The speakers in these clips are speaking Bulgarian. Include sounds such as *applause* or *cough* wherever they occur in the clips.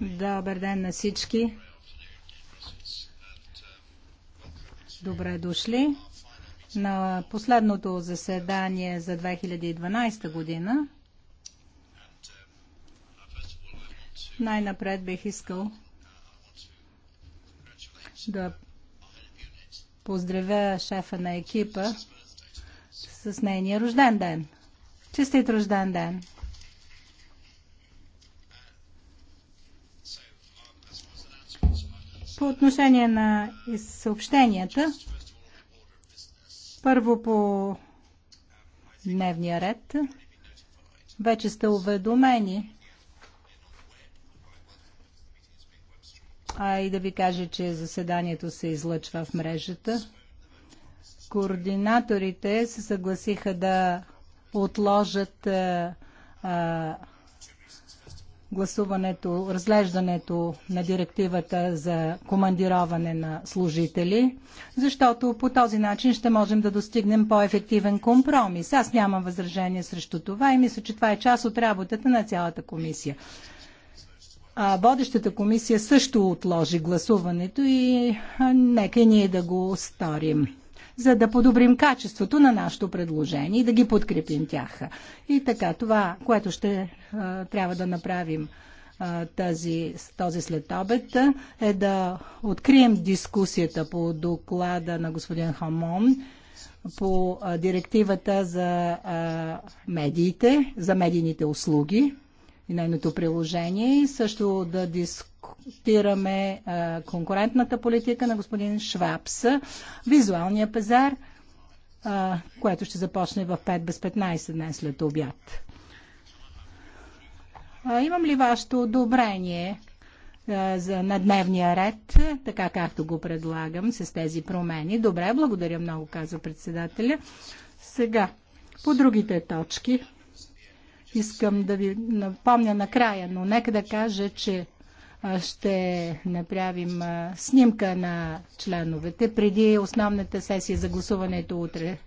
Добър ден на всички. Добре дошли на последното заседание за 2012 година. Най-напред бих искал да поздравя шефа на екипа с нейния рожден ден. Честит рожден ден! По отношение на съобщенията, първо по дневния ред, вече сте уведомени. А и да ви кажа, че заседанието се излъчва в мрежата. Координаторите се съгласиха да отложат а, а, гласуването, разглеждането на директивата за командироване на служители, защото по този начин ще можем да достигнем по-ефективен компромис. Аз нямам възражение срещу това и мисля, че това е част от работата на цялата комисия. А водещата комисия също отложи гласуването и нека ние да го сторим за да подобрим качеството на нашето предложение и да ги подкрепим тях. И така, това, което ще а, трябва да направим тази, този след обед е да открием дискусията по доклада на господин Хамон по директивата за медиите, за медийните услуги и нейното приложение и също да дискутираме конкурентната политика на господин Швабс, визуалния пазар, което ще започне в 5 без 15 днес след обяд. имам ли вашето одобрение за, на дневния ред, така както го предлагам с тези промени? Добре, благодаря много, казва председателя. Сега, по другите точки искам да ви напомня накрая, но нека да кажа, че ще направим снимка на членовете преди основната сесия за гласуването утре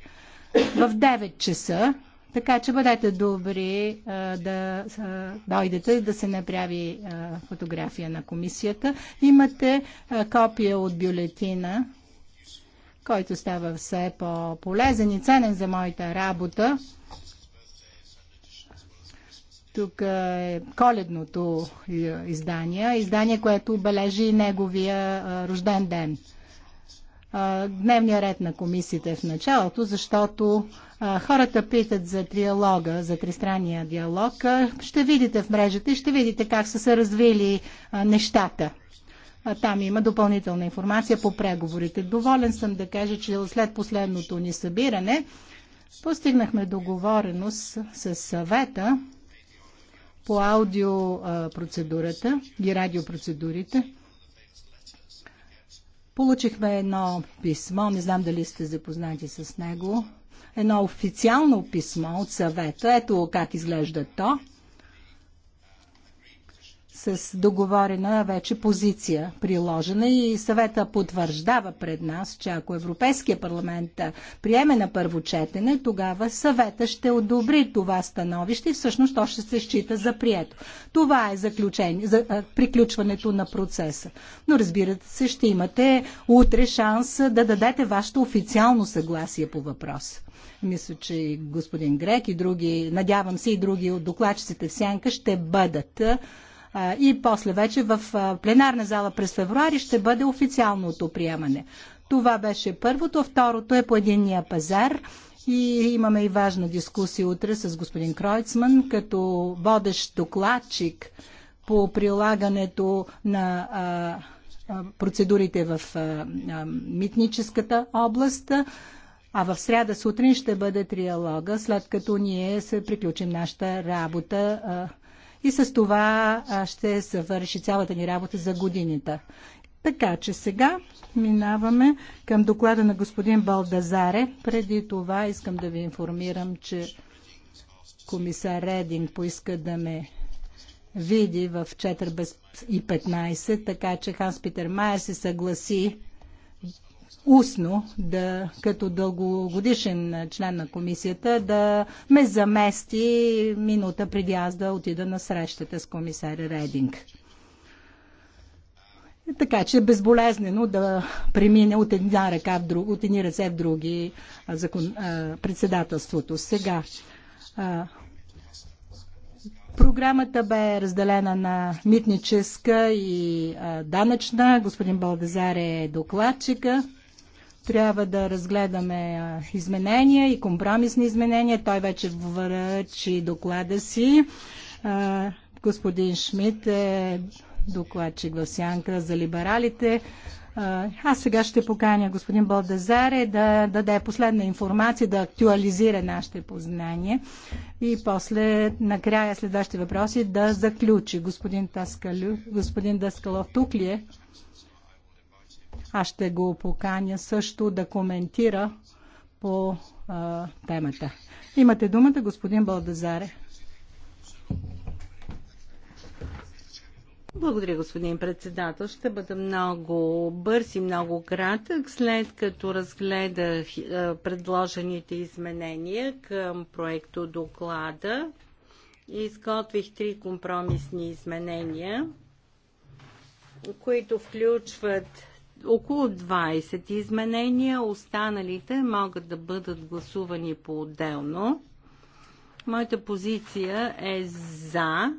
в 9 часа. Така че бъдете добри да дойдете да се направи фотография на комисията. Имате копия от бюлетина, който става все по-полезен и ценен за моята работа. Тук е коледното е, издание, издание, което бележи неговия е, рожден ден. Дневния ред на комисията е в началото, защото е, хората питат за триалога, за тристранния диалог. Ще видите в мрежата и ще видите как са се развили нещата. Там има допълнителна информация по преговорите. Доволен съм да кажа, че след последното ни събиране постигнахме договореност с съвета по аудио процедурата и радиопроцедурите. Получихме едно писмо, не знам дали сте запознати с него, едно официално писмо от съвета. Ето как изглежда то с договорена вече позиция приложена и съвета потвърждава пред нас, че ако Европейския парламент приеме на първо четене, тогава съвета ще одобри това становище и всъщност то ще се счита за прието. Това е заключение, за приключването на процеса. Но разбира се, ще имате утре шанс да дадете вашето официално съгласие по въпроса. Мисля, че и господин Грек и други, надявам се и други от докладчиците в Сянка ще бъдат и после вече в пленарна зала през февруари ще бъде официалното приемане. Това беше първото. Второто е по единния пазар. И имаме и важна дискусия утре с господин Кройцман, като водещ докладчик по прилагането на а, а, процедурите в а, митническата област. А в сряда сутрин ще бъде триалога, след като ние се приключим нашата работа и с това ще завърши цялата ни работа за годината. Така че сега минаваме към доклада на господин Балдазаре. Преди това искам да ви информирам, че комисар Рединг поиска да ме види в 4 без и 15, така че Ханс Питер Майер се съгласи устно, да, като дългогодишен член на комисията, да ме замести минута преди аз да отида на срещата с комисаря Рединг. Е, така че е безболезнено да премине от една ръка в друг, от едни ръце в други а, закон, а, председателството. Сега а, Програмата бе разделена на митническа и а, данъчна. Господин Балдазар е докладчика трябва да разгледаме изменения и компромисни изменения. Той вече връчи доклада си. Господин Шмидт е докладчик в Сянка за либералите. Аз сега ще поканя господин Балдазаре да даде последна информация, да актуализира нашите познания и после, накрая, след вашите въпроси, да заключи. Господин, Таскалю, господин Даскалов тук ли е? Аз ще го поканя също да коментира по а, темата. Имате думата, господин Балдазаре. Благодаря, господин председател. Ще бъда много бърз и много кратък, след като разгледах предложените изменения към проекто доклада. Изготвих три компромисни изменения, които включват около 20 изменения, останалите могат да бъдат гласувани по-отделно. Моята позиция е за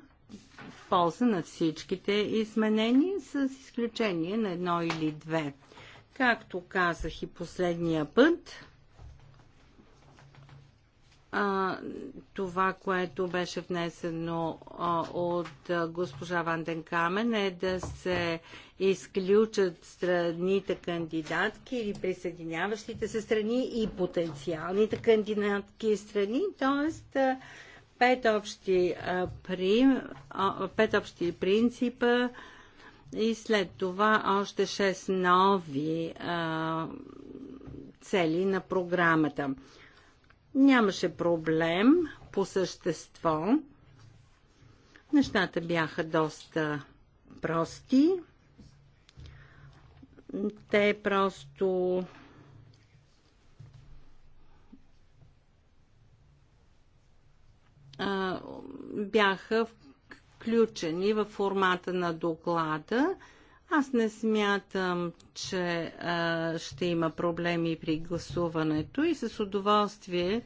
в полза на всичките изменения, с изключение на едно или две. Както казах и последния път, а, това, което беше внесено а, от а, госпожа Ванден Камен е да се изключат страните кандидатки или присъединяващите се страни и потенциалните кандидатки страни, т.е. Пет общи, а, а, пет общи принципа и след това още 6 нови а, цели на програмата. Нямаше проблем по същество. Нещата бяха доста прости. Те просто бяха включени в формата на доклада. Аз не смятам, че а, ще има проблеми при гласуването и с удоволствие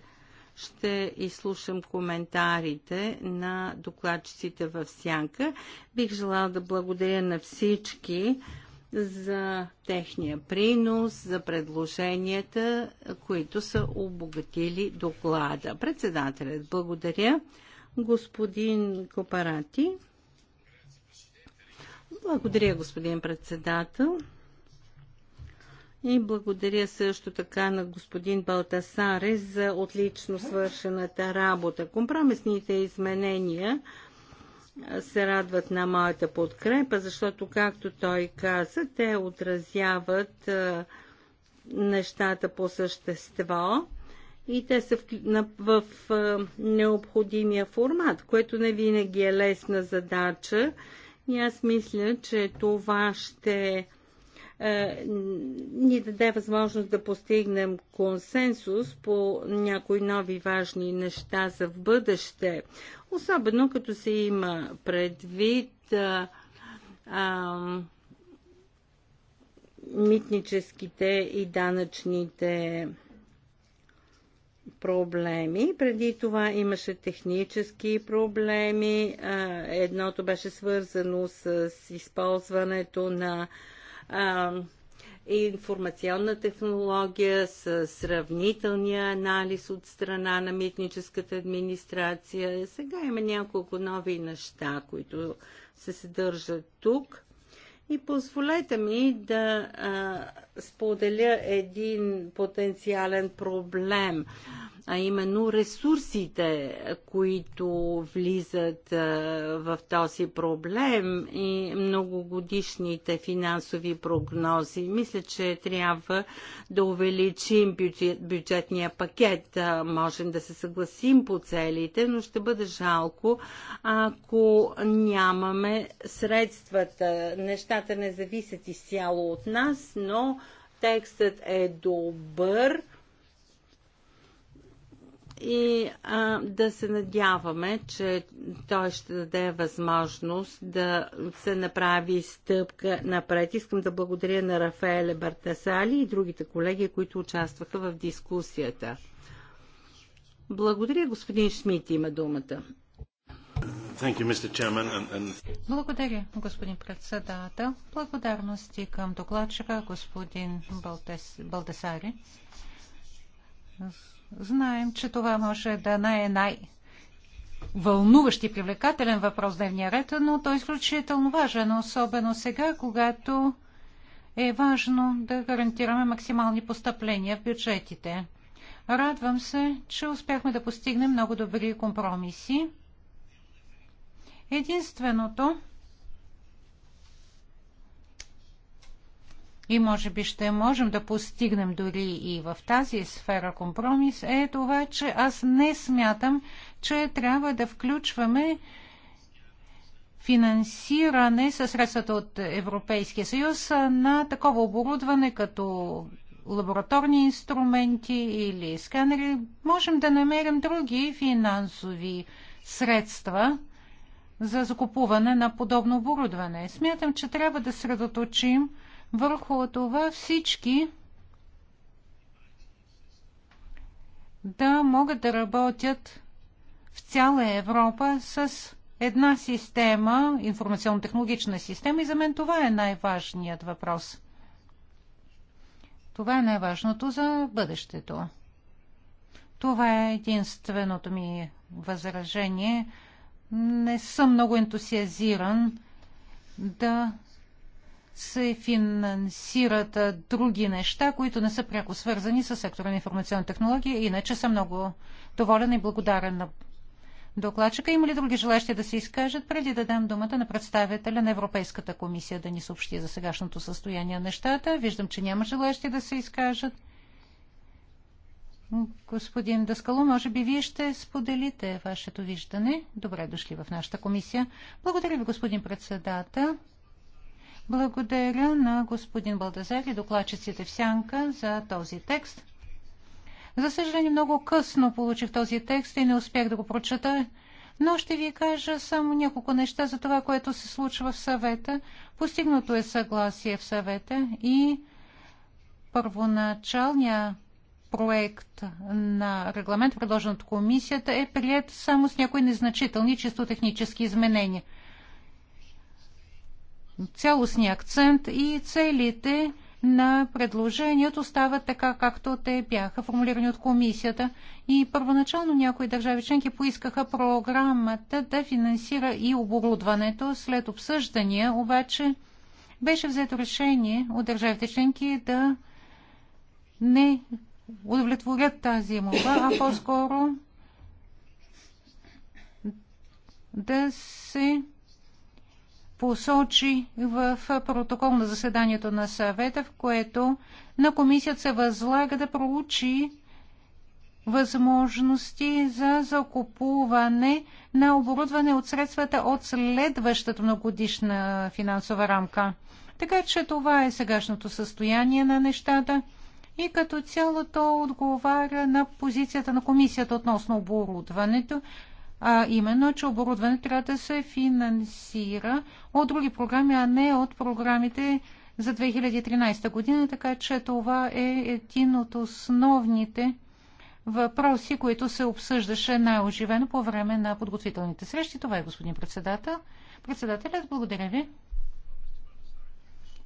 ще изслушам коментарите на докладчиците в Сянка. Бих желала да благодаря на всички за техния принос, за предложенията, които са обогатили доклада. Председателят, благодаря. Господин Копарати. Благодаря, господин председател. И благодаря също така на господин Балтасаре за отлично свършената работа. Компромисните изменения се радват на моята подкрепа, защото, както той каза, те отразяват нещата по същество и те са в, в необходимия формат, което не винаги е лесна задача и аз мисля, че това ще е, ни даде възможност да постигнем консенсус по някои нови важни неща за в бъдеще. Особено като се има предвид а, е, а, митническите и данъчните проблеми. Преди това имаше технически проблеми. Едното беше свързано с използването на информационна технология, с сравнителния анализ от страна на митническата администрация. Сега има няколко нови неща, които се съдържат тук. И позволете ми да а, споделя един потенциален проблем а именно ресурсите, които влизат в този проблем и многогодишните финансови прогнози. Мисля, че трябва да увеличим бюджет, бюджетния пакет. Можем да се съгласим по целите, но ще бъде жалко, ако нямаме средствата. Нещата не зависят изцяло от нас, но текстът е добър и а, да се надяваме, че той ще даде възможност да се направи стъпка напред. Искам да благодаря на Рафаеле Бартасали и другите колеги, които участваха в дискусията. Благодаря, господин Шмидт има думата. Благодаря, господин председател. Благодарности към докладчика господин Балтес... Балтесари Знаем, че това може да не е най- вълнуващ и привлекателен въпрос в дневния ред, но той е изключително важен, особено сега, когато е важно да гарантираме максимални постъпления в бюджетите. Радвам се, че успяхме да постигнем много добри компромиси. Единственото, и може би ще можем да постигнем дори и в тази сфера компромис, е това, че аз не смятам, че трябва да включваме финансиране със средствата от Европейския съюз на такова оборудване като лабораторни инструменти или сканери. Можем да намерим други финансови средства за закупуване на подобно оборудване. Смятам, че трябва да средоточим върху това всички да могат да работят в цяла Европа с една система, информационно-технологична система и за мен това е най-важният въпрос. Това е най-важното за бъдещето. Това е единственото ми възражение. Не съм много ентусиазиран да се финансират други неща, които не са пряко свързани с сектора на информационни технологии. Иначе съм много доволен и благодарен на докладчика. Има ли други желащи да се изкажат, преди да дам думата на представителя на Европейската комисия да ни съобщи за сегашното състояние на нещата? Виждам, че няма желащи да се изкажат. Господин Даскало, може би вие ще споделите вашето виждане. Добре дошли в нашата комисия. Благодаря ви, господин председател. Благодаря на господин Балдазар и докладчиците в Сянка за този текст. За съжаление, много късно получих този текст и не успях да го прочета, но ще ви кажа само няколко неща за това, което се случва в съвета. Постигнато е съгласие в съвета и първоначалния проект на регламент, предложен от комисията, е прият само с някои незначителни чисто технически изменения – цялостния акцент и целите на предложението стават така, както те бяха формулирани от комисията. И първоначално някои държави членки поискаха програмата да финансира и оборудването. След обсъждания обаче беше взето решение от държавите членки да не удовлетворят тази мова, а по-скоро да се посочи в протокол на заседанието на съвета, в което на комисията се възлага да проучи възможности за закупуване на оборудване от средствата от следващата многогодишна финансова рамка. Така че това е сегашното състояние на нещата и като цяло то отговаря на позицията на комисията относно оборудването, а именно, че оборудване трябва да се финансира от други програми, а не от програмите за 2013 година, така че това е един от основните въпроси, които се обсъждаше най-оживено по време на подготвителните срещи. Това е господин председател. Председателят, благодаря ви.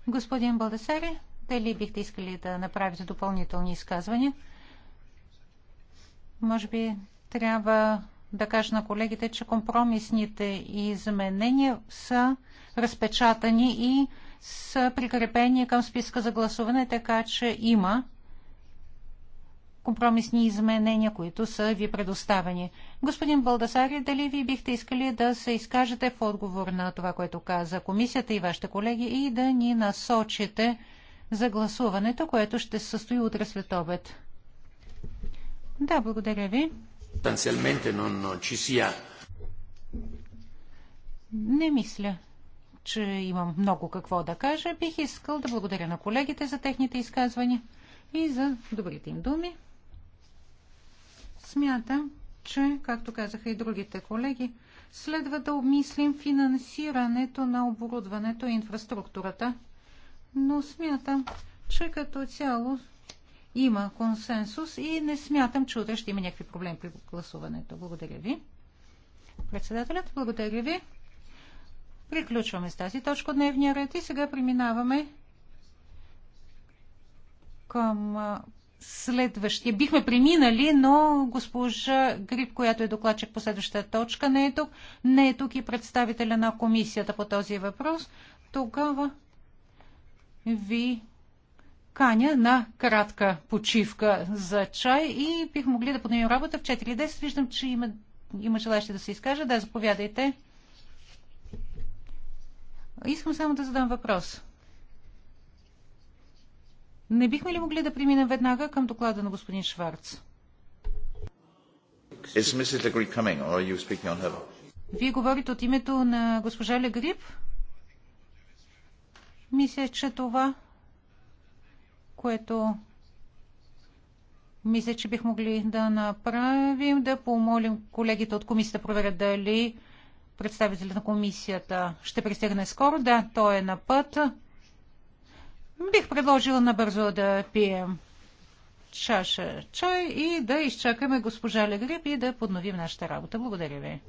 Господин Балдесари, дали бихте искали да направите допълнителни изказвания? Може би трябва да кажа на колегите, че компромисните изменения са разпечатани и са прикрепени към списка за гласуване, така че има компромисни изменения, които са ви предоставени. Господин Балдасари, дали ви бихте искали да се изкажете в отговор на това, което каза комисията и вашите колеги и да ни насочите за гласуването, което ще се състои утре след обед? Да, благодаря ви. Не мисля, че имам много какво да кажа. Бих искал да благодаря на колегите за техните изказвания и за добрите им думи. Смятам, че, както казаха и другите колеги, следва да обмислим финансирането на оборудването и инфраструктурата. Но смятам, че като цяло има консенсус и не смятам, че утре ще има някакви проблеми при гласуването. Благодаря ви. Председателят, благодаря ви. Приключваме с тази точка дневния ред и сега преминаваме към следващия. Бихме преминали, но госпожа Грип, която е докладчик по следващата точка, не е тук. Не е тук и представителя на комисията по този въпрос. Тогава ви каня на кратка почивка за чай и бих могли да поднимем работа в 4.10. Виждам, че има, има желащи да се изкажа. Да, заповядайте. Искам само да задам въпрос. Не бихме ли могли да преминем веднага към доклада на господин Шварц? Вие говорите от името на госпожа Легрип? Мисля, че това което мисля, че бих могли да направим, да помолим колегите от комисията да проверят дали представителят на комисията ще пристигне скоро. Да, той е на път. Бих предложила набързо да пием чаша чай и да изчакаме госпожа Легреб и да подновим нашата работа. Благодаря ви.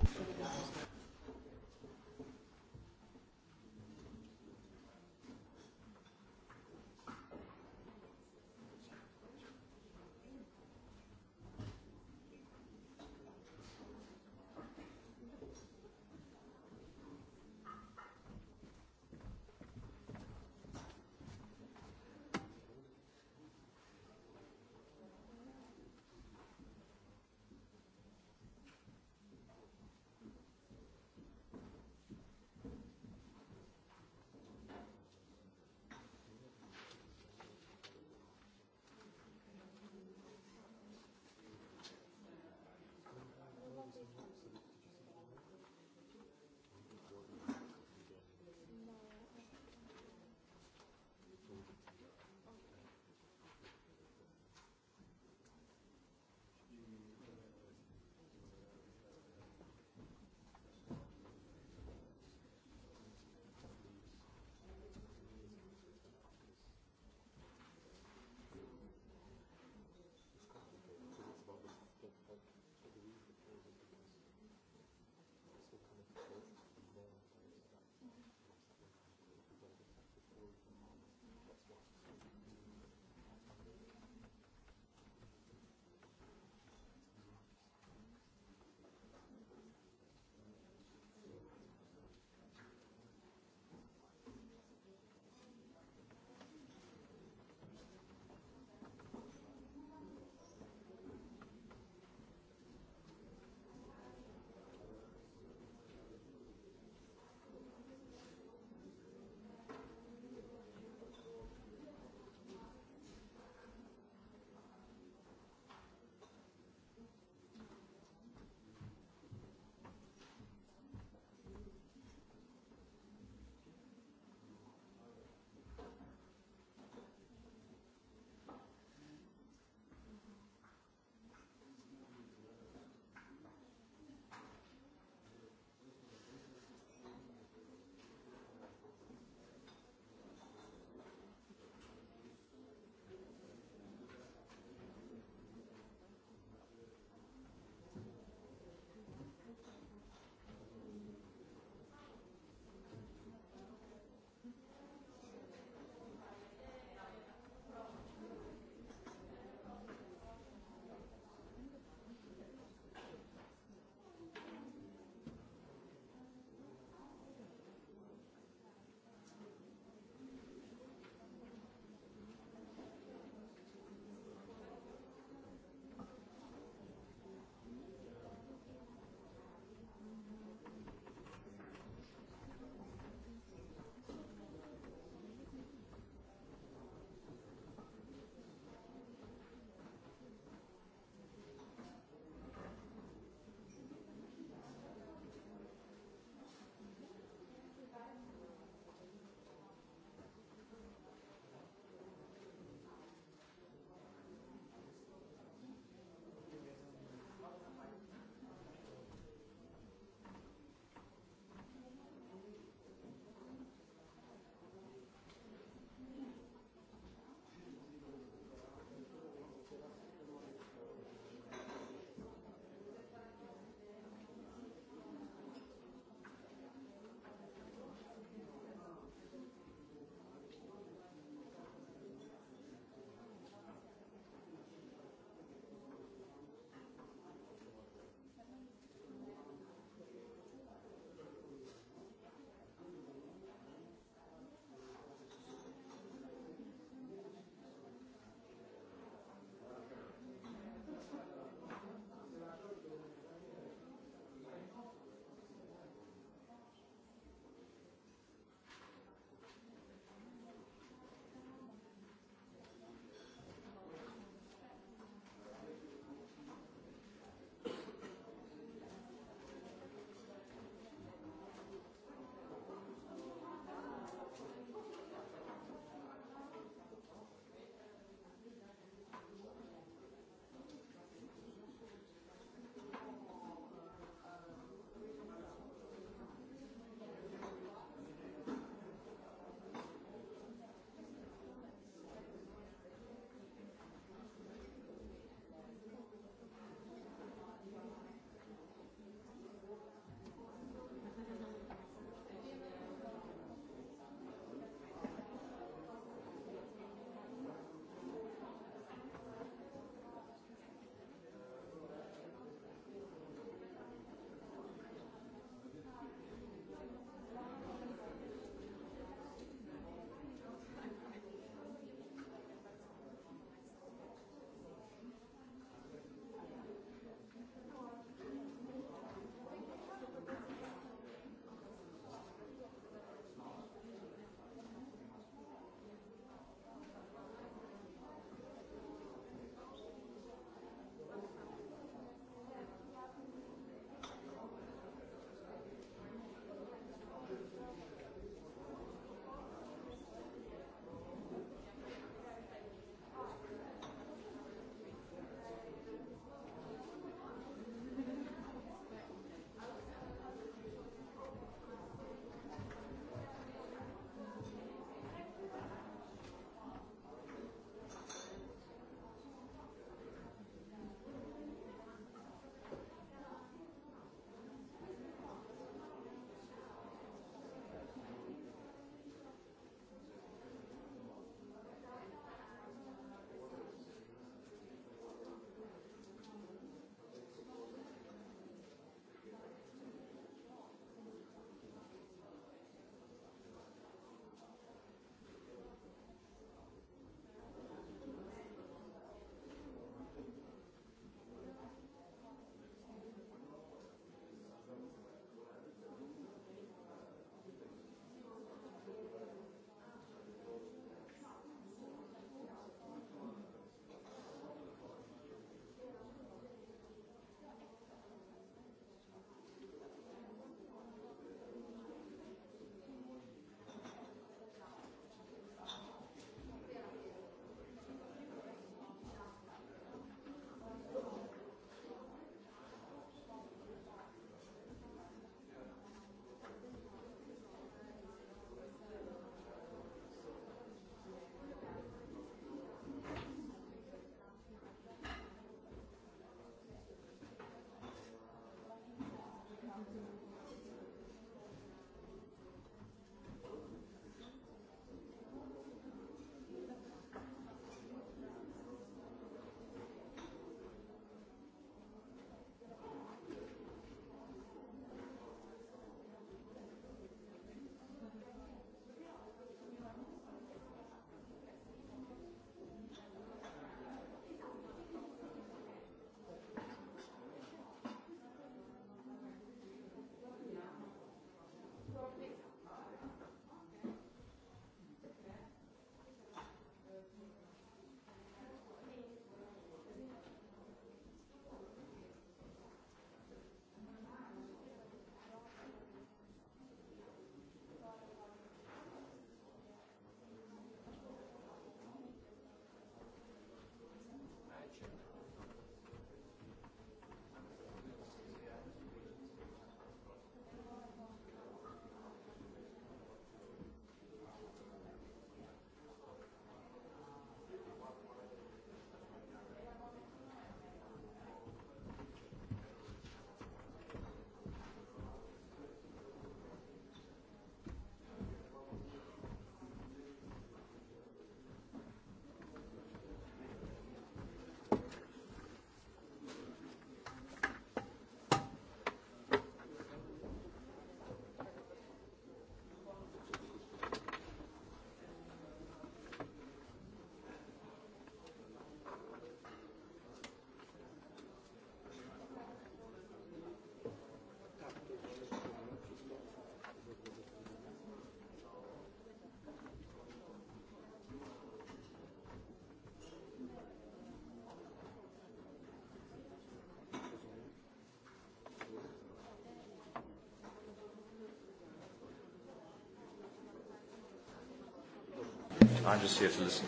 I'm just here to listen.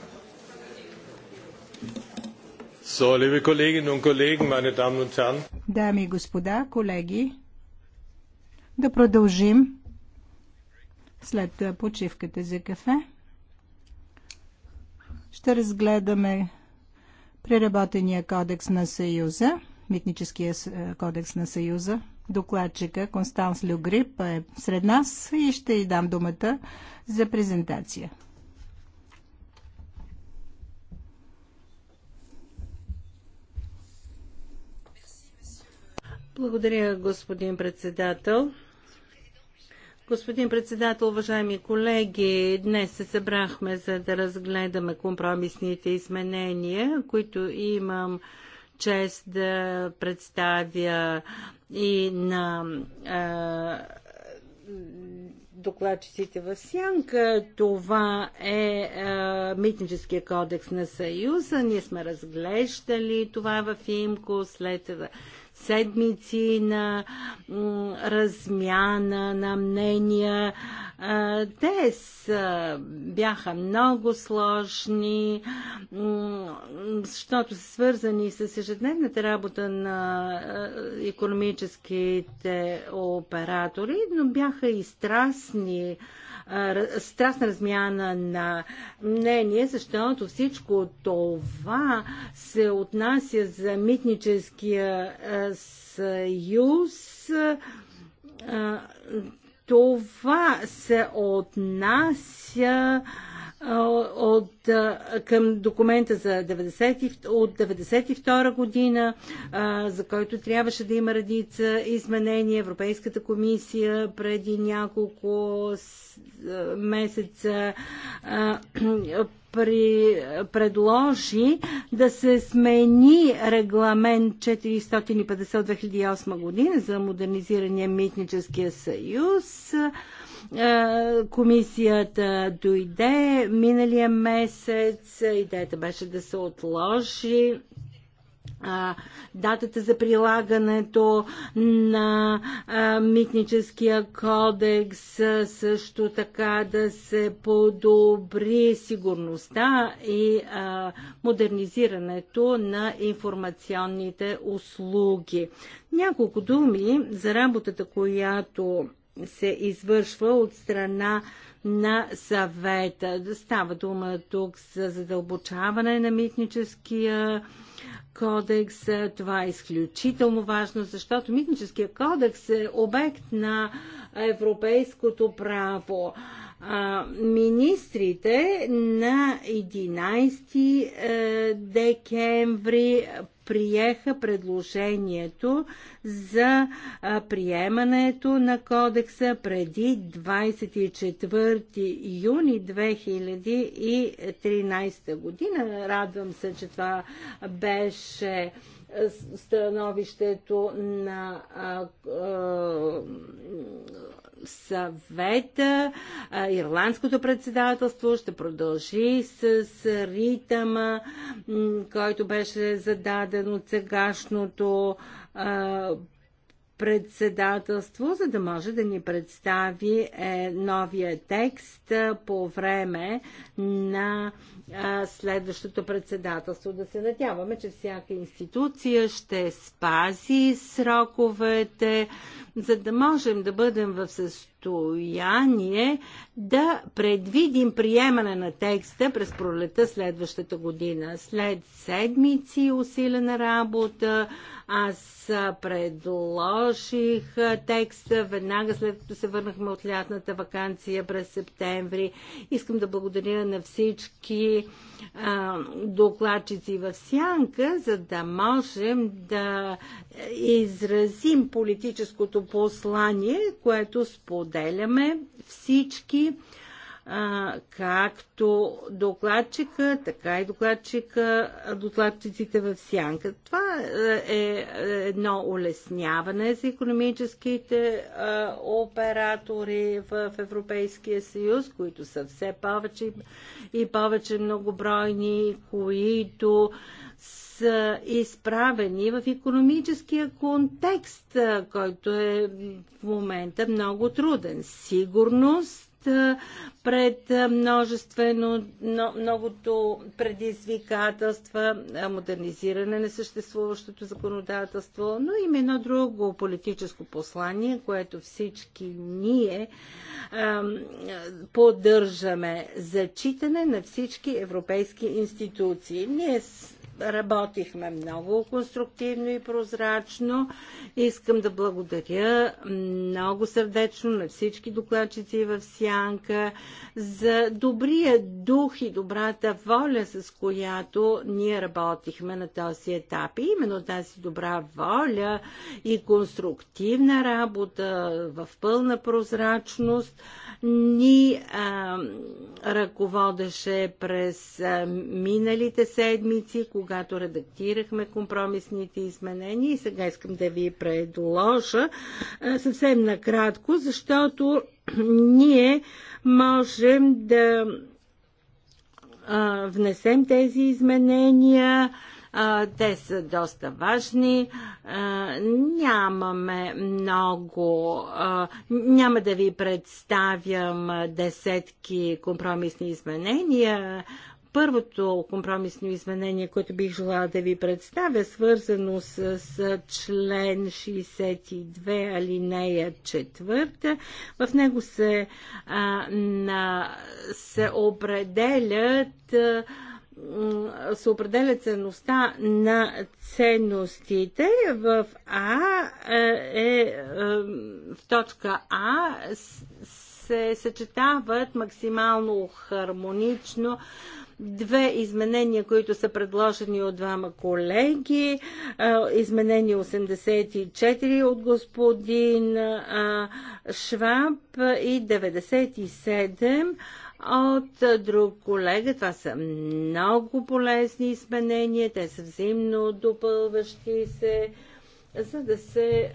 So, liebe Kolleginnen und Kollegen, meine Damen und Herren. Дами и господа, колеги, да продължим след почивката за кафе. Ще разгледаме преработения кодекс на Съюза, митническия кодекс на Съюза. Докладчика Констанс Люгрип е сред нас и ще й дам думата за презентация. Благодаря, господин председател. Господин председател, уважаеми колеги, днес се събрахме за да разгледаме компромисните изменения, които имам чест да представя и на е, докладчиците в Сянка. Това е, е Митническия кодекс на Съюза. Ние сме разглеждали това в Имко, след това седмици на размяна на мнения. Те бяха много сложни, защото са свързани с ежедневната работа на економическите оператори, но бяха и страстни страстна размяна на мнение, защото всичко това се отнася за митническия съюз. Това се отнася а, от, към документа за 90, от 92 година, за който трябваше да има редица изменения. Европейската комисия преди няколко месеца *clears throat* при, предложи да се смени регламент 450 от 2008 година за модернизирания митническия съюз. Е, комисията дойде миналия месец. Идеята беше да се отложи датата за прилагането на митническия кодекс, също така да се подобри сигурността и модернизирането на информационните услуги. Няколко думи за работата, която се извършва от страна на съвета. Да става дума тук за задълбочаване на митническия кодекс. Това е изключително важно, защото митническия кодекс е обект на европейското право а, министрите на 11 е, декември приеха предложението за приемането на кодекса преди 24 юни 2013 година. Радвам се, че това беше е, становището на съвета, ирландското председателство ще продължи с ритъма, който беше зададен от сегашното председателство, за да може да ни представи е, новия текст по време на следващото председателство. Да се надяваме, че всяка институция ще спази сроковете, за да можем да бъдем в състояние да предвидим приемане на текста през пролета следващата година. След седмици усилена работа, аз предложих текста веднага след като се върнахме от лятната вакансия през септември. Искам да благодаря на всички докладчици в сянка, за да можем да изразим политическото послание, което споделяме всички а, както докладчика, така и докладчика, докладчиците в сянка. Това е, е едно улесняване за економическите а, оператори в Европейския съюз, които са все повече и повече многобройни, които са изправени в економическия контекст, който е в момента много труден. Сигурност пред множествено, многото предизвикателства, модернизиране на съществуващото законодателство, но има едно друго политическо послание, което всички ние поддържаме. Зачитане на всички европейски институции. Ние Работихме много конструктивно и прозрачно. Искам да благодаря много сърдечно на всички докладчици в Сянка за добрия дух и добрата воля, с която ние работихме на този етап. И именно тази добра воля и конструктивна работа в пълна прозрачност ни а, ръководеше през а, миналите седмици, когато редактирахме компромисните изменения и сега искам да ви предложа съвсем накратко, защото *clears throat* ние можем да внесем тези изменения. Те са доста важни. Нямаме много. Няма да ви представям десетки компромисни изменения. Първото компромисно изменение, което бих желала да ви представя, свързано с, с член 62 алинея 4. В него се, а, на, се определят се определя ценността на ценностите. В А е, е, е в точка А се съчетават максимално хармонично две изменения, които са предложени от двама колеги. Изменение 84 от господин Шваб и 97 от друг колега. Това са много полезни изменения. Те са взаимно допълващи се, за да се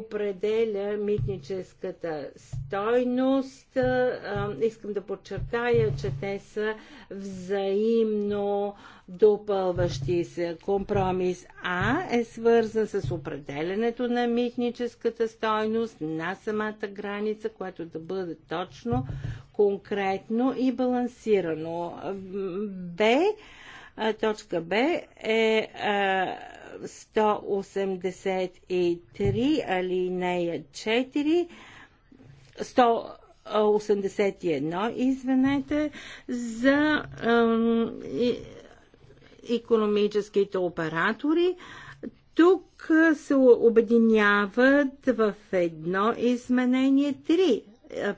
определя митническата стойност. Искам да подчертая, че те са взаимно допълващи се. Компромис А е свързан с определенето на митническата стойност на самата граница, която да бъде точно, конкретно и балансирано. Б, точка Б е 183 алинея 4 181 извинете, за економическите оператори. Тук се обединяват в едно изменение три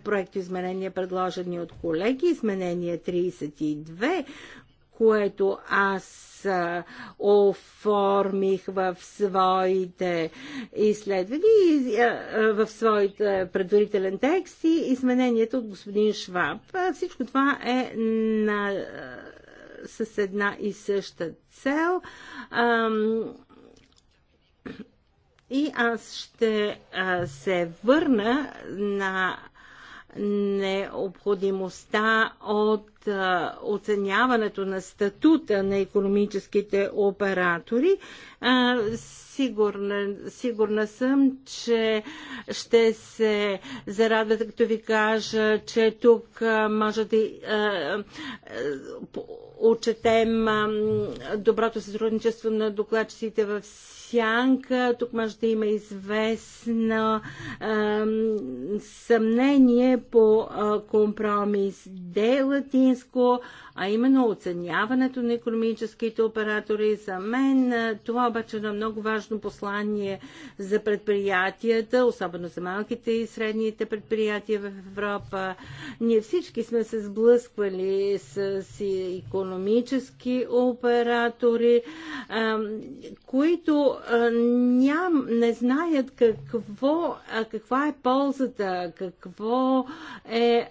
проект изменения, предложени от колеги, изменение 32, което аз оформих в своите изследвания, в своите предварителен текст и изменението от господин Шваб. Всичко това е на, с една и съща цел. И аз ще се върна на необходимостта от оценяването на статута на економическите оператори. Сигурна, сигурна съм, че ще се зарадва, като ви кажа, че тук може да отчетем доброто сътрудничество на докладчиците в сянка, тук може да има известно съмнение по е, компромис и истинско, а именно оценяването на економическите оператори. За мен това обаче е едно много важно послание за предприятията, особено за малките и средните предприятия в Европа. Ние всички сме се сблъсквали с економически оператори, които ням, не знаят какво, каква е ползата, какво е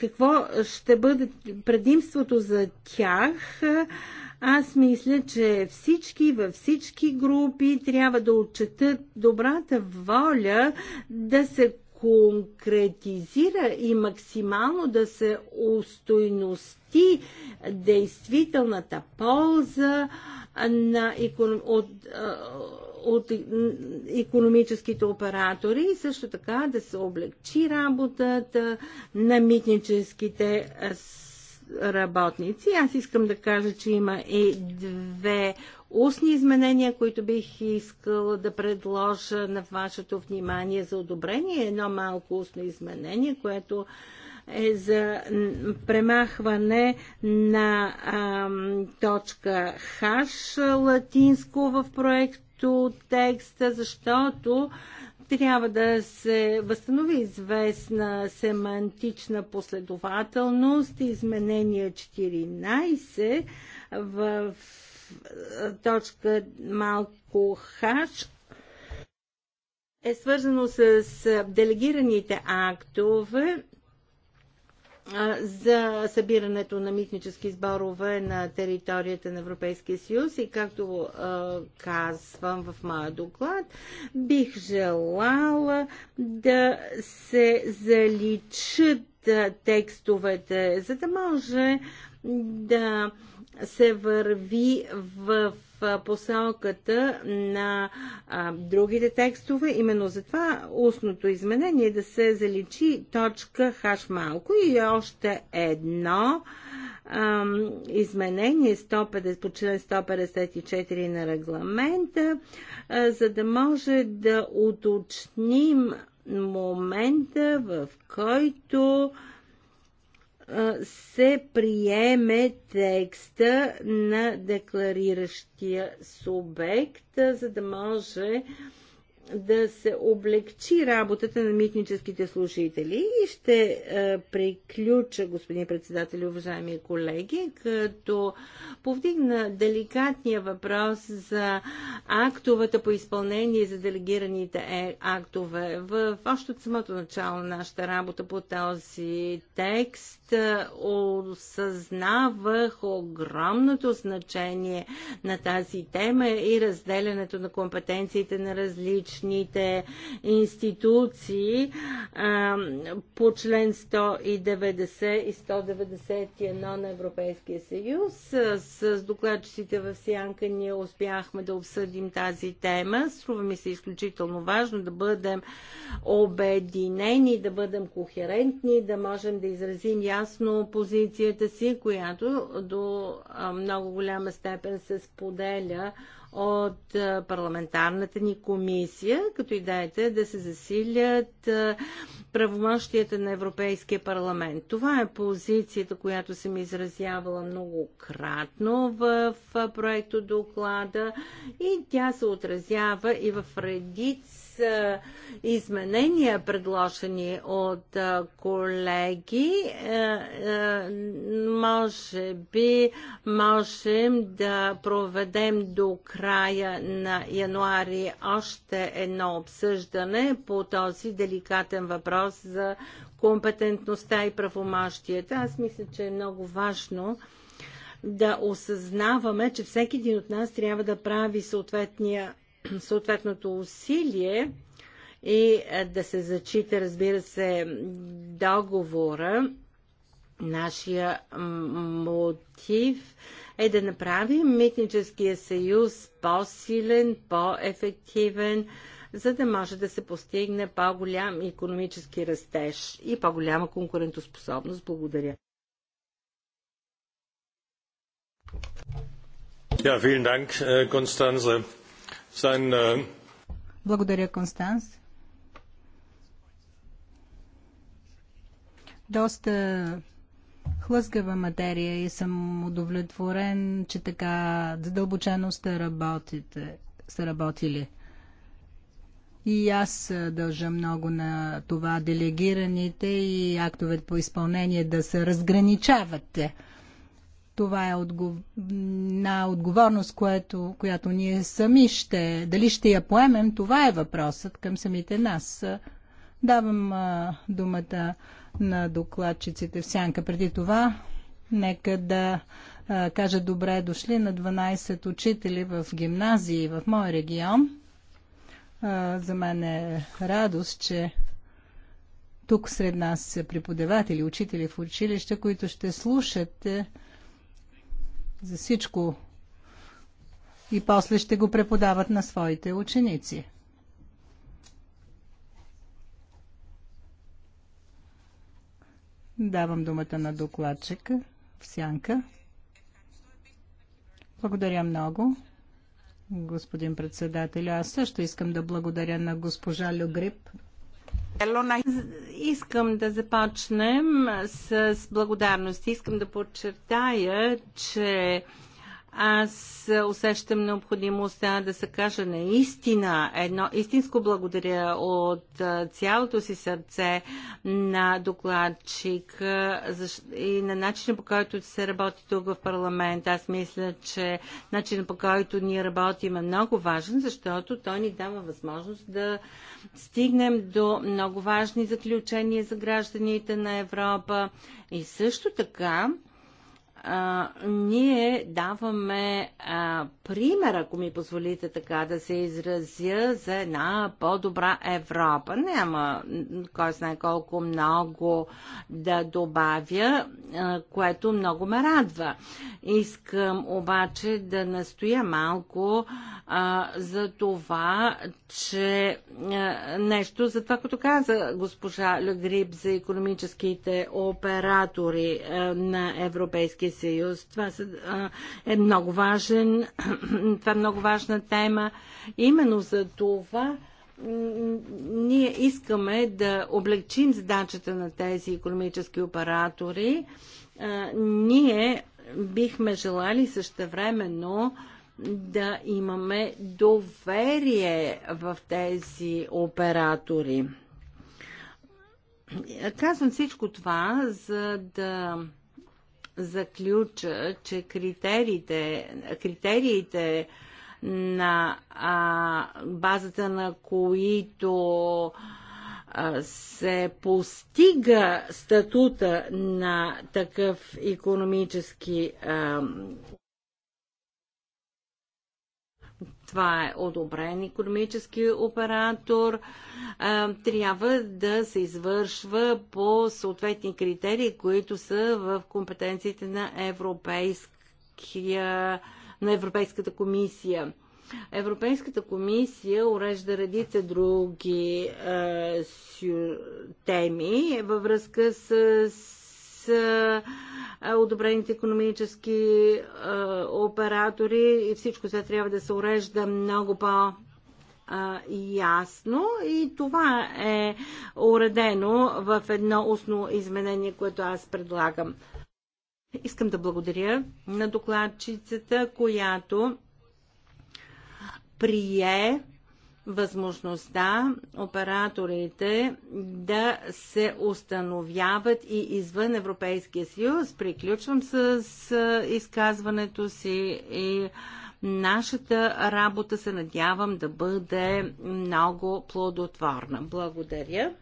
какво ще бъде предимството за тях, аз мисля, че всички във всички групи трябва да отчетат добрата воля да се конкретизира и максимално да се устойности действителната полза на, от, от економическите оператори и също така да се облегчи работата на митническите работници. Аз искам да кажа, че има и две устни изменения, които бих искала да предложа на вашето внимание за одобрение. Едно малко устно изменение, което е за премахване на а, точка хаш латинско в проект от текста, защото трябва да се възстанови известна семантична последователност. Изменение 14 в точка малко хаш е свързано с делегираните актове за събирането на митнически сборове на територията на Европейския съюз и както а, казвам в моя доклад, бих желала да се заличат текстовете, за да може да се върви в посалката на а, другите текстове. Именно затова устното изменение да се заличи точка хаш малко и още едно изменение 150, по член 154 на регламента, а, за да може да уточним момента, в който а, се приеме текста на деклариращия субект, за да може да се облегчи работата на митническите служители. И ще приключа, господин председател и уважаеми колеги, като повдигна деликатния въпрос за актовата по изпълнение за делегираните е, актове. В, още от самото начало на нашата работа по този текст осъзнавах огромното значение на тази тема и разделянето на компетенциите на различните институции а, по член 190 и 191 на Европейския съюз. С, с докладчиците в Сянка ние успяхме да обсъдим тази тема. Струва ми се изключително важно да бъдем обединени, да бъдем кохерентни, да можем да изразим ясно ясно позицията си, която до много голяма степен се споделя от парламентарната ни комисия, като идеята е да се засилят правомощията на Европейския парламент. Това е позицията, която съм изразявала многократно в проекто доклада и тя се отразява и в редица изменения, предложени от колеги, може би можем да проведем до края на януари още едно обсъждане по този деликатен въпрос за компетентността и правомощията. Аз мисля, че е много важно да осъзнаваме, че всеки един от нас трябва да прави съответния съответното усилие и да се зачита, разбира се, договора. Нашия мотив е да направим митническия съюз по-силен, по-ефективен, за да може да се постигне по-голям економически растеж и по-голяма конкурентоспособност. Благодаря. Ja, vielen Dank, Konstanze. Äh, Äh, Благодаря, Констанс. Доста хлъзгава материя и съм удовлетворен, че така задълбочено сте, работите, сте работили. И аз дължа много на това делегираните и актовете по изпълнение да се разграничават това е отгов... на отговорност, което, която ние сами ще... Дали ще я поемем, това е въпросът към самите нас. Давам а, думата на докладчиците в сянка. Преди това, нека да а, кажа добре дошли на 12 учители в гимназии в мой регион. А, за мен е радост, че тук сред нас са преподаватели, учители в училища, които ще слушат е, за всичко и после ще го преподават на своите ученици. Давам думата на докладчика в сянка. Благодаря много, господин председател. Аз също искам да благодаря на госпожа Люгрип Искам да започнем с благодарност. Искам да подчертая, че аз усещам необходимостта да се каже наистина едно истинско благодаря от цялото си сърце на докладчик и на начина по който се работи тук в парламент. Аз мисля, че начинът по който ние работим е много важен, защото той ни дава възможност да стигнем до много важни заключения за гражданите на Европа и също така а, ние даваме а, пример, ако ми позволите така да се изразя, за една по-добра Европа. Няма кой знае колко много да добавя, а, което много ме радва. Искам обаче да настоя малко а, за това, че а, нещо, за това, което каза госпожа Легриб за економическите оператори а, на Европейския съюз. Това са, а, е много важен, *clears throat* това е много важна тема. Именно за това ние искаме да облегчим задачата на тези економически оператори. А, ние бихме желали същевременно времено да имаме доверие в тези оператори. Казвам всичко това, за да заключа, че критериите, критериите на а, базата на които се постига статута на такъв економически а, Това е одобрен економически оператор. Е, трябва да се извършва по съответни критерии, които са в компетенциите на, европейския, на Европейската комисия. Европейската комисия урежда редица други е, сю, теми във връзка с са одобрените економически оператори и всичко това трябва да се урежда много по- ясно и това е уредено в едно устно изменение, което аз предлагам. Искам да благодаря на докладчицата, която прие възможността операторите да се установяват и извън Европейския съюз. Приключвам с изказването си и нашата работа се надявам да бъде много плодотворна. Благодаря.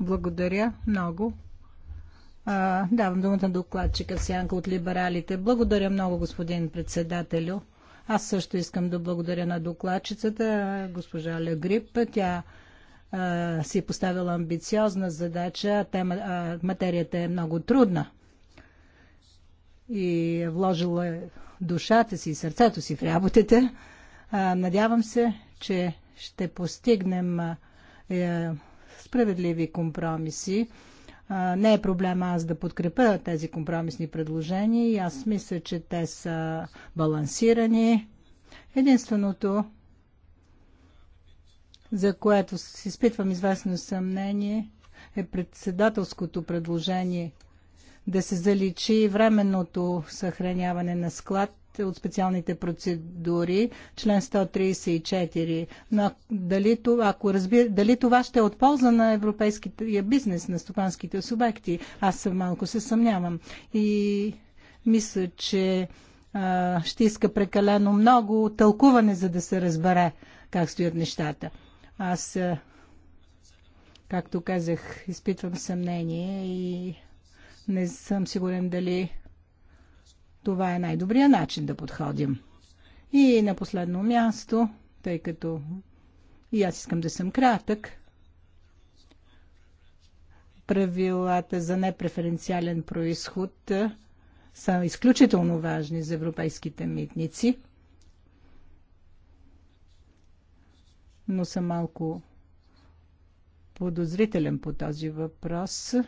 Благодаря много. А, давам думата на докладчика Сянка от Либералите. Благодаря много, господин председателю. Аз също искам да благодаря на докладчицата, госпожа Легрип. Тя а, си е поставила амбициозна задача. Тема, а, материята е много трудна и е вложила душата си и сърцето си в работата. А, надявам се, че ще постигнем а, е, справедливи компромиси не е проблема аз да подкрепя тези компромисни предложения и аз мисля, че те са балансирани. Единственото, за което си изпитвам известно съмнение, е председателското предложение да се заличи временното съхраняване на склад от специалните процедури, член 134. Но дали това, ако разбира, дали това ще е от полза на европейския бизнес, на стопанските субекти, аз съм малко се съмнявам. И мисля, че а, ще иска прекалено много тълкуване, за да се разбере как стоят нещата. Аз, а, както казах, изпитвам съмнение и не съм сигурен дали това е най-добрия начин да подходим. И на последно място, тъй като и аз искам да съм кратък, правилата за непреференциален происход са изключително важни за европейските митници, но съм малко подозрителен по този въпрос –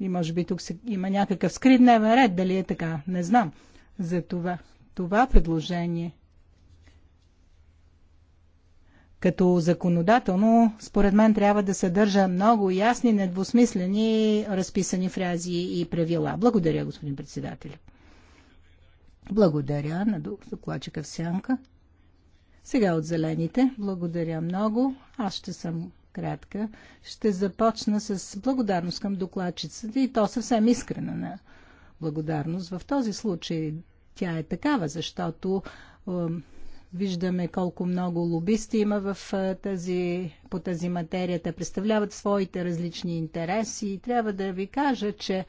и може би тук се, има някакъв скрит дневен ред, дали е така, не знам. За това, това предложение като законодателно, според мен трябва да съдържа много ясни, недвусмислени, разписани фрази и правила. Благодаря, господин председател. Благодаря на докладчика в сянка. Сега от зелените. Благодаря много. Аз ще съм кратка. Ще започна с благодарност към докладчицата и то съвсем искрена на благодарност. В този случай тя е такава, защото е, виждаме колко много лобисти има в е, тази, по тази материя. Те представляват своите различни интереси и трябва да ви кажа, че е,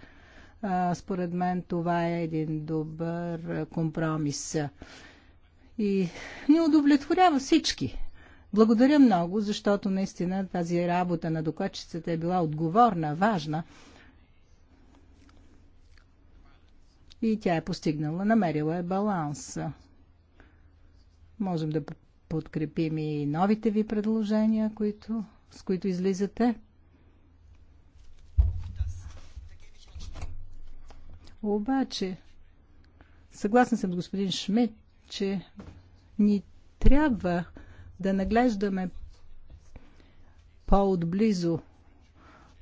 според мен това е един добър компромис. И ни удовлетворява всички. Благодаря много, защото наистина тази работа на докладчицата е била отговорна, важна. И тя е постигнала, намерила е баланс. Можем да подкрепим и новите ви предложения, които, с които излизате. Обаче, съгласна съм с господин Шмидт, че ни трябва да наглеждаме по-отблизо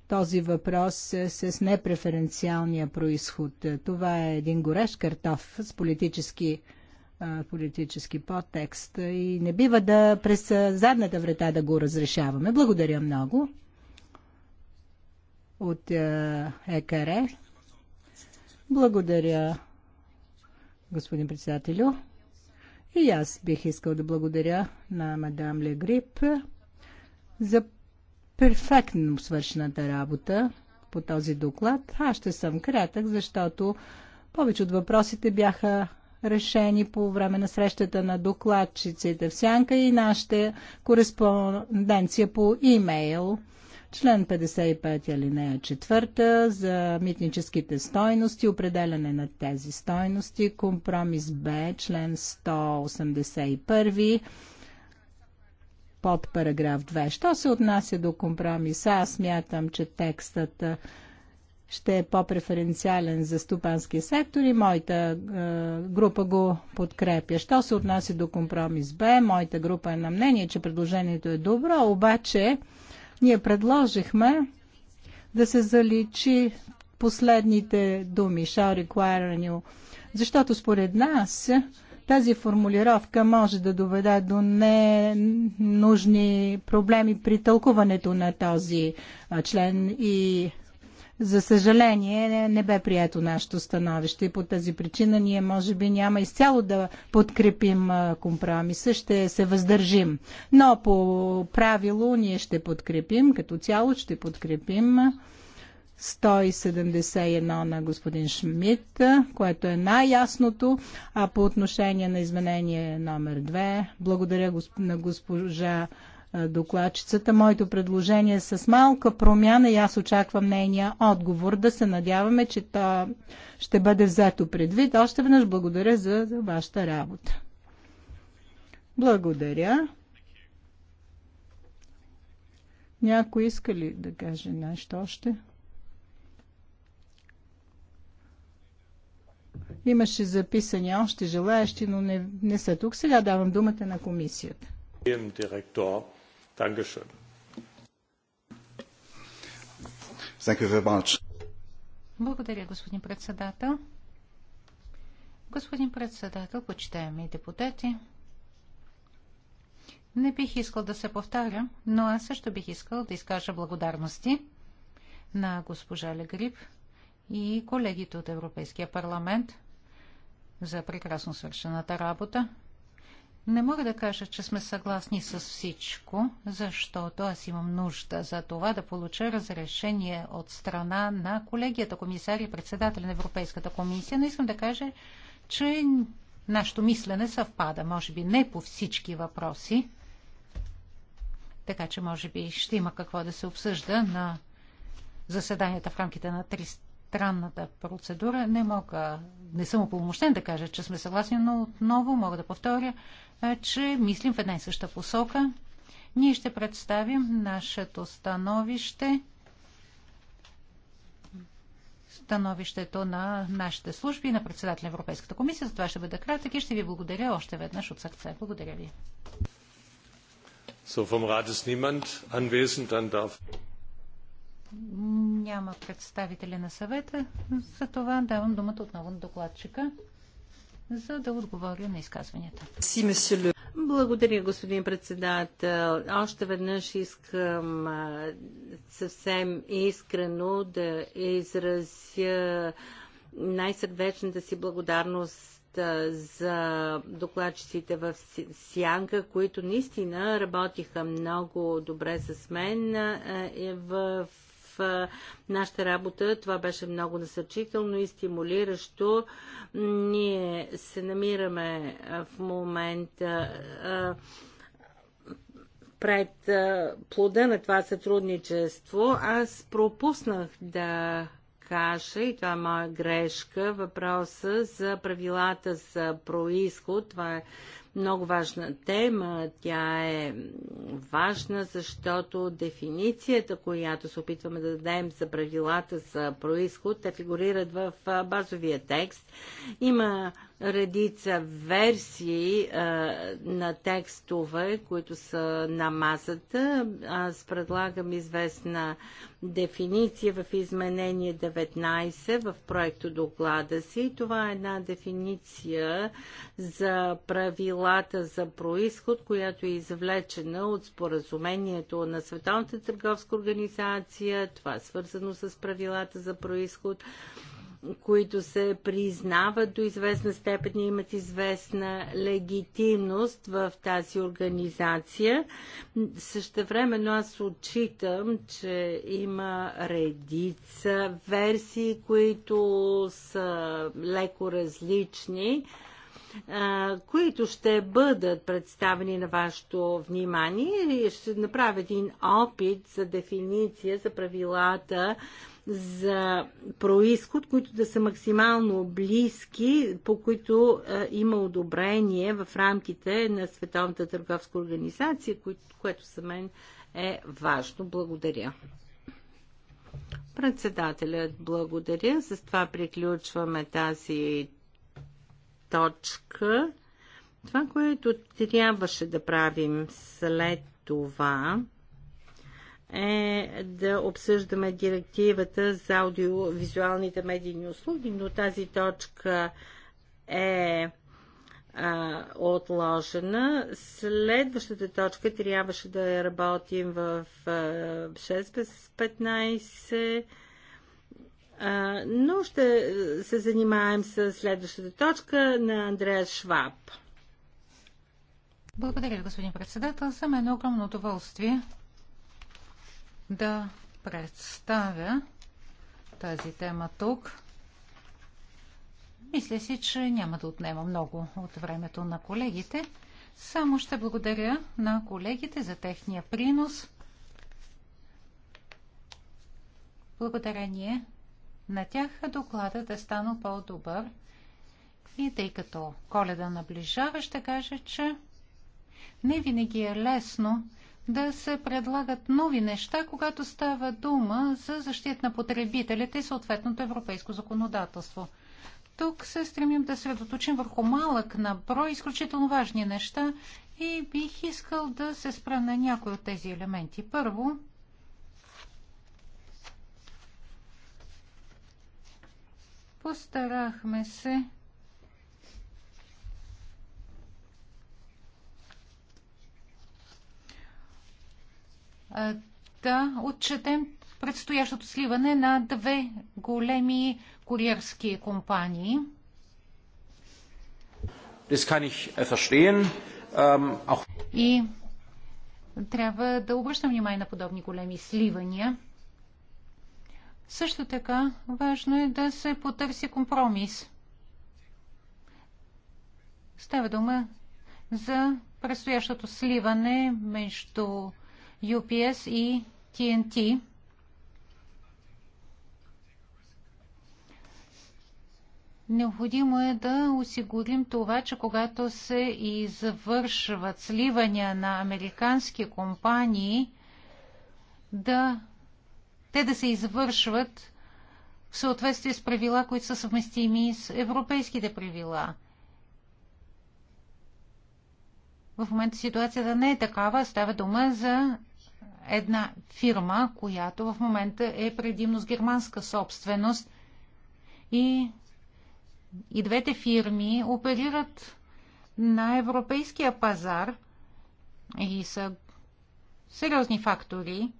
този въпрос е, с непреференциалния происход. Това е един горещ картоф с политически, политически подтекст и не бива да през задната врата да го разрешаваме. Благодаря много от ЕКР. Благодаря, господин председателю. И аз бих искал да благодаря на мадам Легрип за перфектно свършената работа по този доклад. Аз ще съм кратък, защото повече от въпросите бяха решени по време на срещата на докладчиците в Сянка и нашата кореспонденция по имейл. Член 55 алинея 4 за митническите стойности, определяне на тези стойности, компромис Б, член 181 под параграф 2. Що се отнася до компромиса, аз смятам, че текстът ще е по-преференциален за стопанския сектор и моята е, група го подкрепя. Що се отнася до компромис Б, моята група е на мнение, че предложението е добро, обаче ние предложихме да се заличи последните думи shall require new, защото според нас тази формулировка може да доведе до ненужни проблеми при тълкуването на този член и за съжаление, не, бе прието нашето становище и по тази причина ние може би няма изцяло да подкрепим компромиса, ще се въздържим. Но по правило ние ще подкрепим, като цяло ще подкрепим 171 на господин Шмидт, което е най-ясното. А по отношение на изменение номер 2, благодаря на госпожа докладчицата. Моето предложение е с малка промяна и аз очаквам нейния отговор. Да се надяваме, че то ще бъде взето предвид. Още веднъж благодаря за вашата работа. Благодаря. Някой иска ли да каже нещо още? Имаше записани още желаящи, но не, не са тук. Сега давам думата на комисията. Директор Dankeschön. Thank you very much. Благодаря, господин председател. Господин председател, почитаеми депутати, не бих искал да се повтаря, но аз също бих искал да изкажа благодарности на госпожа Легрип и колегите от Европейския парламент за прекрасно свършената работа. Не мога да кажа, че сме съгласни с всичко, защото аз имам нужда за това да получа разрешение от страна на колегията комисар и председател на Европейската комисия, но искам да кажа, че нашето мислене съвпада, може би не по всички въпроси, така че може би ще има какво да се обсъжда на заседанията в рамките на странната процедура. Не мога, не съм упълномощен да кажа, че сме съгласни, но отново мога да повторя, че мислим в една и съща посока. Ние ще представим нашето становище становището на нашите служби и на председател на Европейската комисия. За това ще бъда кратък и ще ви благодаря още веднъж от сърце. Благодаря ви. So vom Rat ist niemand anwesend, dann darf няма представители на съвета, за това давам думата отново на докладчика, за да отговоря на изказванията. Благодаря, господин председател. Още веднъж искам съвсем искрено да изразя най-сърдечната си благодарност за докладчиците в Сянка, които наистина работиха много добре с мен в нашата работа. Това беше много насърчително и стимулиращо. Ние се намираме в момента пред плода на това сътрудничество. Аз пропуснах да каша, и това е моя грешка, въпроса за правилата за происход. Това е много важна тема. Тя е важна, защото дефиницията, която се опитваме да дадем за правилата за происход, те фигурират в базовия текст. Има редица версии а, на текстове, които са на масата. Аз предлагам известна дефиниция в изменение 19 в проекто доклада си. Това е една дефиниция за правилата за происход, която е извлечена от споразумението на Световната търговска организация. Това е свързано с правилата за происход които се признават до известна степен и имат известна легитимност в тази организация. Същевременно аз отчитам, че има редица версии, които са леко различни които ще бъдат представени на вашето внимание и ще направя един опит за дефиниция за правилата за происход, които да са максимално близки, по които а, има одобрение в рамките на Световната търговска организация, което, което за мен е важно. Благодаря. Председателят, благодаря. С това приключваме тази точка. Това, което трябваше да правим след това, е да обсъждаме директивата за аудиовизуалните медийни услуги, но тази точка е а, отложена. Следващата точка трябваше да я работим в а, 6 без 15, но ще се занимаем с следващата точка на Андрея Шваб. Благодаря, господин председател. За мен е огромно удоволствие да представя тази тема тук. Мисля си, че няма да отнема много от времето на колегите. Само ще благодаря на колегите за техния принос. Благодарение на тях докладът е станал по-добър. И тъй като коледа наближава, ще кажа, че не винаги е лесно да се предлагат нови неща, когато става дума за защита на потребителите и съответното европейско законодателство. Тук се стремим да средоточим върху малък наброй изключително важни неща и бих искал да се спра на някои от тези елементи. Първо, постарахме се да отчетем предстоящото сливане на две големи куриерски компании. Э, ähm, И трябва да обръщам внимание на подобни големи сливания. Също така важно е да се потърси компромис. Става дума за предстоящото сливане между UPS и TNT. Необходимо е да осигурим това, че когато се извършват сливания на американски компании, да, те да се извършват в съответствие с правила, които са съвместими с европейските правила – В момента ситуацията не е такава. Става дума за една фирма, която в момента е предимно с германска собственост. И, и двете фирми оперират на европейския пазар и са сериозни фактори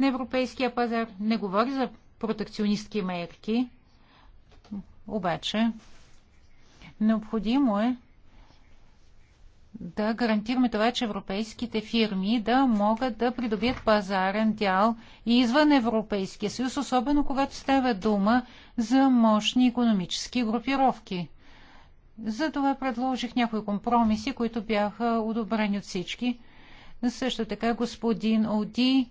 на европейския пазар. Не говори за протекционистки мерки, обаче необходимо е да гарантираме това, че европейските фирми да могат да придобият пазарен дял и извън Европейския съюз, особено когато става дума за мощни економически групировки. Затова предложих някои компромиси, които бяха одобрени от всички. Също така господин Оди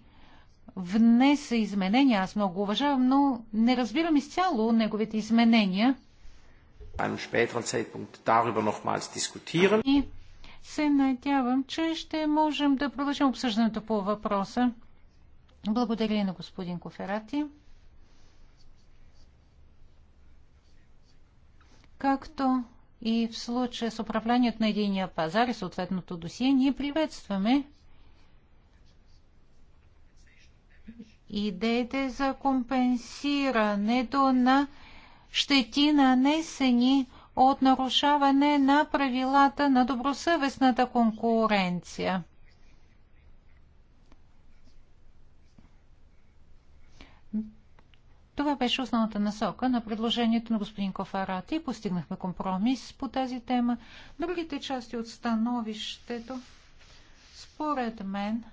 внесе изменения, аз много уважавам, но не разбирам изцяло неговите изменения. И се надявам, че ще можем да продължим обсъждането по въпроса. Благодаря на господин Коферати. Както и в случая с управлението на единия пазар и съответното досие, ние приветстваме идеите за компенсирането на щети нанесени от от нарушаване на правилата на добросъвестната конкуренция. Това беше основната насока на предложението на господин Кофарат и постигнахме компромис по тази тема. Другите части от становището, според мен,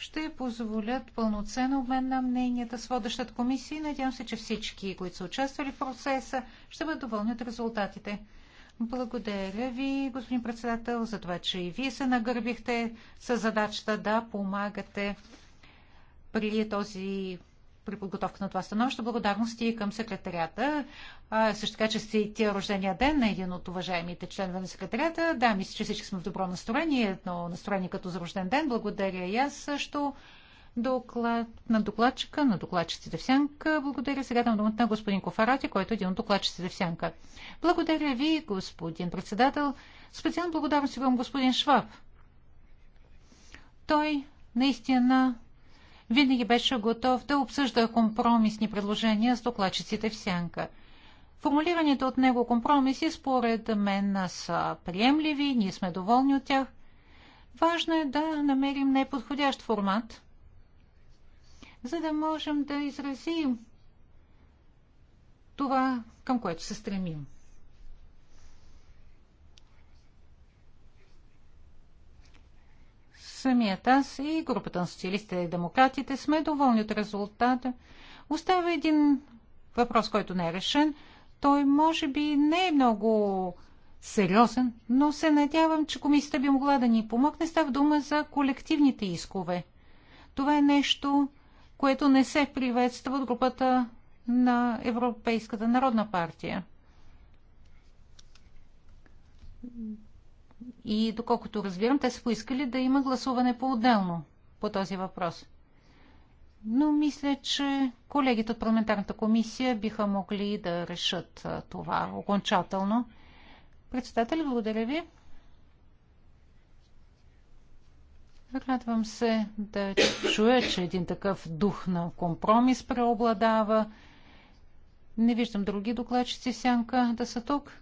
ще позволят пълноценно обмен на мненията с водещата комисия и надявам се, че всички, които са участвали в процеса, ще бъдат доволни от резултатите. Благодаря ви, господин председател, за това, че и вие се нагърбихте с задачата да помагате при този при подготовка на това становище. Благодарности и към секретарията. А, също така, че сте рождения ден на един от уважаемите членове на секретарията. Да, мисля, че всички сме в добро настроение, но настроение като за рожден ден. Благодаря и аз също доклад, на докладчика, на докладчиците в сянка. Благодаря. Сега дам думата на господин Кофарати, който е един от докладчиците в сянка. Благодаря ви, господин председател. Специално благодарност към господин Шваб. Той наистина винаги беше готов да обсъжда компромисни предложения с докладчиците в сянка. Формулираните от него компромиси според мен са приемливи, ние сме доволни от тях. Важно е да намерим неподходящ формат, за да можем да изразим това, към което се стремим. самият аз и групата на социалистите и демократите сме доволни от резултата. Остава един въпрос, който не е решен. Той може би не е много сериозен, но се надявам, че комисията би могла да ни помогне. Става дума за колективните искове. Това е нещо, което не се приветства от групата на Европейската народна партия. И доколкото разбирам, те са поискали да има гласуване по-отделно по този въпрос. Но мисля, че колегите от парламентарната комисия биха могли да решат това окончателно. Председател, благодаря ви. Радвам се да чуя, че един такъв дух на компромис преобладава. Не виждам други докладчици сянка да са тук.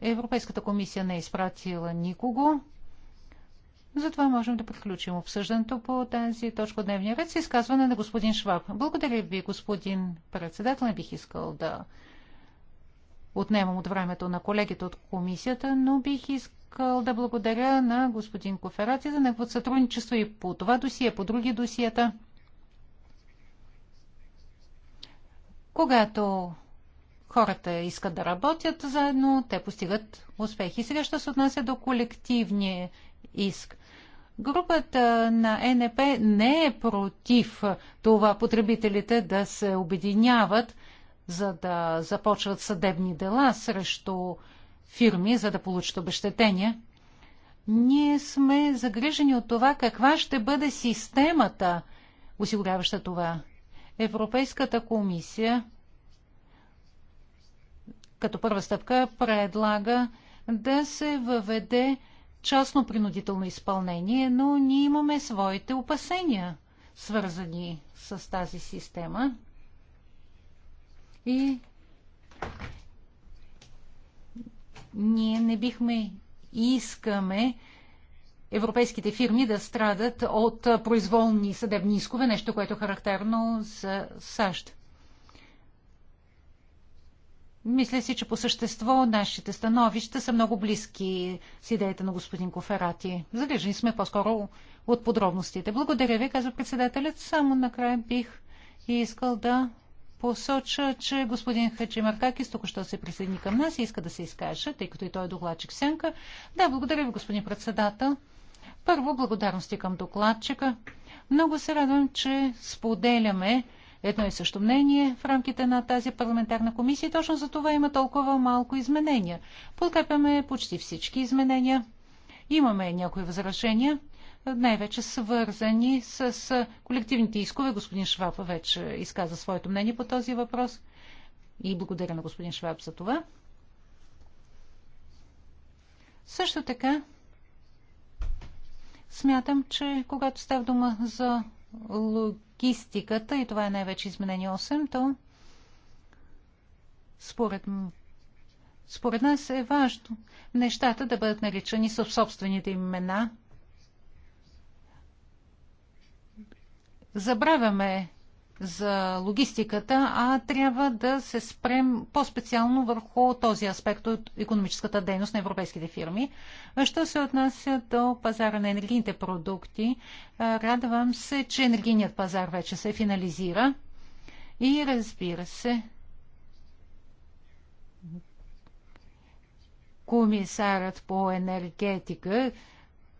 Европейската комисия не е изпратила никого. Затова можем да приключим обсъждането по тази точка дневния ред с изказване на господин Шваб. Благодаря ви, господин председател. Не бих искал да отнемам от времето на колегите от комисията, но бих искал да благодаря на господин Коферати за неговото сътрудничество и по това досие, по други досиета. Когато хората искат да работят заедно, те постигат успехи. Сега ще се отнася до колективния иск. Групата на НП не е против това потребителите да се обединяват, за да започват съдебни дела срещу фирми, за да получат обещетения. Ние сме загрижени от това каква ще бъде системата, осигуряваща това. Европейската комисия като първа стъпка предлага да се въведе частно принудително изпълнение, но ние имаме своите опасения, свързани с тази система. И ние не бихме искаме европейските фирми да страдат от произволни съдебни искове, нещо, което е характерно за САЩ. Мисля си, че по същество нашите становища са много близки с идеята на господин Коферати. Залежени сме по-скоро от подробностите. Благодаря ви, каза председателят. Само накрая бих искал да посоча, че господин Хаджи Маркакис току-що се присъедини към нас и иска да се изкаже, тъй като и той е докладчик сянка. Да, благодаря ви, господин председател. Първо, благодарности към докладчика. Много се радвам, че споделяме едно и също мнение в рамките на тази парламентарна комисия. Точно за това има толкова малко изменения. Подкрепяме почти всички изменения. Имаме някои възражения, най-вече свързани с колективните искове. Господин Шваб вече изказа своето мнение по този въпрос. И благодаря на господин Шваб за това. Също така, смятам, че когато става дума за логика, логистиката, и това е най-вече изменение 8, то според, според нас е важно нещата да бъдат наричани със собствените имена. Забравяме за логистиката, а трябва да се спрем по-специално върху този аспект от економическата дейност на европейските фирми. Що се отнася до пазара на енергийните продукти, радвам се, че енергийният пазар вече се финализира и разбира се, комисарът по енергетика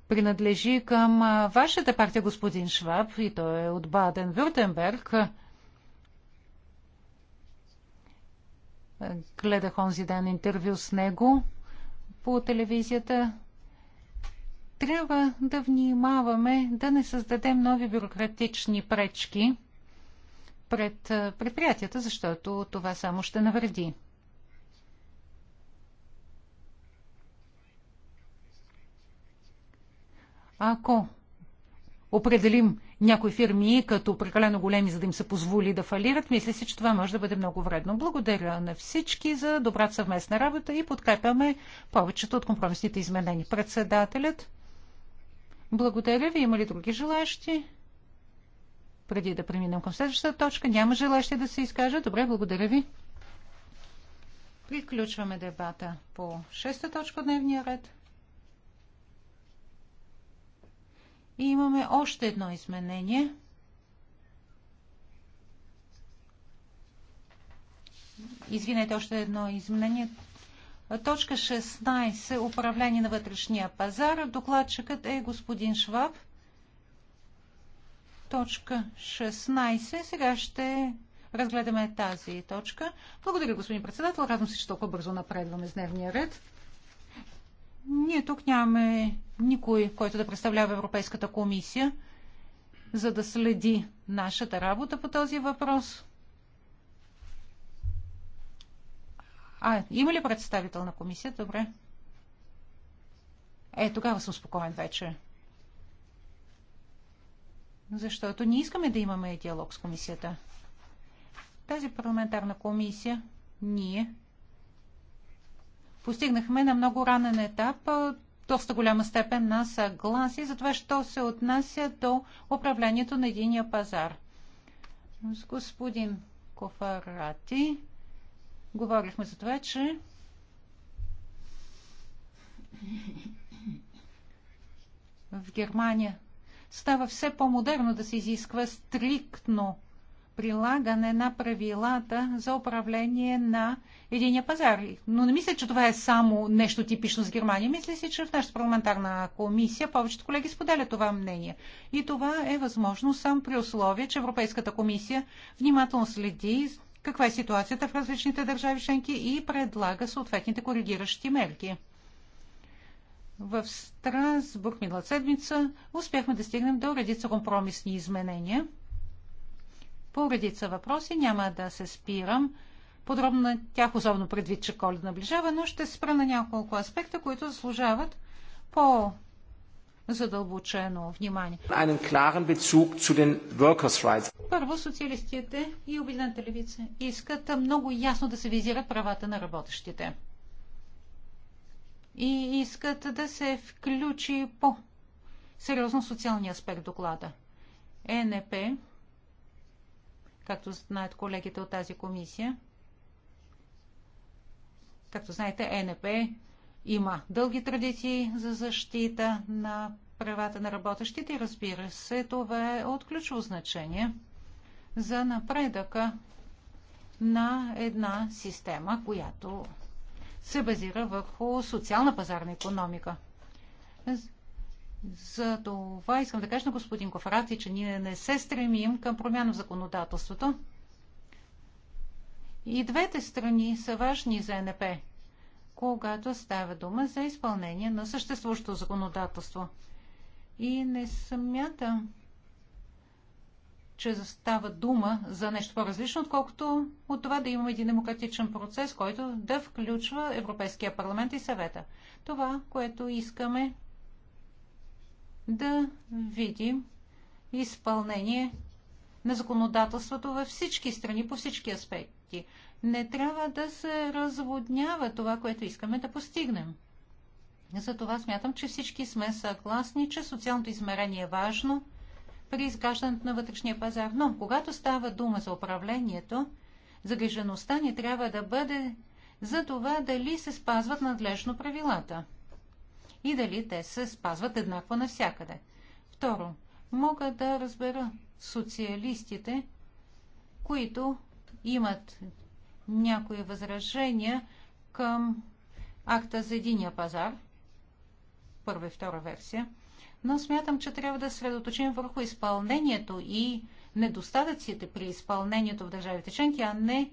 принадлежи към вашата партия, господин Шваб, и той е от Баден-Вюртенберг. Гледах онзи ден интервю с него по телевизията. Трябва да внимаваме да не създадем нови бюрократични пречки пред предприятията, защото това само ще навреди. Ако определим някои фирми като прекалено големи, за да им се позволи да фалират, мисля си, че това може да бъде много вредно. Благодаря на всички за добра съвместна работа и подкрепяме повечето от компромисните изменения. Председателят, благодаря ви. Има ли други желащи? Преди да преминем към следващата точка, няма желащи да се изкажат. Добре, благодаря ви. Приключваме дебата по шеста точка от дневния ред. И имаме още едно изменение. Извинете, още едно изменение. Точка 16. Управление на вътрешния пазар. Докладчикът е господин Шваб. Точка 16. Сега ще разгледаме тази точка. Благодаря, господин председател. Радвам се, че толкова бързо напредваме с дневния ред. Ние тук нямаме никой, който да представлява Европейската комисия, за да следи нашата работа по този въпрос. А, има ли представител на комисия, Добре. Е, тогава съм спокоен вече. Защото не искаме да имаме диалог с комисията. Тази парламентарна комисия, ние, постигнахме на много ранен етап доста голяма степен на съгласие за това, що се отнася до управлението на единия пазар. С господин Кофарати говорихме за това, че в Германия става все по-модерно да се изисква стриктно прилагане на правилата за управление на единия пазар. Но не мисля, че това е само нещо типично с Германия. Мисля си, че в нашата парламентарна комисия повечето колеги споделят това мнение. И това е възможно само при условие, че Европейската комисия внимателно следи каква е ситуацията в различните държави членки и предлага съответните коригиращи мерки. В Страсбург миналата седмица успяхме да стигнем до редица компромисни изменения – по редица въпроси. Няма да се спирам подробно на тях, особено предвид, че коледа наближава, но ще спра на няколко аспекта, които заслужават по задълбочено внимание. Първо, социалистите и обидната левица искат много ясно да се визират правата на работещите. И искат да се включи по сериозно социалния аспект доклада. Е ЕНП е както знаят колегите от тази комисия. Както знаете, НП има дълги традиции за защита на правата на работещите разбира се, това е от ключово значение за напредъка на една система, която се базира върху социална пазарна економика. За това искам да кажа на господин Кофарати, че ние не се стремим към промяна в законодателството. И двете страни са важни за НП, когато става дума за изпълнение на съществуващото законодателство. И не смятам, че става дума за нещо по-различно, отколкото от това да имаме един демократичен процес, който да включва Европейския парламент и съвета. Това, което искаме да видим изпълнение на законодателството във всички страни, по всички аспекти. Не трябва да се разводнява това, което искаме да постигнем. Затова смятам, че всички сме съгласни, че социалното измерение е важно при изграждането на вътрешния пазар. Но когато става дума за управлението, загрижеността ни трябва да бъде за това дали се спазват надлежно правилата и дали те се спазват еднакво навсякъде. Второ, мога да разбера социалистите, които имат някои възражения към акта за единия пазар, първа и втора версия, но смятам, че трябва да средоточим върху изпълнението и недостатъците при изпълнението в държавите членки, а не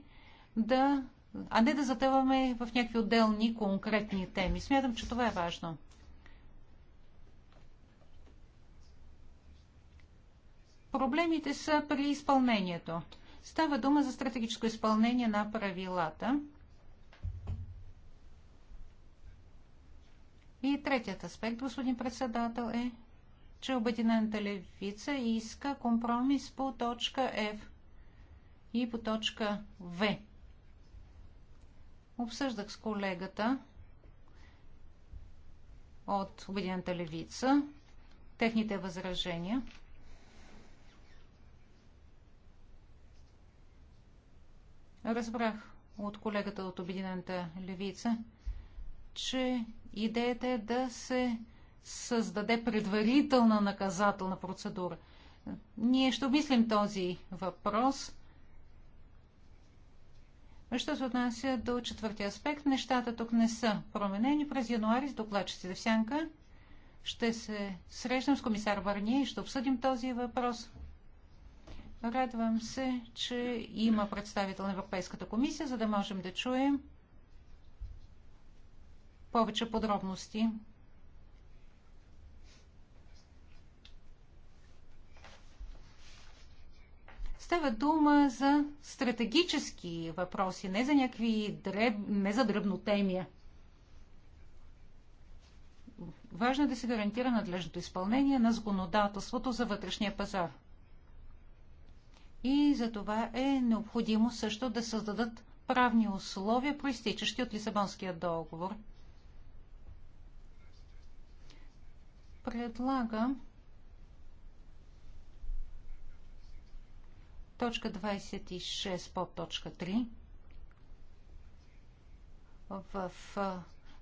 да, а не да затъваме в някакви отделни конкретни теми. Смятам, че това е важно. Проблемите са при изпълнението. Става дума за стратегическо изпълнение на правилата. И третият аспект, господин председател, е, че Обединената левица иска компромис по точка F и по точка В. Обсъждах с колегата от Обединената левица техните възражения. Разбрах от колегата от Обединената левица, че идеята е да се създаде предварителна наказателна процедура. Ние ще обмислим този въпрос. Що се отнася до четвъртия аспект, нещата тук не са променени. През януари с докладчици в Сянка ще се срещнем с комисар Варния и ще обсъдим този въпрос. Радвам се, че има представител на Европейската комисия, за да можем да чуем повече подробности. Става дума за стратегически въпроси, не за някакви дреб... не за дребнотемия. Важно е да се гарантира надлежното изпълнение на законодателството за вътрешния пазар и за това е необходимо също да създадат правни условия, проистичащи от Лисабонския договор. Предлага точка 26 под точка 3 в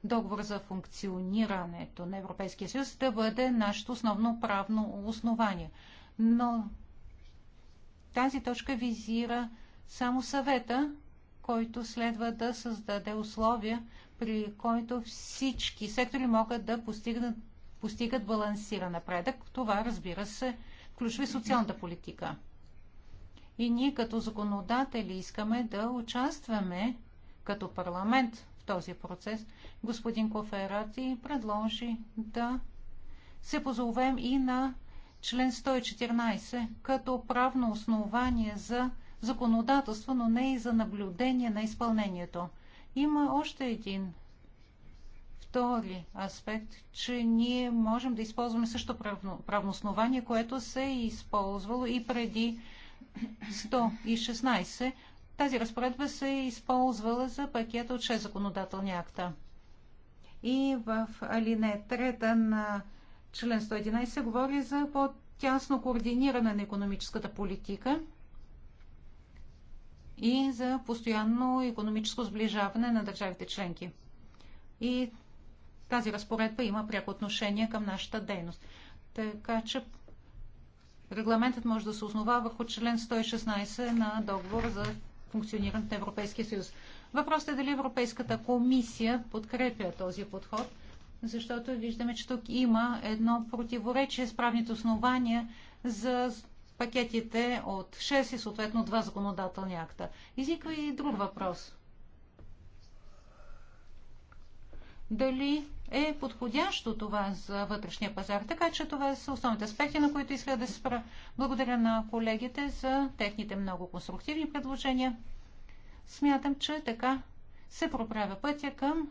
договор за функционирането на Европейския съюз да бъде нашето основно правно основание. Но тази точка визира само съвета, който следва да създаде условия, при който всички сектори могат да постигнат, постигат балансиран напредък. Това, разбира се, включва и социалната политика. И ние като законодатели искаме да участваме като парламент в този процес. Господин Коферати предложи да се позовем и на член 114 като правно основание за законодателство, но не и за наблюдение на изпълнението. Има още един втори аспект, че ние можем да използваме също правно, правно основание, което се е използвало и преди 116. Тази разпоредба се е използвала за пакета от 6 законодателни акта. И в алинея 3 на член 111 говори за по-тясно координиране на економическата политика и за постоянно економическо сближаване на държавите членки. И тази разпоредба има пряко отношение към нашата дейност. Така че регламентът може да се основа върху член 116 на договор за функционирането на Европейския съюз. Въпросът е дали Европейската комисия подкрепя този подход – защото виждаме, че тук има едно противоречие с правните основания за пакетите от 6 и съответно два законодателни акта. Изиква и друг въпрос. Дали е подходящо това за вътрешния пазар? Така че това са основните аспекти, на които иска да се спра. Благодаря на колегите за техните много конструктивни предложения. Смятам, че така се проправя пътя към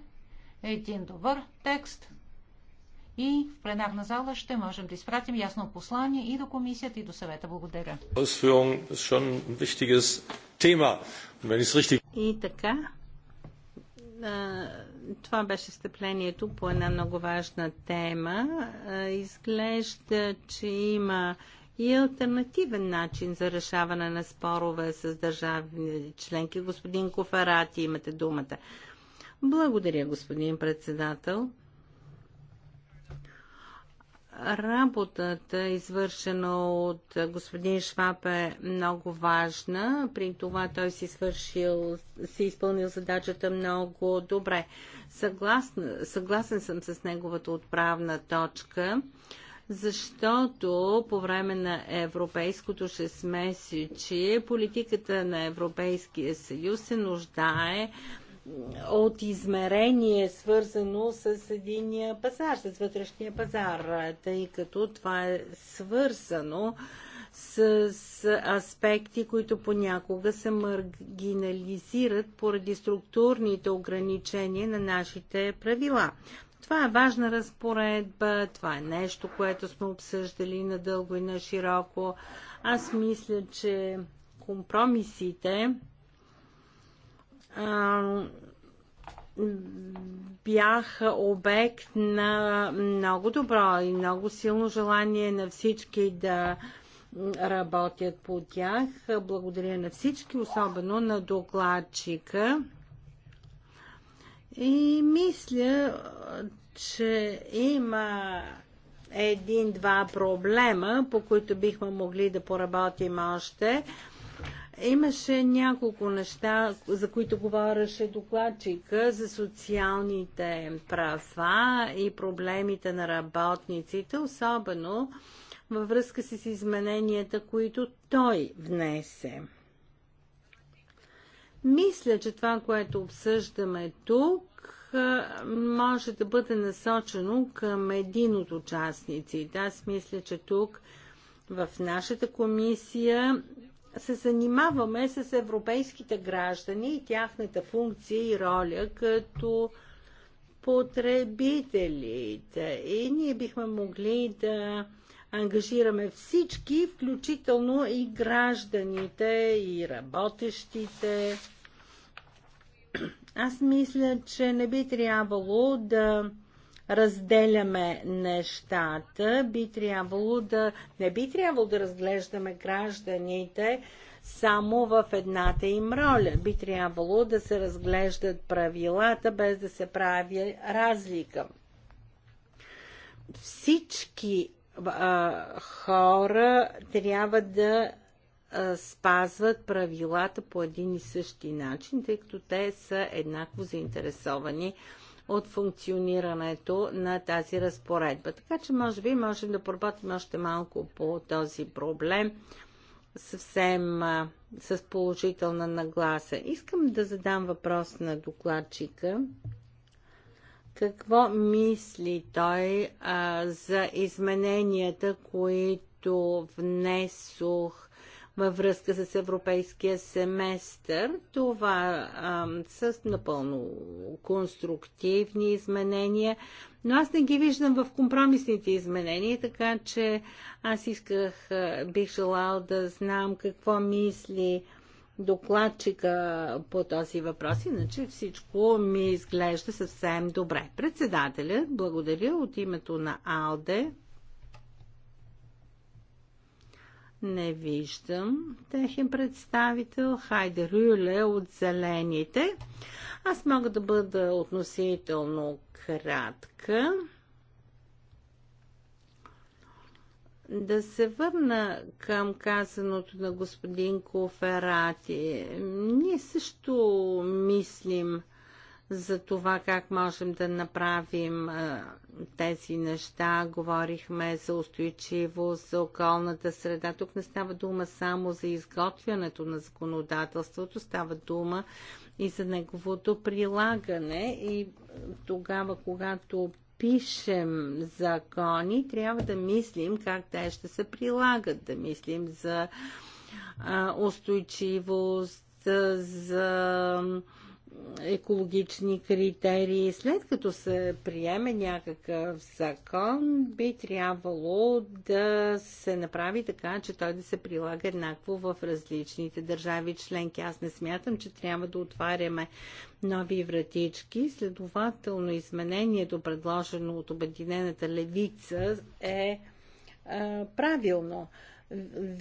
един добър текст и в пленарна зала ще можем да изпратим ясно послание и до комисията, и до съвета. Благодаря. И така, това беше стъплението по една много важна тема. Изглежда, че има и альтернативен начин за решаване на спорове с държавни членки. Господин Коферати, имате думата. Благодаря, господин председател. Работата, извършена от господин Шваб е много важна. При това той си, свършил, си изпълнил задачата много добре. Съгласна, съгласен съм с неговата отправна точка, защото по време на европейското 6 месече политиката на Европейския съюз се нуждае от измерение, свързано с един пазар, с вътрешния пазар, тъй като това е свързано с, с аспекти, които понякога се маргинализират поради структурните ограничения на нашите правила. Това е важна разпоредба, това е нещо, което сме обсъждали надълго и на широко. Аз мисля, че компромисите Бях обект на много добро и много силно желание на всички да работят по тях. Благодаря на всички, особено на докладчика. И мисля, че има един-два проблема, по които бихме могли да поработим още. Имаше няколко неща, за които говореше докладчика, за социалните права и проблемите на работниците, особено във връзка с измененията, които той внесе. Мисля, че това, което обсъждаме тук, може да бъде насочено към един от участниците. Аз мисля, че тук в нашата комисия се занимаваме с европейските граждани и тяхната функция и роля като потребителите. И ние бихме могли да ангажираме всички, включително и гражданите, и работещите. Аз мисля, че не би трябвало да разделяме нещата, би трябвало да, не би трябвало да разглеждаме гражданите само в едната им роля. Би трябвало да се разглеждат правилата, без да се прави разлика. Всички а, хора трябва да спазват правилата по един и същи начин, тъй като те са еднакво заинтересовани от функционирането на тази разпоредба. Така че, може би, можем да поработим още малко по този проблем съвсем а, с положителна нагласа. Искам да задам въпрос на докладчика. Какво мисли той а, за измененията, които внесох във връзка с европейския семестър. Това а, с напълно конструктивни изменения, но аз не ги виждам в компромисните изменения, така че аз исках, бих желал да знам какво мисли докладчика по този въпрос, иначе всичко ми изглежда съвсем добре. Председателят, благодаря от името на АЛДЕ. Не виждам техен представител. Хайде Рюле от Зелените. Аз мога да бъда относително кратка. Да се върна към казаното на господин Коферати. Ние също мислим за това как можем да направим тези неща, говорихме за устойчивост, за околната среда. Тук не става дума само за изготвянето на законодателството, става дума и за неговото прилагане. И тогава, когато пишем закони, трябва да мислим как те ще се прилагат, да мислим за устойчивост, за екологични критерии. След като се приеме някакъв закон, би трябвало да се направи така, че той да се прилага еднакво в различните държави членки. Аз не смятам, че трябва да отваряме нови вратички. Следователно, изменението, предложено от Обединената левица, е правилно.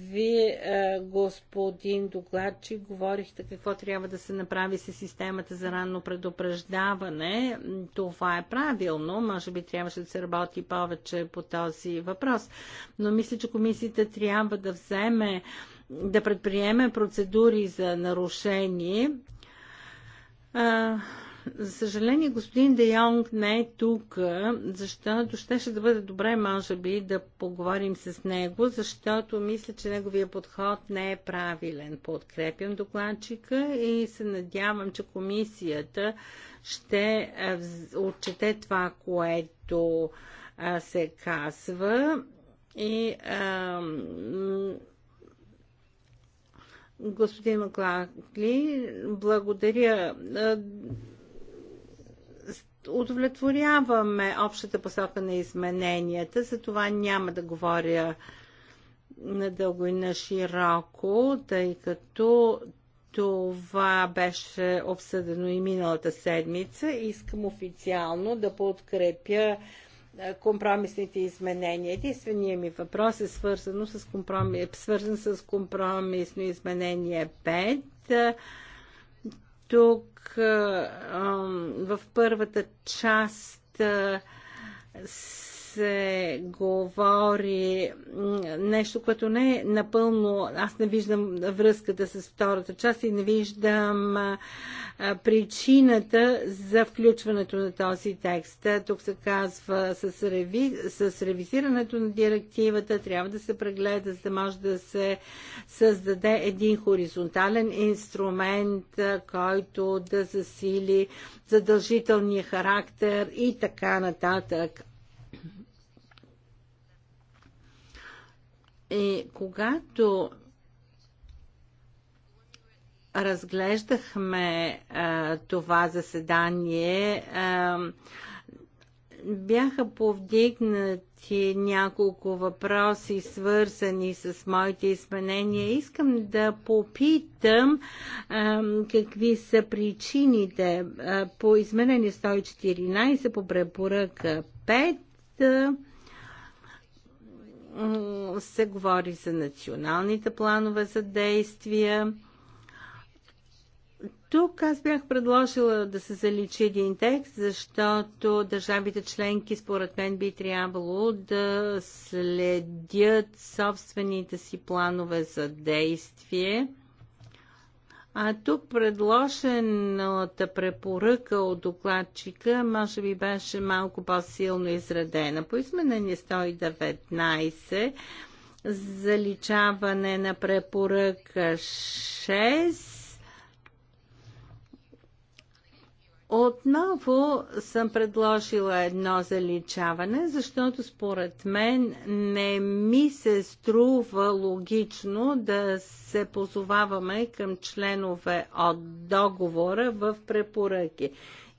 Вие, господин докладчик, говорихте какво трябва да се направи с системата за ранно предупреждаване. Това е правилно. Може би трябваше да се работи повече по този въпрос. Но мисля, че комисията трябва да вземе, да предприеме процедури за нарушение за съжаление, господин Де Йонг не е тук, защото щеше да бъде добре, може би, да поговорим с него, защото мисля, че неговия подход не е правилен. Подкрепям докладчика и се надявам, че комисията ще отчете това, което се казва и господин Маклакли, благодаря удовлетворяваме общата посока на измененията, за това няма да говоря надълго и на широко, тъй като това беше обсъдено и миналата седмица. Искам официално да подкрепя компромисните изменения. Единственият ми въпрос е свързано с компромис, свързан с компромисно изменение 5 тук в първата част се говори нещо, което не е напълно. Аз не виждам връзката с втората част и не виждам причината за включването на този текст. Тук се казва с, реви, с ревизирането на директивата трябва да се прегледа, за да може да се създаде един хоризонтален инструмент, който да засили задължителния характер и така нататък. И е, когато разглеждахме а, това заседание, а, бяха повдигнати няколко въпроси, свързани с моите изменения. Искам да попитам а, какви са причините а, по изменение 114 по препоръка 5. А, се говори за националните планове за действия. Тук аз бях предложила да се заличи един текст, защото държавите членки според мен би трябвало да следят собствените си планове за действие а тук предложената препоръка от докладчика може би беше малко по-силно изредена. По изменение 119 заличаване на препоръка 6 Отново съм предложила едно заличаване, защото според мен не ми се струва логично да се позоваваме към членове от договора в препоръки.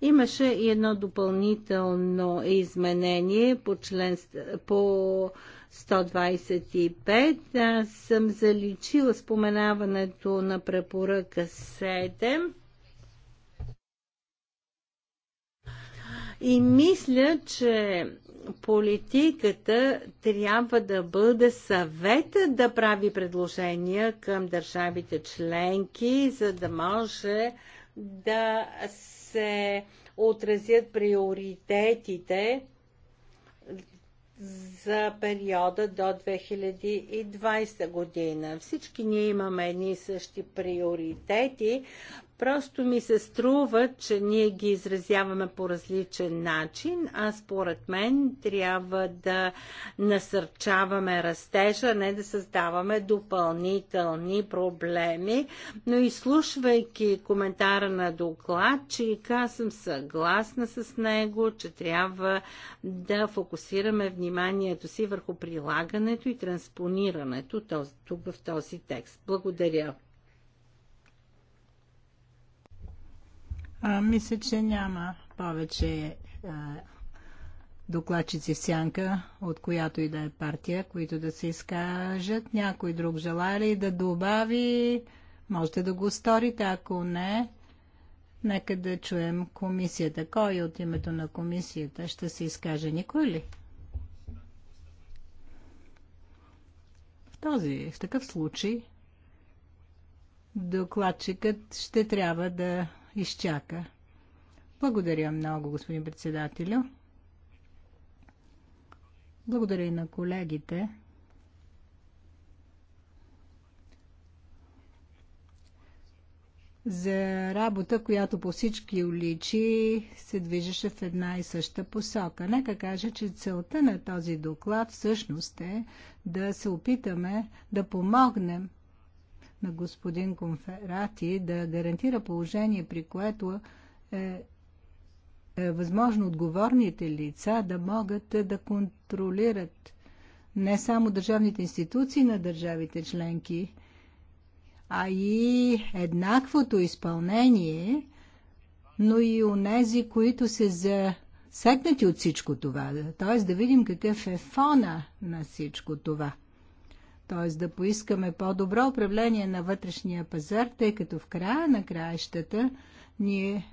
Имаше и едно допълнително изменение по, член, по 125. Аз съм заличила споменаването на препоръка 7 И мисля, че политиката трябва да бъде съвета да прави предложения към държавите членки, за да може да се отразят приоритетите за периода до 2020 година. Всички ние имаме едни и същи приоритети, Просто ми се струва, че ние ги изразяваме по различен начин, а според мен трябва да насърчаваме растежа, не да създаваме допълнителни проблеми. Но изслушвайки коментара на докладчика, аз съм съгласна с него, че трябва да фокусираме вниманието си върху прилагането и транспонирането тук в този текст. Благодаря. А, мисля, че няма повече а, докладчици в сянка, от която и да е партия, които да се изкажат. Някой друг желая ли да добави? Можете да го сторите, ако не. Нека да чуем комисията. Кой от името на комисията ще се изкаже? Никой ли? В този, в такъв случай, докладчикът ще трябва да изчака. Благодаря много, господин председателю. Благодаря и на колегите. за работа, която по всички уличи се движеше в една и съща посока. Нека кажа, че целта на този доклад всъщност е да се опитаме да помогнем на господин Конферати да гарантира положение, при което е, е възможно отговорните лица да могат да контролират не само държавните институции на държавите членки, а и еднаквото изпълнение, но и у нези, които се засегнати от всичко това. Т.е. да видим какъв е фона на всичко това т.е. да поискаме по-добро управление на вътрешния пазар, тъй като в края на краищата ние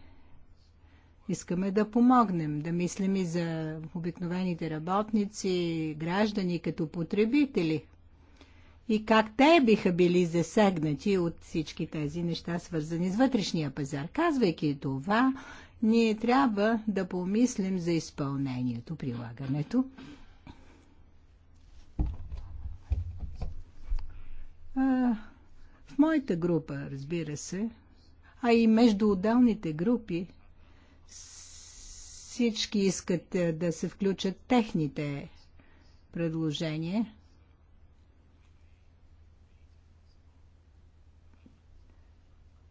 искаме да помогнем, да мислим и за обикновените работници, граждани като потребители. И как те биха били засегнати от всички тези неща, свързани с вътрешния пазар. Казвайки това, ние трябва да помислим за изпълнението, прилагането. А, в моята група, разбира се, а и между отделните групи, всички искат да се включат техните предложения.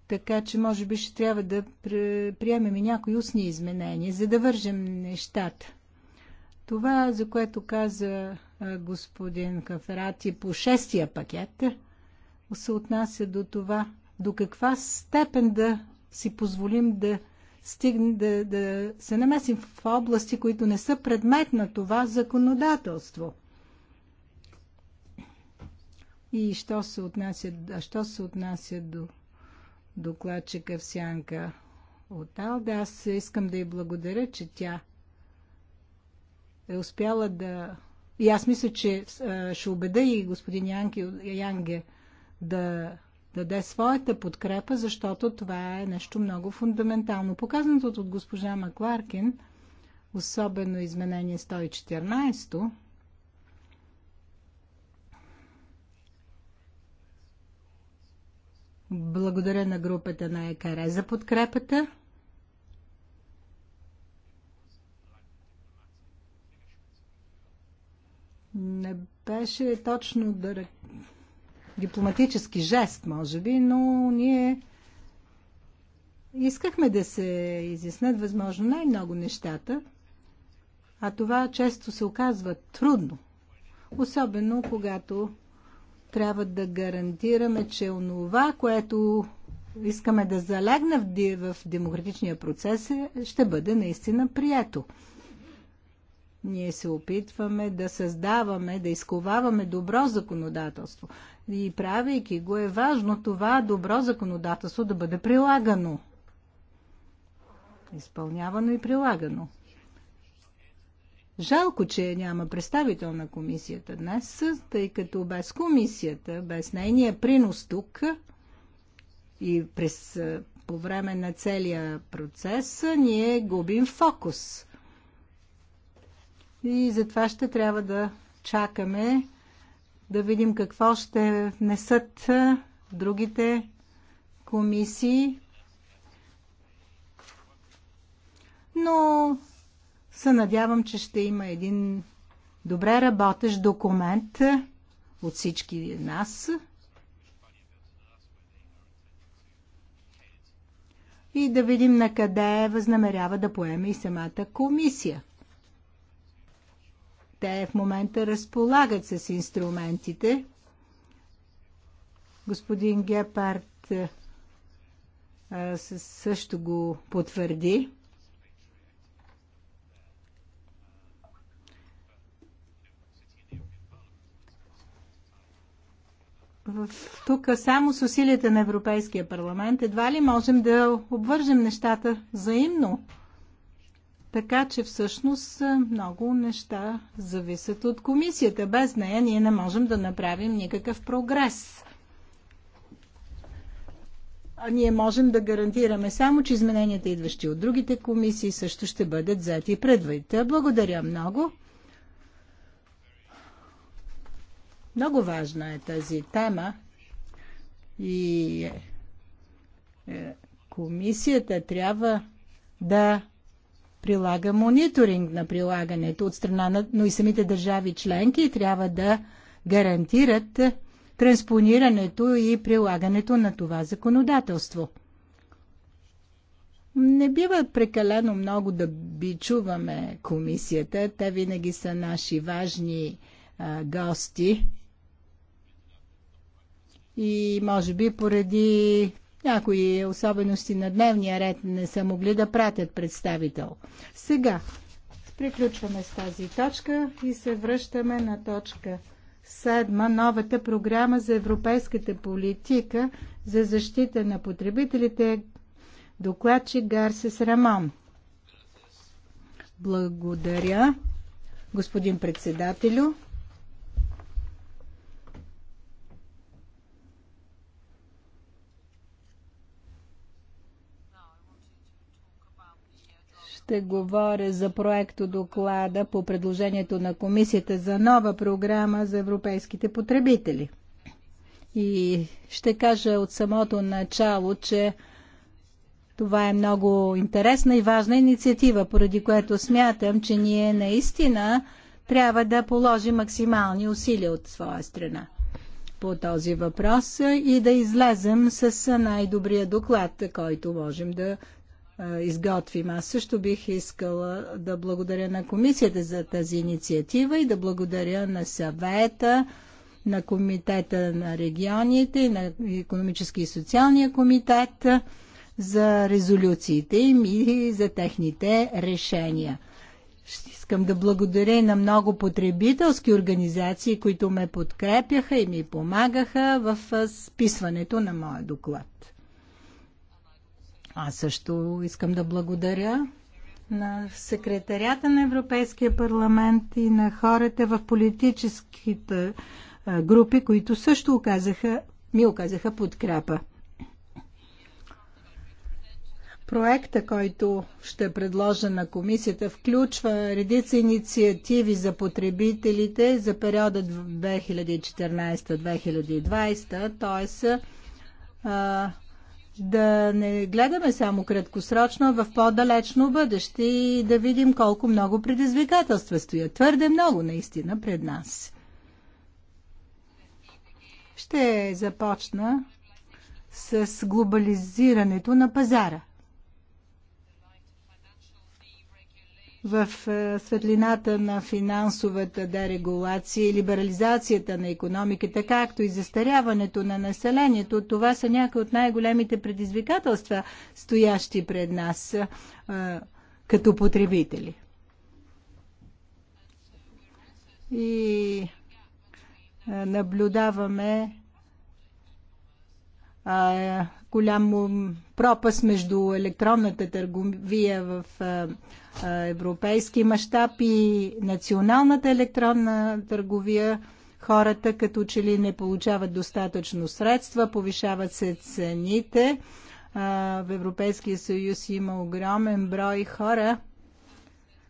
Така че може би ще трябва да приемем и някои устни изменения, за да вържем нещата. Това, за което каза господин Каферати по шестия пакет – се отнася до това, до каква степен да си позволим да стигне, да, да се намесим в области, които не са предмет на това законодателство. И що се отнася, а що се отнася до докладчика в сянка от Алда, аз искам да й благодаря, че тя е успяла да... И аз мисля, че ще убеда и господин Янке, Янге да даде своята подкрепа, защото това е нещо много фундаментално. Показаното от госпожа Макларкин, особено изменение 114, Благодаря на групата на ЕКР за подкрепата. Не беше точно да дипломатически жест, може би, но ние искахме да се изяснат възможно най-много нещата, а това често се оказва трудно. Особено когато трябва да гарантираме, че онова, което искаме да залегне в демократичния процес, е- ще бъде наистина прието. Ние се опитваме да създаваме, да изковаваме добро законодателство. И правейки го е важно това добро законодателство да бъде прилагано. Изпълнявано и прилагано. Жалко, че няма представител на комисията днес, тъй като без комисията, без нейния принос тук и през, по време на целия процес, ние губим фокус. И затова ще трябва да чакаме да видим какво ще внесат другите комисии. Но се надявам, че ще има един добре работещ документ от всички нас. И да видим на къде възнамерява да поеме и самата комисия. Те в момента разполагат с инструментите. Господин Гепард също го потвърди. тук само с усилията на Европейския парламент едва ли можем да обвържем нещата взаимно. Така че всъщност много неща зависят от комисията. Без нея ние не можем да направим никакъв прогрес. А ние можем да гарантираме само, че измененията, идващи от другите комисии, също ще бъдат взети предвид. Благодаря много. Много важна е тази тема и е, е, комисията трябва да прилага мониторинг на прилагането от страна на, но и самите държави членки трябва да гарантират транспонирането и прилагането на това законодателство. Не бива прекалено много да бичуваме комисията. Те винаги са наши важни а, гости. И може би поради някои особености на дневния ред не са могли да пратят представител. Сега приключваме с тази точка и се връщаме на точка Седма, новата програма за европейската политика за защита на потребителите, докладчик Гарсес Рамон. Благодаря, господин председателю. ще говоря за проекто доклада по предложението на Комисията за нова програма за европейските потребители. И ще кажа от самото начало, че това е много интересна и важна инициатива, поради което смятам, че ние наистина трябва да положим максимални усилия от своя страна по този въпрос и да излезем с най-добрия доклад, който можем да изготвим. Аз също бих искала да благодаря на комисията за тази инициатива и да благодаря на съвета, на комитета на регионите, на економически и социалния комитет за резолюциите им и за техните решения. Ще искам да благодаря и на много потребителски организации, които ме подкрепяха и ми помагаха в списването на моя доклад. Аз също искам да благодаря на секретарята на Европейския парламент и на хората в политическите групи, които също оказаха, ми оказаха подкрепа. Проекта, който ще предложа на комисията, включва редица инициативи за потребителите за периода 2014-2020, т.е да не гледаме само краткосрочно, а в по-далечно бъдеще и да видим колко много предизвикателства стоят. Твърде много наистина пред нас. Ще започна с глобализирането на пазара. в е, светлината на финансовата дерегулация и либерализацията на економиката, както и застаряването на населението, това са някои от най-големите предизвикателства, стоящи пред нас е, като потребители. И е, наблюдаваме голям пропаст между електронната търговия в е, европейски мащаб и националната електронна търговия хората като че ли не получават достатъчно средства, повишават се цените. Е, в Европейския съюз има огромен брой хора,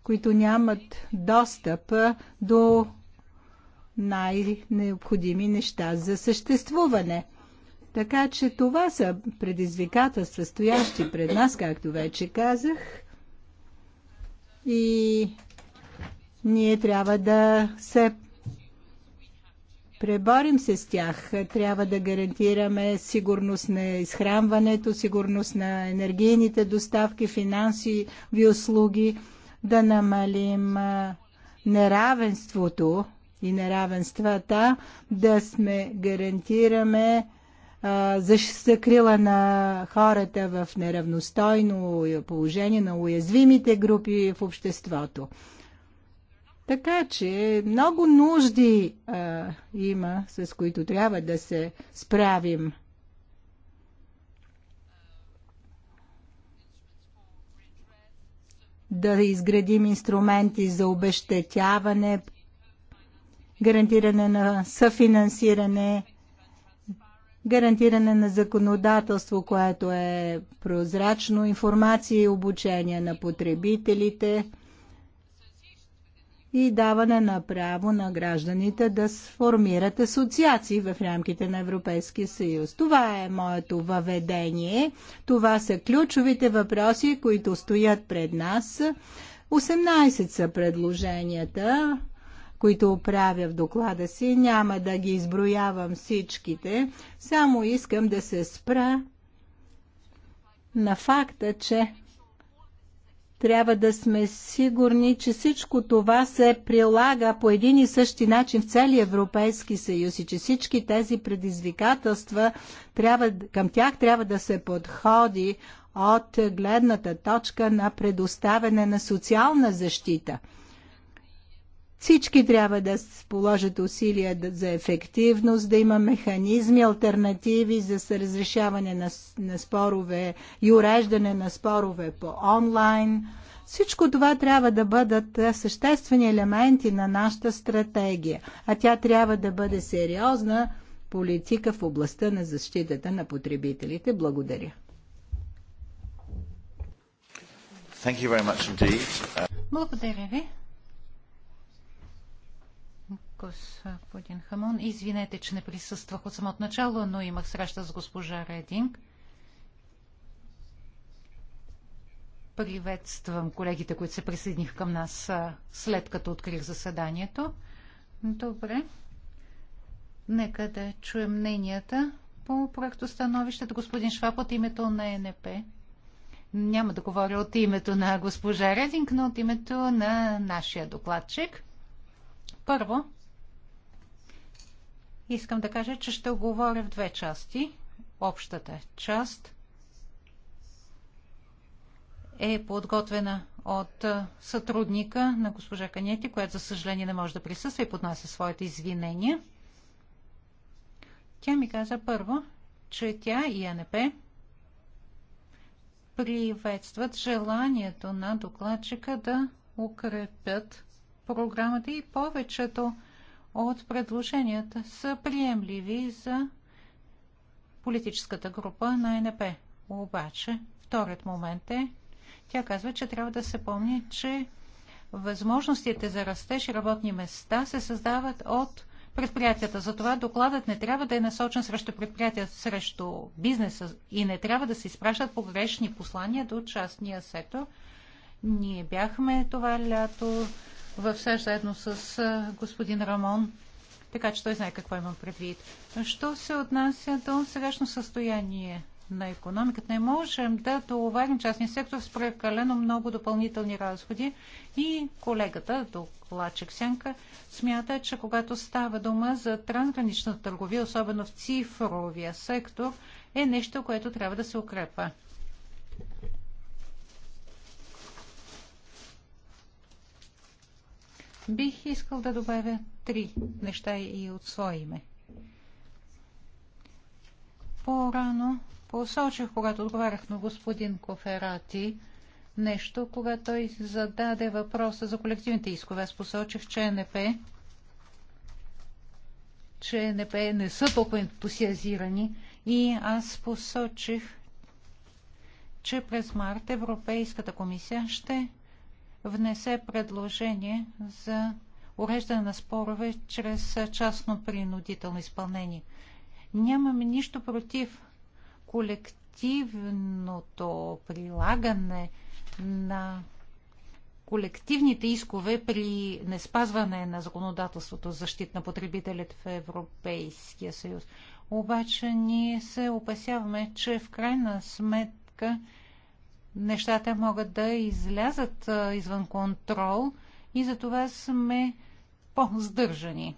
които нямат достъп до най-необходими неща за съществуване. Така че това са предизвикателства, стоящи пред нас, както вече казах и ние трябва да се преборим се с тях. Трябва да гарантираме сигурност на изхранването, сигурност на енергийните доставки, финансови услуги, да намалим неравенството и неравенствата, да сме гарантираме за закрила на хората в неравностойно положение на уязвимите групи в обществото. Така че много нужди а, има, с които трябва да се справим. Да изградим инструменти за обещетяване, гарантиране на съфинансиране, гарантиране на законодателство, което е прозрачно, информация и обучение на потребителите и даване на право на гражданите да сформират асоциации в рамките на Европейския съюз. Това е моето въведение. Това са ключовите въпроси, които стоят пред нас. 18 са предложенията които правя в доклада си. Няма да ги изброявам всичките, само искам да се спра на факта, че трябва да сме сигурни, че всичко това се прилага по един и същи начин в целия Европейски съюз и че всички тези предизвикателства трябва, към тях трябва да се подходи от гледната точка на предоставяне на социална защита – всички трябва да положат усилия за ефективност, да има механизми, альтернативи за разрешаване на, на спорове и уреждане на спорове по онлайн. Всичко това трябва да бъдат е, съществени елементи на нашата стратегия, а тя трябва да бъде сериозна политика в областта на защитата на потребителите. Благодаря. Благодаря ви господин Хамон. Извинете, че не присъствах от самото начало, но имах среща с госпожа Рединг. Приветствам колегите, които се присъединих към нас след като открих заседанието. Добре. Нека да чуем мненията по становището. Господин Шваб от името на НП. Няма да говоря от името на госпожа Рединг, но от името на нашия докладчик. Първо, Искам да кажа, че ще говоря в две части. Общата част е подготвена от сътрудника на госпожа Канети, която за съжаление не може да присъства и поднася своите извинения. Тя ми каза първо, че тя и НП приветстват желанието на докладчика да укрепят програмата и повечето от предложенията са приемливи за политическата група на НП. Обаче, вторият момент е, тя казва, че трябва да се помни, че възможностите за растеж и работни места се създават от предприятията. Затова докладът не трябва да е насочен срещу предприятията, срещу бизнеса и не трябва да се изпращат погрешни послания до частния сектор. Ние бяхме това лято в САЩ заедно с господин Рамон, така че той знае какво имам предвид. Що се отнася до сегашно състояние на економиката, не можем да товарим частния сектор с прекалено много допълнителни разходи и колегата, докладчик Сянка, смята, че когато става дума за трансгранична търговия, особено в цифровия сектор, е нещо, което трябва да се укрепва. Бих искал да добавя три неща и от свое име. По-рано посочих, когато отговарях на господин Коферати, нещо, когато той зададе въпроса за колективните искове. Аз посочих, че НП че НП не са толкова ентусиазирани и аз посочих, че през март Европейската комисия ще внесе предложение за уреждане на спорове чрез частно принудително изпълнение. Нямаме нищо против колективното прилагане на колективните искове при неспазване на законодателството за защита на потребителите в Европейския съюз. Обаче ние се опасяваме, че в крайна сметка нещата могат да излязат извън контрол и за това сме по-здържани.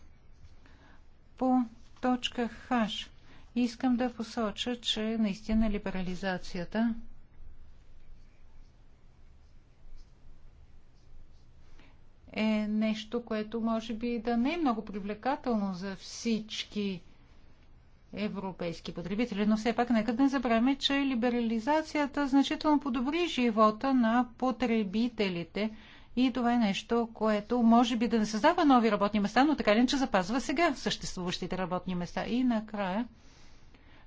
По точка Х искам да посоча, че наистина либерализацията е нещо, което може би да не е много привлекателно за всички европейски потребители. Но все пак нека да не забравяме, че либерализацията значително подобри живота на потребителите. И това е нещо, което може би да не създава нови работни места, но така ли, че запазва сега съществуващите работни места. И накрая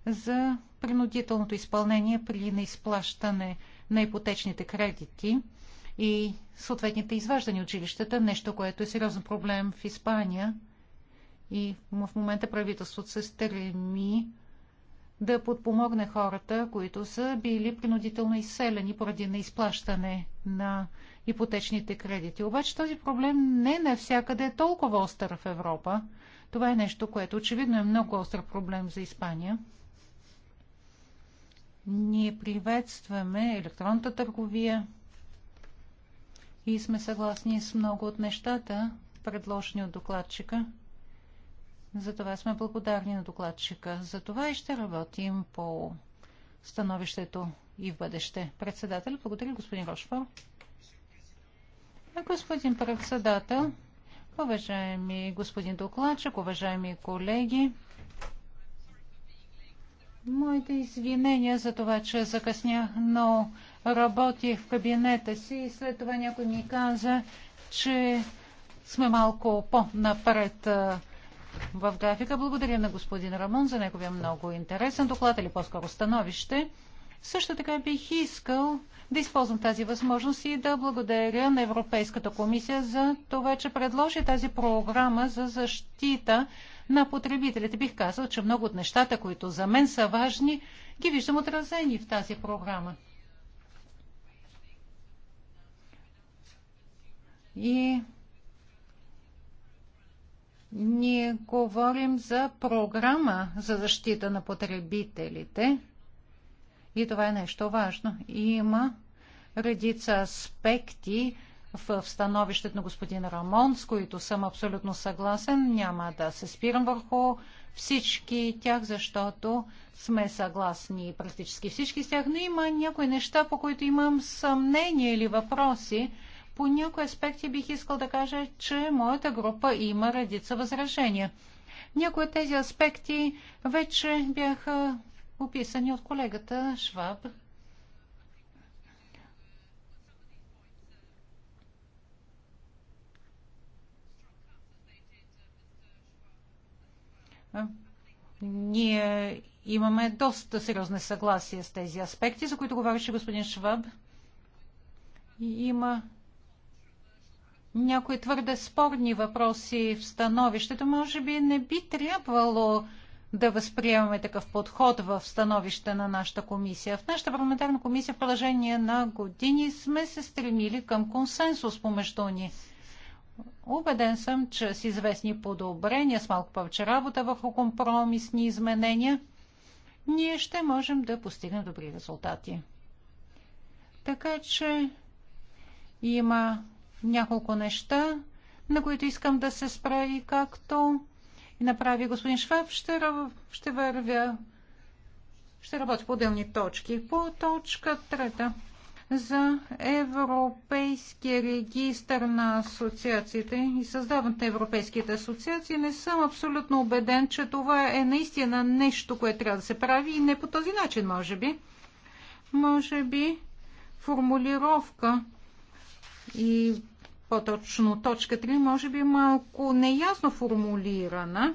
за принудителното изпълнение при неизплащане на ипотечните кредити и съответните изваждани училищата, нещо, което е сериозен проблем в Испания – и в момента правителството се стреми да подпомогне хората, които са били принудително изселени поради неизплащане на ипотечните кредити. Обаче този проблем не е навсякъде е толкова остър в Европа. Това е нещо, което очевидно е много остър проблем за Испания. Ние приветстваме електронната търговия и сме съгласни с много от нещата, предложени от докладчика. За това сме благодарни на докладчика. За това и ще работим по становището и в бъдеще. Председател, благодаря господин Рошфор. Господин председател, уважаеми господин докладчик, уважаеми колеги, моите извинения за това, че закъснях, но работих в кабинета си и след това някой ми каза, че сме малко по-напред в графика. Благодаря на господин Рамон за неговия много интересен доклад или по-скоро становище. Също така бих искал да използвам тази възможност и да благодаря на Европейската комисия за това, че предложи тази програма за защита на потребителите. Бих казал, че много от нещата, които за мен са важни, ги виждам отразени в тази програма. И ние говорим за програма за защита на потребителите и това е нещо важно. Има редица аспекти в становището на господин Рамон, с които съм абсолютно съгласен. Няма да се спирам върху всички тях, защото сме съгласни практически всички с тях, но има някои неща, по които имам съмнение или въпроси. По някои аспекти бих искал да кажа, че моята група има редица възражения. Някои от тези аспекти вече бяха описани от колегата Шваб. Ние имаме доста сериозни съгласия с тези аспекти, за които говореше господин Шваб. Има някои твърде спорни въпроси в становището, може би не би трябвало да възприемаме такъв подход в становище на нашата комисия. В нашата парламентарна комисия в продължение на години сме се стремили към консенсус помежду ни. Убеден съм, че с известни подобрения, с малко повече работа върху компромисни изменения, ние ще можем да постигнем добри резултати. Така че има няколко неща, на които искам да се спра и както направи господин Шваб, ще, ще вървя, ще работя по отделни точки. По точка трета за Европейския регистр на асоциациите и създаването на европейските асоциации, не съм абсолютно убеден, че това е наистина нещо, което трябва да се прави и не по този начин, може би. Може би формулировка и по-точно точка 3, може би е малко неясно формулирана.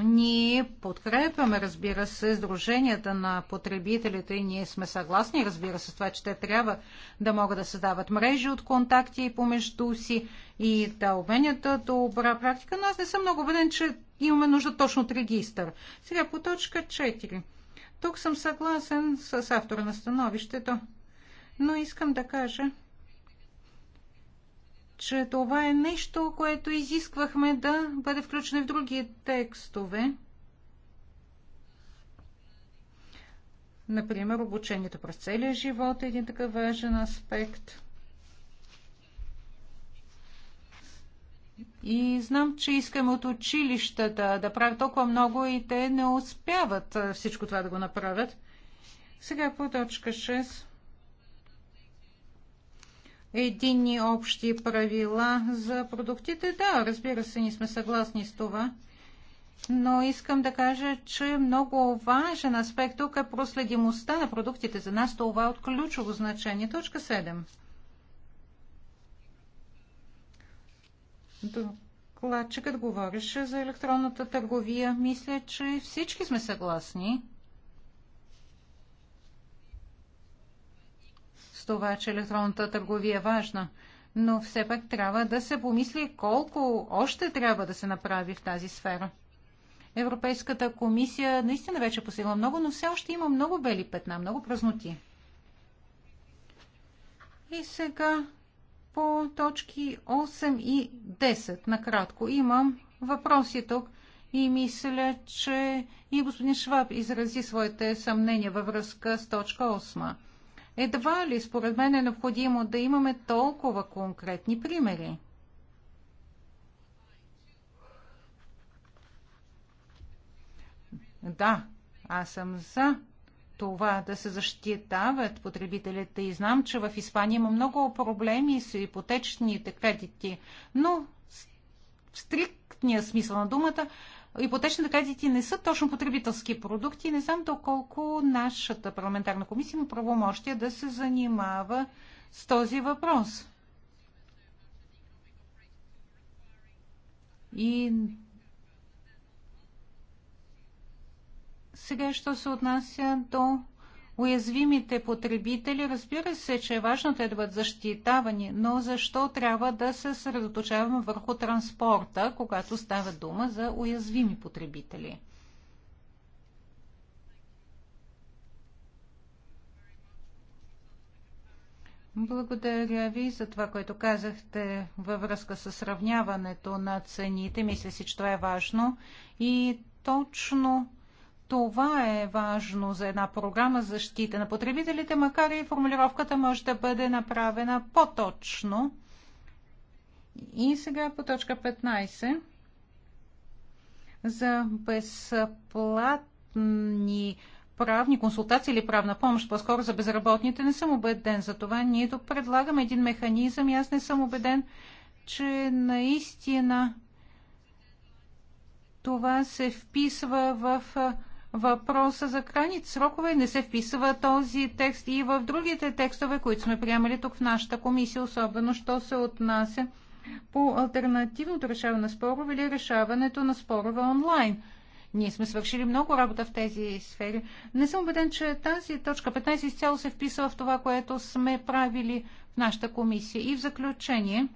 Ние подкрепяме, разбира се, Сдруженията на потребителите и ние сме съгласни, разбира се, с това, че те трябва да могат да създават мрежи от контакти помежду си и да обменят добра практика, но аз не съм много убеден, че имаме нужда точно от регистър. Сега по точка 4. Тук съм съгласен с автора на становището, но искам да кажа, че това е нещо, което изисквахме да бъде включено в други текстове. Например, обучението през целия живот е един такъв важен аспект. И знам, че искаме от училищата да правят толкова много и те не успяват всичко това да го направят. Сега по точка 6 единни общи правила за продуктите. Да, разбира се, ние сме съгласни с това. Но искам да кажа, че много важен аспект тук е проследимостта на продуктите. За нас това е от ключово значение. Точка 7. Докладчикът говореше за електронната търговия. Мисля, че всички сме съгласни. това, че електронната търговия е важна, но все пак трябва да се помисли колко още трябва да се направи в тази сфера. Европейската комисия наистина вече посила много, но все още има много бели петна, много празноти. И сега по точки 8 и 10 накратко имам въпроси тук и мисля, че и господин Шваб изрази своите съмнения във връзка с точка 8. Едва ли според мен е необходимо да имаме толкова конкретни примери? Да, аз съм за това да се защитават потребителите и знам, че в Испания има много проблеми с ипотечните кредити, но в стриктния смисъл на думата ипотечните кредити не са точно потребителски продукти. Не знам доколко нашата парламентарна комисия има правомощия да се занимава с този въпрос. И сега, що се отнася до уязвимите потребители, разбира се, че е важно те да бъдат защитавани, но защо трябва да се съсредоточаваме върху транспорта, когато става дума за уязвими потребители? Благодаря ви за това, което казахте във връзка с сравняването на цените. Мисля си, че това е важно. И точно това е важно за една програма защита на потребителите, макар и формулировката може да бъде направена по-точно. И сега по точка 15 за безплатни правни консултации или правна помощ, по-скоро за безработните, не съм убеден. За това ние тук предлагаме един механизъм и аз не съм убеден, че наистина това се вписва в въпроса за крайните срокове не се вписва този текст и в другите текстове, които сме приемали тук в нашата комисия, особено що се отнася по альтернативното решаване на спорове или решаването на спорове онлайн. Ние сме свършили много работа в тези сфери. Не съм убеден, че тази точка 15 изцяло се вписва в това, което сме правили в нашата комисия. И в заключение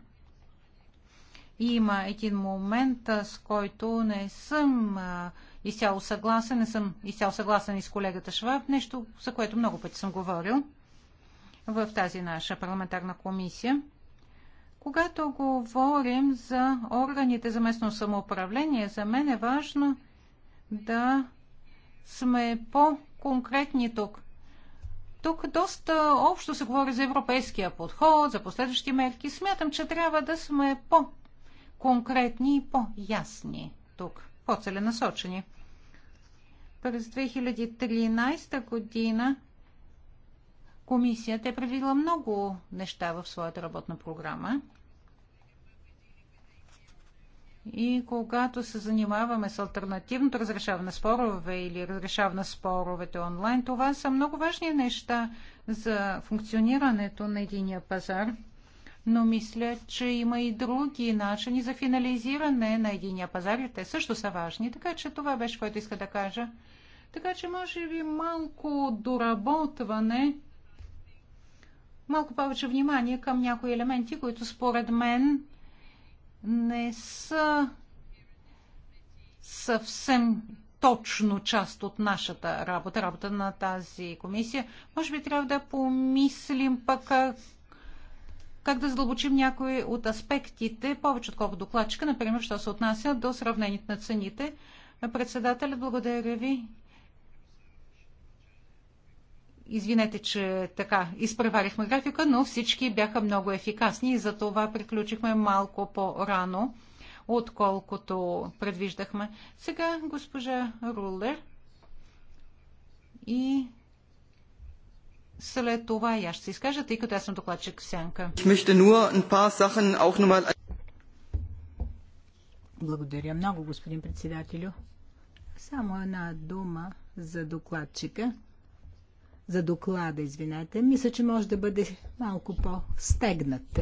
има един момент, с който не съм изцяло съгласен. Не съм изцяло съгласен и с колегата Шваб, нещо, за което много пъти съм говорил в тази наша парламентарна комисия. Когато говорим за органите за местно самоуправление, за мен е важно да сме по-конкретни тук. Тук доста общо се говори за европейския подход, за последващи мерки. Смятам, че трябва да сме по-конкретни и по-ясни тук по-целенасочени. През 2013 година комисията е предвидила много неща в своята работна програма. И когато се занимаваме с альтернативното разрешаване на спорове или разрешаване на споровете онлайн, това са много важни неща за функционирането на единия пазар – но мисля, че има и други начини за финализиране на единия пазар те също са важни. Така че това беше, което иска да кажа. Така че може би малко доработване, малко повече внимание към някои елементи, които според мен не са съвсем точно част от нашата работа, работа на тази комисия. Може би трябва да помислим пък как да задълбочим някои от аспектите, повече отколкото докладчика, например, що се отнася до сравнението на цените. Председателя, благодаря ви. Извинете, че така изпреварихме графика, но всички бяха много ефикасни и за това приключихме малко по-рано, отколкото предвиждахме. Сега госпожа Рулер и след това и аз ще се изкажа, тъй като аз съм докладчик Сянка. Благодаря много, господин председателю. Само една дума за докладчика. За доклада, извинете. Мисля, че може да бъде малко по-стегнат.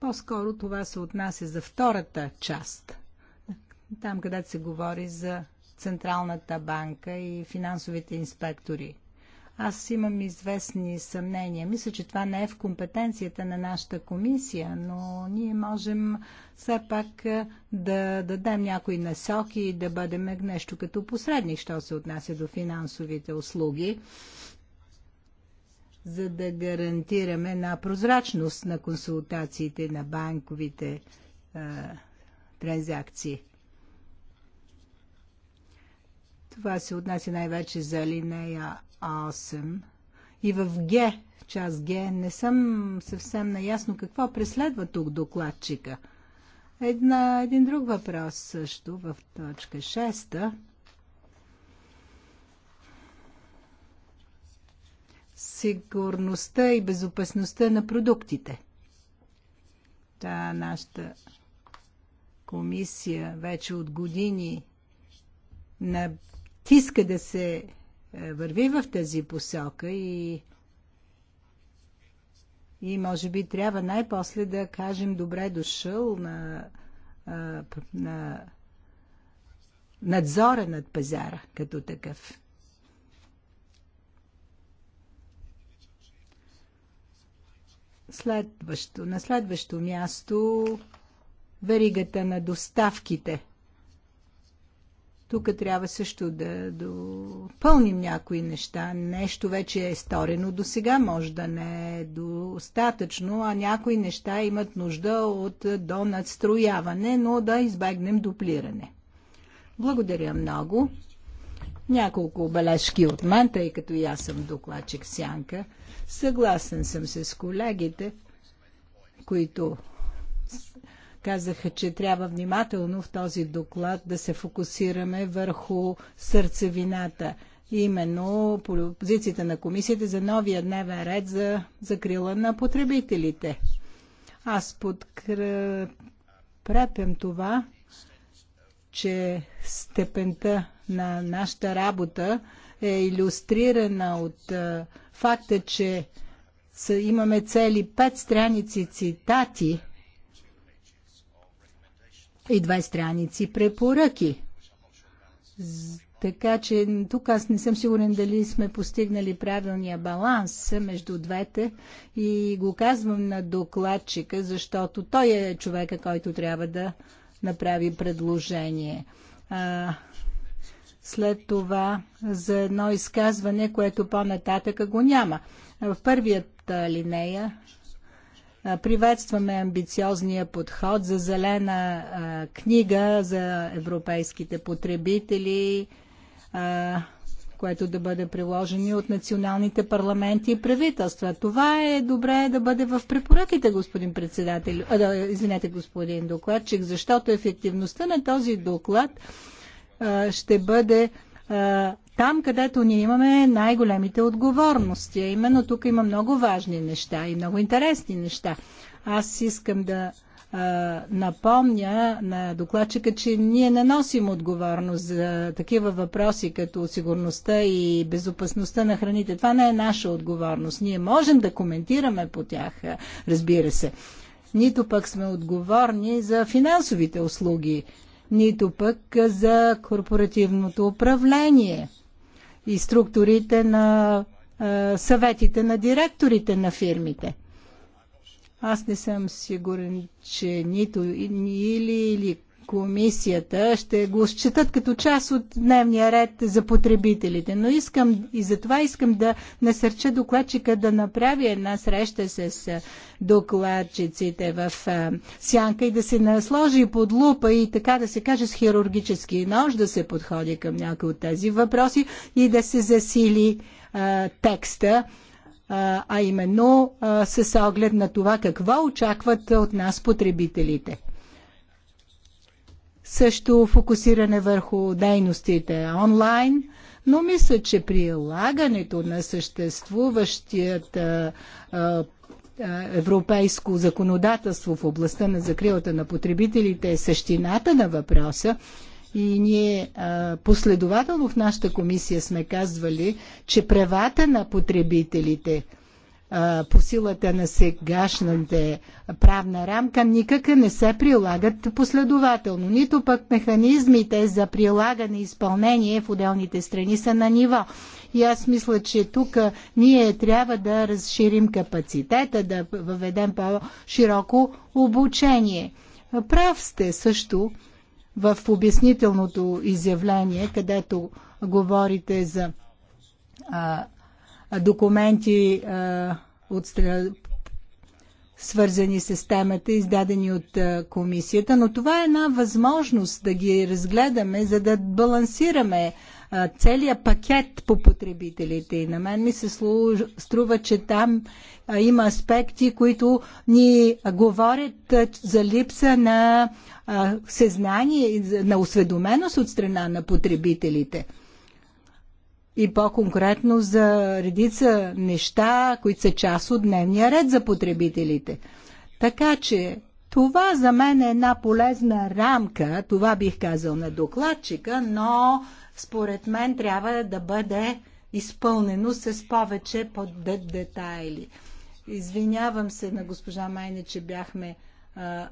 по-скоро това се отнася за втората част – там където се говори за Централната банка и финансовите инспектори. Аз имам известни съмнения. Мисля, че това не е в компетенцията на нашата комисия, но ние можем все пак е, да дадем някои насоки и да бъдем нещо като посредник, що се отнася до финансовите услуги, за да гарантираме на прозрачност на консултациите на банковите е, транзакции. Това се отнася най-вече за линея 8. И в Г, част Г, не съм съвсем наясно какво преследва тук докладчика. Една, един друг въпрос също в точка 6. Сигурността и безопасността на продуктите. Та нашата комисия вече от години на иска да се е, върви в тази посока и, и може би трябва най-после да кажем добре дошъл на, е, на надзора над пазара като такъв. Следващо, на следващо място веригата на доставките – тук трябва също да допълним някои неща. Нещо вече е сторено до сега, може да не е достатъчно, а някои неща имат нужда от е, донадстрояване, но да избегнем дуплиране. Благодаря много. Няколко бележки от мен, тъй като и аз съм докладчик Сянка. Съгласен съм с колегите, които казаха, че трябва внимателно в този доклад да се фокусираме върху сърцевината. Именно позицията на комисията за новия дневен ред за закрила на потребителите. Аз подкрепям това, че степента на нашата работа е иллюстрирана от факта, че имаме цели пет страници цитати и две страници препоръки. Така че тук аз не съм сигурен дали сме постигнали правилния баланс между двете и го казвам на докладчика, защото той е човека, който трябва да направи предложение. А, след това за едно изказване, което по-нататъка го няма. В първият линея Приветстваме амбициозния подход за зелена книга за европейските потребители, което да бъде приложено от националните парламенти и правителства. Това е добре да бъде в препоръките, господин председател, а, да, извинете, господин докладчик, защото ефективността на този доклад ще бъде там, където ние имаме най-големите отговорности. А Именно тук има много важни неща и много интересни неща. Аз искам да напомня на докладчика, че ние не носим отговорност за такива въпроси, като сигурността и безопасността на храните. Това не е наша отговорност. Ние можем да коментираме по тях, разбира се. Нито пък сме отговорни за финансовите услуги нито пък за корпоративното управление и структурите на е, съветите на директорите на фирмите. Аз не съм сигурен, че нито или, или комисията ще го считат като част от дневния ред за потребителите. Но искам и затова искам да насърча докладчика да направи една среща с докладчиците в сянка и да се насложи под лупа и така да се каже с хирургически нож да се подходи към някои от тези въпроси и да се засили а, текста а именно с оглед на това какво очакват от нас потребителите също фокусиране върху дейностите онлайн, но мисля, че прилагането на съществуващият а, а, европейско законодателство в областта на закрилата на потребителите е същината на въпроса. И ние а, последователно в нашата комисия сме казвали, че правата на потребителите – по силата на сегашната правна рамка никак не се прилагат последователно. Нито пък механизмите за прилагане и изпълнение в отделните страни са на ниво. И аз мисля, че тук ние трябва да разширим капацитета, да въведем по-широко обучение. Прав сте също в обяснителното изявление, където говорите за документи от стра... свързани с темата, издадени от комисията, но това е една възможност да ги разгледаме, за да балансираме целият пакет по потребителите. И на мен ми се струва, че там има аспекти, които ни говорят за липса на съзнание, на осведоменост от страна на потребителите и по-конкретно за редица неща, които са част от дневния ред за потребителите. Така че това за мен е една полезна рамка, това бих казал на докладчика, но според мен трябва да бъде изпълнено с повече под детайли. Извинявам се на госпожа Майне, че бяхме а, а,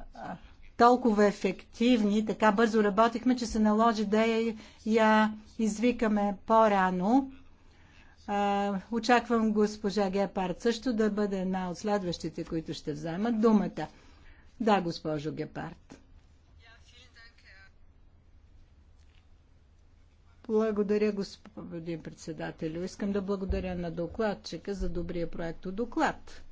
толкова ефективни, така бързо работихме, че се наложи да я, я извикаме по-рано. Очаквам госпожа Гепард също да бъде една от следващите, които ще вземат думата. Да, госпожо Гепард. Благодаря, господин председател. Искам да благодаря на докладчика за добрия проект доклад.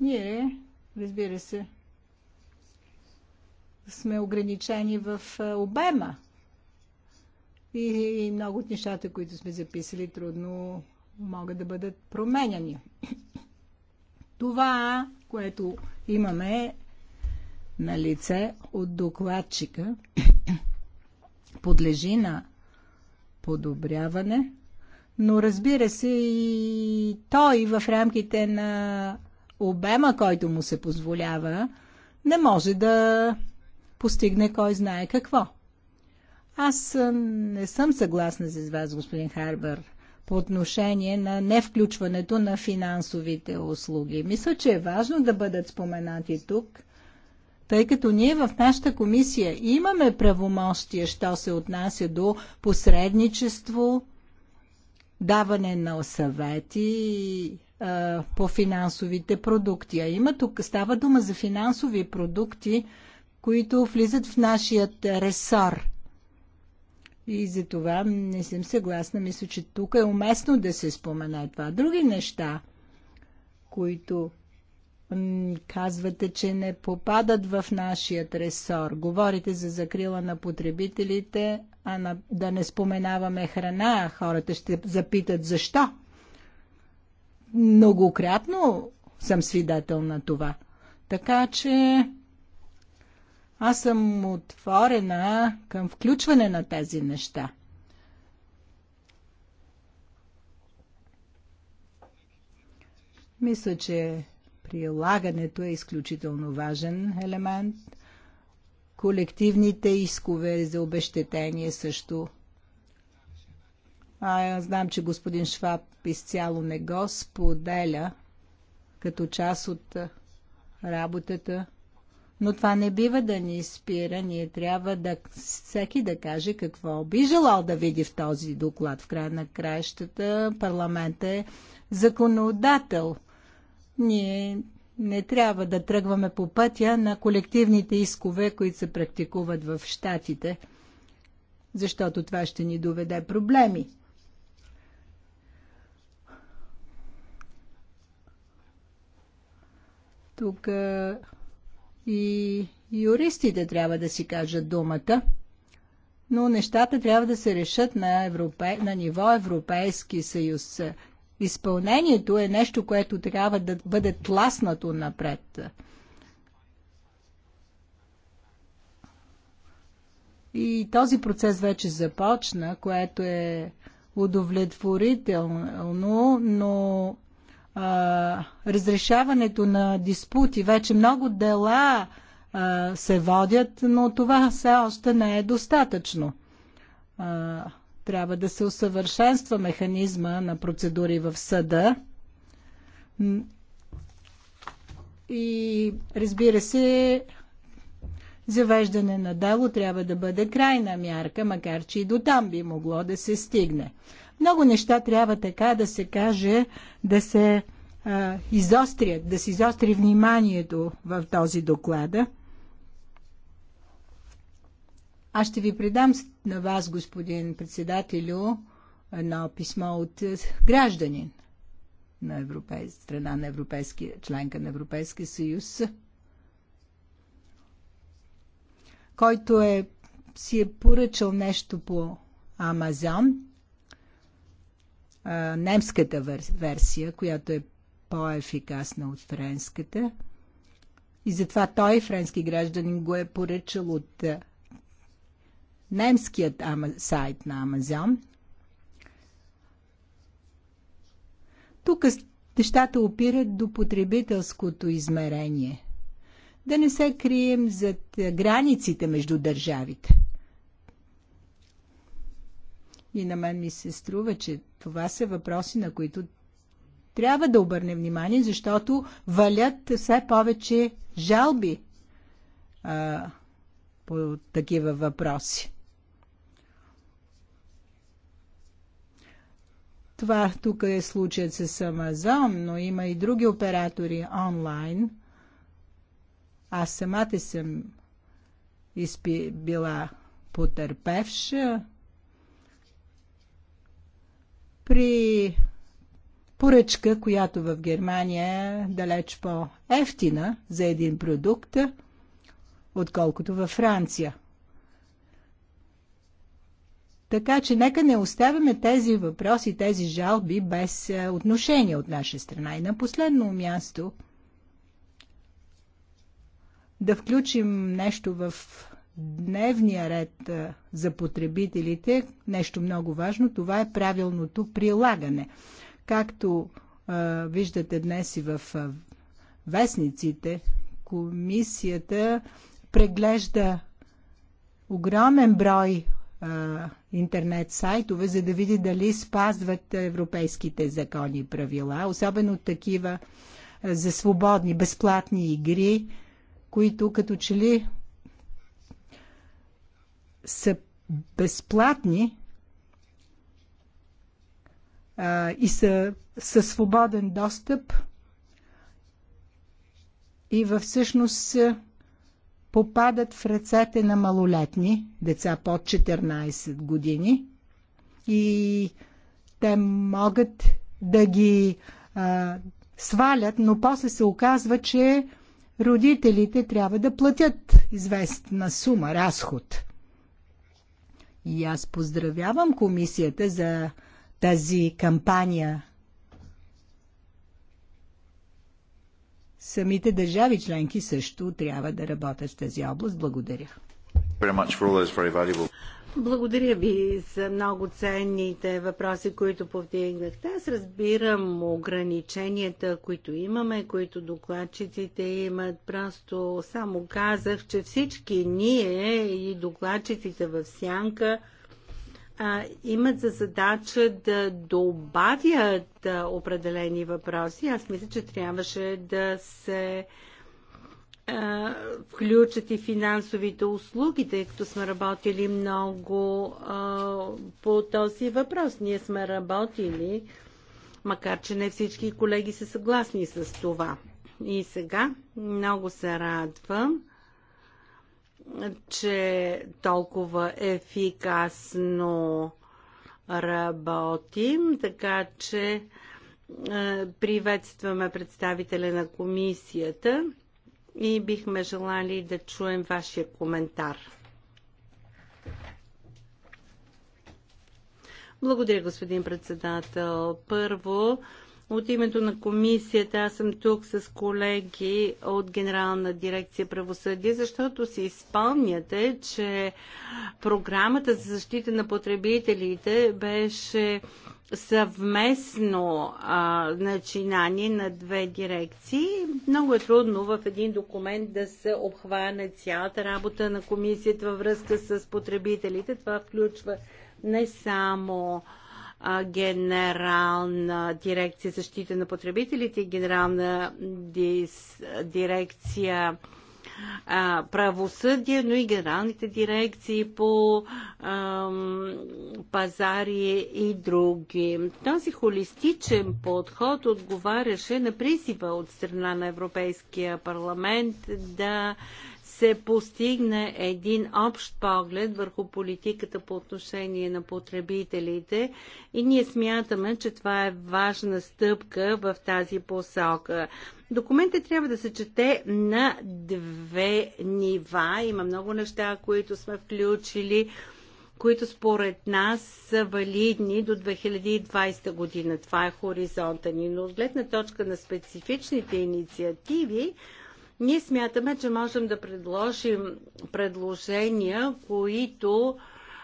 Ние, разбира се, сме ограничени в обема и много от нещата, които сме записали, трудно могат да бъдат променяни. *clears throat* Това, което имаме на лице от докладчика, *clears throat* подлежи на подобряване, но разбира се и той в рамките на обема, който му се позволява, не може да постигне кой знае какво. Аз не съм съгласна с вас, господин Харбър, по отношение на невключването на финансовите услуги. Мисля, че е важно да бъдат споменати тук, тъй като ние в нашата комисия имаме правомощие, що се отнася до посредничество, даване на съвети по финансовите продукти. А има тук, става дума за финансови продукти, които влизат в нашият ресор. И за това не съм съгласна. Мисля, че тук е уместно да се спомена това. Други неща, които казвате, че не попадат в нашият ресор. Говорите за закрила на потребителите, а на, да не споменаваме храна. Хората ще запитат защо многократно съм свидетел на това. Така че аз съм отворена към включване на тези неща. Мисля, че прилагането е изключително важен елемент. Колективните искове за обещетение също а, знам, че господин Шваб изцяло не го споделя като част от работата. Но това не бива да ни спира. Ние трябва да всеки да каже какво би желал да види в този доклад. В края на краищата парламент е законодател. Ние не трябва да тръгваме по пътя на колективните искове, които се практикуват в Штатите, защото това ще ни доведе проблеми. Тук и юристите трябва да си кажат думата, но нещата трябва да се решат на, европе... на ниво Европейски съюз. Изпълнението е нещо, което трябва да бъде тласнато напред. И този процес вече започна, което е удовлетворително, но а, разрешаването на диспути. Вече много дела а, се водят, но това все още не е достатъчно. А, трябва да се усъвършенства механизма на процедури в съда. И разбира се, завеждане на дело трябва да бъде крайна мярка, макар че и до там би могло да се стигне. Много неща трябва така да се каже, да се а, изострят, да се изостри вниманието в този доклада. Аз ще ви предам на вас, господин председателю, едно писмо от е, гражданин на европейс... страна на Европейския, членка на Европейския съюз, който е, си е поръчал нещо по Амазон немската версия, която е по-ефикасна от френската. И затова той, френски гражданин, го е поръчал от немският сайт на Амазон. Тук нещата опират до потребителското измерение. Да не се крием зад границите между държавите – и на мен ми се струва, че това са въпроси, на които трябва да обърнем внимание, защото валят все повече жалби а, по такива въпроси. Това тук е случаят с Амазон, но има и други оператори онлайн. Аз самата съм изпи, била потерпевша при поръчка, която в Германия е далеч по-ефтина за един продукт, отколкото във Франция. Така че нека не оставяме тези въпроси, тези жалби без е, отношение от наша страна. И на последно място да включим нещо в дневния ред за потребителите, нещо много важно, това е правилното прилагане. Както а, виждате днес и в а, вестниците, комисията преглежда огромен брой а, интернет сайтове, за да види дали спазват европейските закони и правила, особено такива за свободни, безплатни игри, които като че ли са безплатни а, и са със свободен достъп и във всъщност попадат в ръцете на малолетни деца под 14 години и те могат да ги а, свалят, но после се оказва, че родителите трябва да платят известна сума, разход. И аз поздравявам комисията за тази кампания. Самите държави членки също трябва да работят в тази област. Благодаря. Благодаря ви за много ценните въпроси, които повдигнахте. Аз разбирам ограниченията, които имаме, които докладчиците имат. Просто само казах, че всички ние и докладчиците в сянка а, имат за задача да добавят определени въпроси. Аз мисля, че трябваше да се включат и финансовите услуги, тъй като сме работили много а, по този въпрос. Ние сме работили, макар че не всички колеги са съгласни с това. И сега много се радвам, че толкова ефикасно работим, така че приветстваме представителя на комисията и бихме желали да чуем вашия коментар. Благодаря, господин председател. Първо, от името на комисията аз съм тук с колеги от Генерална дирекция правосъдие, защото си изпълняте, че програмата за защита на потребителите беше съвместно а, начинание на две дирекции. Много е трудно в един документ да се обхване цялата работа на комисията във връзка с потребителите. Това включва не само а, генерална дирекция защита на потребителите генерална дис, дирекция правосъдие, но и генералните дирекции по пазари и други. Този холистичен подход отговаряше на призива от страна на Европейския парламент да се постигне един общ поглед върху политиката по отношение на потребителите и ние смятаме, че това е важна стъпка в тази посока. Документът трябва да се чете на две нива. Има много неща, които сме включили които според нас са валидни до 2020 година. Това е хоризонта ни. Но от гледна точка на специфичните инициативи, ние смятаме, че можем да предложим предложения, които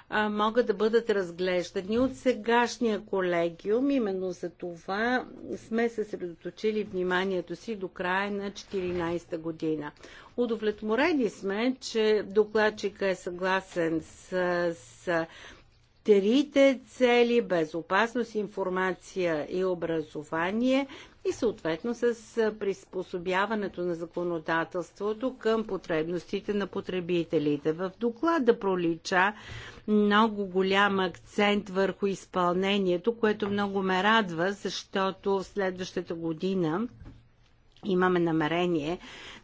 а, могат да бъдат разглеждани от сегашния колегиум. Именно за това сме съсредоточили вниманието си до края на 2014 година. Удовлетворени сме, че докладчика е съгласен с, с трите цели безопасност, информация и образование и съответно с приспособяването на законодателството към потребностите на потребителите. В доклада пролича много голям акцент върху изпълнението, което много ме радва, защото в следващата година имаме намерение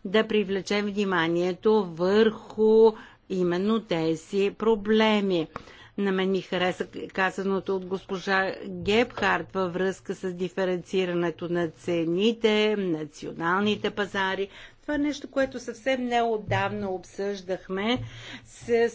да привлечем вниманието върху именно тези проблеми. На мен ми хареса казаното от госпожа Гебхард във връзка с диференцирането на цените, националните пазари. Това е нещо, което съвсем неодавна обсъждахме с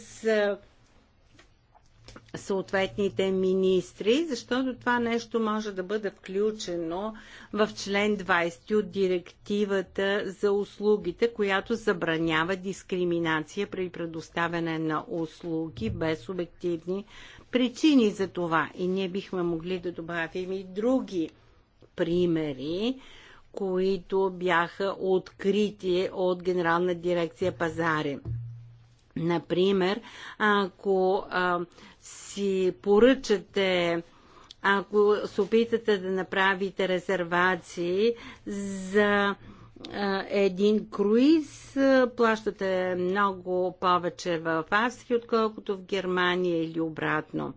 съответните министри, защото това нещо може да бъде включено в член 20 от директивата за услугите, която забранява дискриминация при предоставяне на услуги без обективни причини за това. И ние бихме могли да добавим и други примери, които бяха открити от Генерална дирекция пазари. Например, ако а, си поръчате, ако се опитате да направите резервации за един круиз плащате много повече в Австрия, отколкото в Германия или обратно.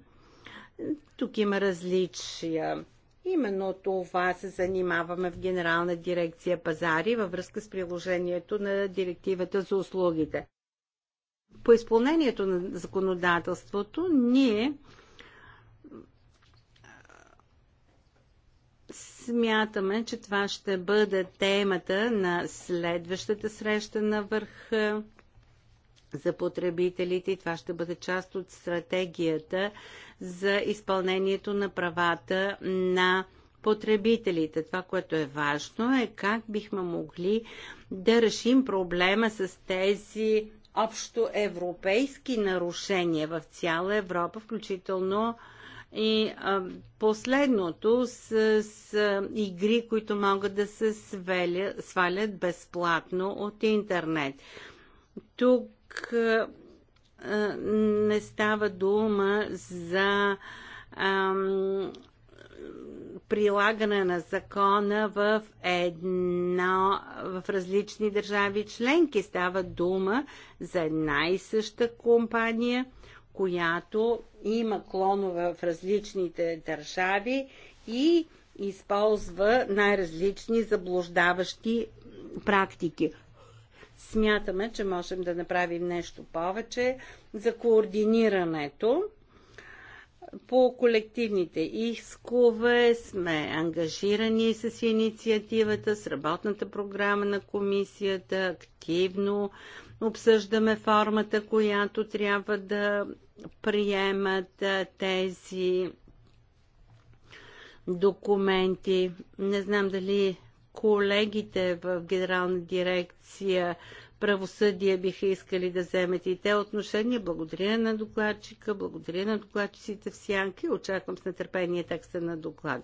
Тук има различия. Именно това се занимаваме в Генерална дирекция пазари във връзка с приложението на директивата за услугите по изпълнението на законодателството ние смятаме, че това ще бъде темата на следващата среща на върха за потребителите и това ще бъде част от стратегията за изпълнението на правата на потребителите. Това, което е важно е как бихме могли да решим проблема с тези Общоевропейски нарушения в цяла Европа, включително и а, последното с, с игри, които могат да се свеля, свалят безплатно от интернет. Тук а, не става дума за прилагане на закона в едно, в различни държави членки. Става дума за една и съща компания, която има клонове в различните държави и използва най-различни заблуждаващи практики. Смятаме, че можем да направим нещо повече за координирането по колективните искове сме ангажирани с инициативата, с работната програма на комисията, активно обсъждаме формата, която трябва да приемат тези документи. Не знам дали колегите в Генерална дирекция правосъдие биха искали да вземете и те отношения. Благодаря на докладчика, благодаря на докладчиците в Сянки. Очаквам с нетърпение текста на доклада.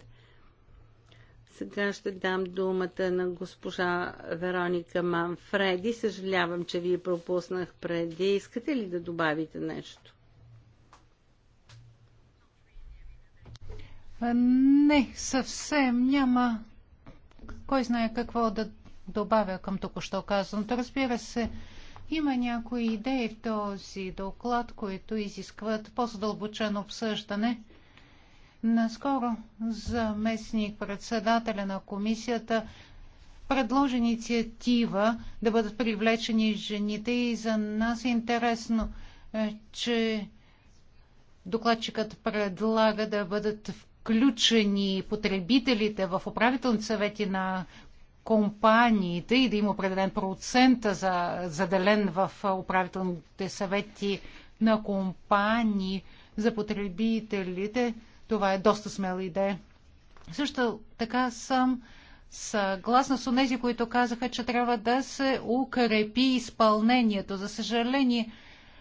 Сега ще дам думата на госпожа Вероника Манфреди. Съжалявам, че ви пропуснах преди. Искате ли да добавите нещо? Е, не, съвсем няма. Кой знае какво да добавя към току-що казаното. Разбира се, има някои идеи в този доклад, които изискват по-задълбочено обсъждане. Наскоро заместник председателя на комисията предложи инициатива да бъдат привлечени жените и за нас е интересно, е, че докладчикът предлага да бъдат включени потребителите в управителните съвети на компаниите и да има определен процент за, заделен в управителните съвети на компании за потребителите. Това е доста смела идея. Също така съм съгласна с тези, които казаха, че трябва да се укрепи изпълнението. За съжаление,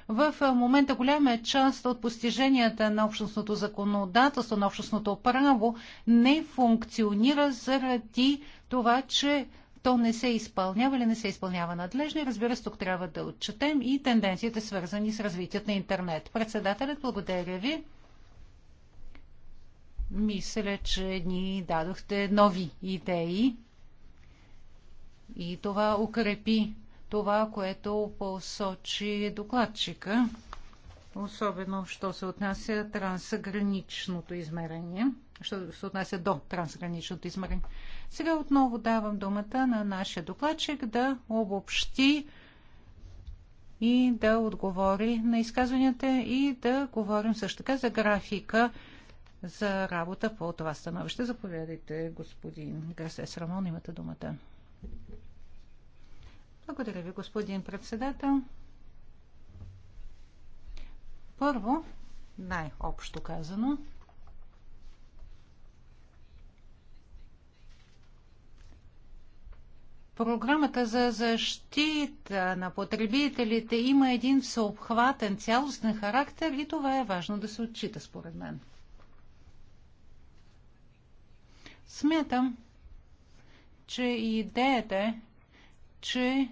в момента голяма част от постиженията на общностното законодателство, на общностното право не функционира заради това, че то не се изпълнява или не се изпълнява надлежно. И разбира се, тук трябва да отчетем и тенденциите, свързани с развитието на интернет. Председателят, благодаря ви. Мисля, че ни дадохте нови идеи и това укрепи това, което посочи докладчика, особено, що се отнася трансграничното измерение, що се отнася до трансграничното измерение. Сега отново давам думата на нашия докладчик да обобщи и да отговори на изказванията и да говорим също така за графика за работа по това становище. Заповядайте, господин Гарсес Рамон, имате думата. Благодаря ви, господин председател. Първо, най-общо казано, програмата за защита на потребителите има един всеобхватен цялостен характер и това е важно да се отчита според мен. Смятам, че идеята е, че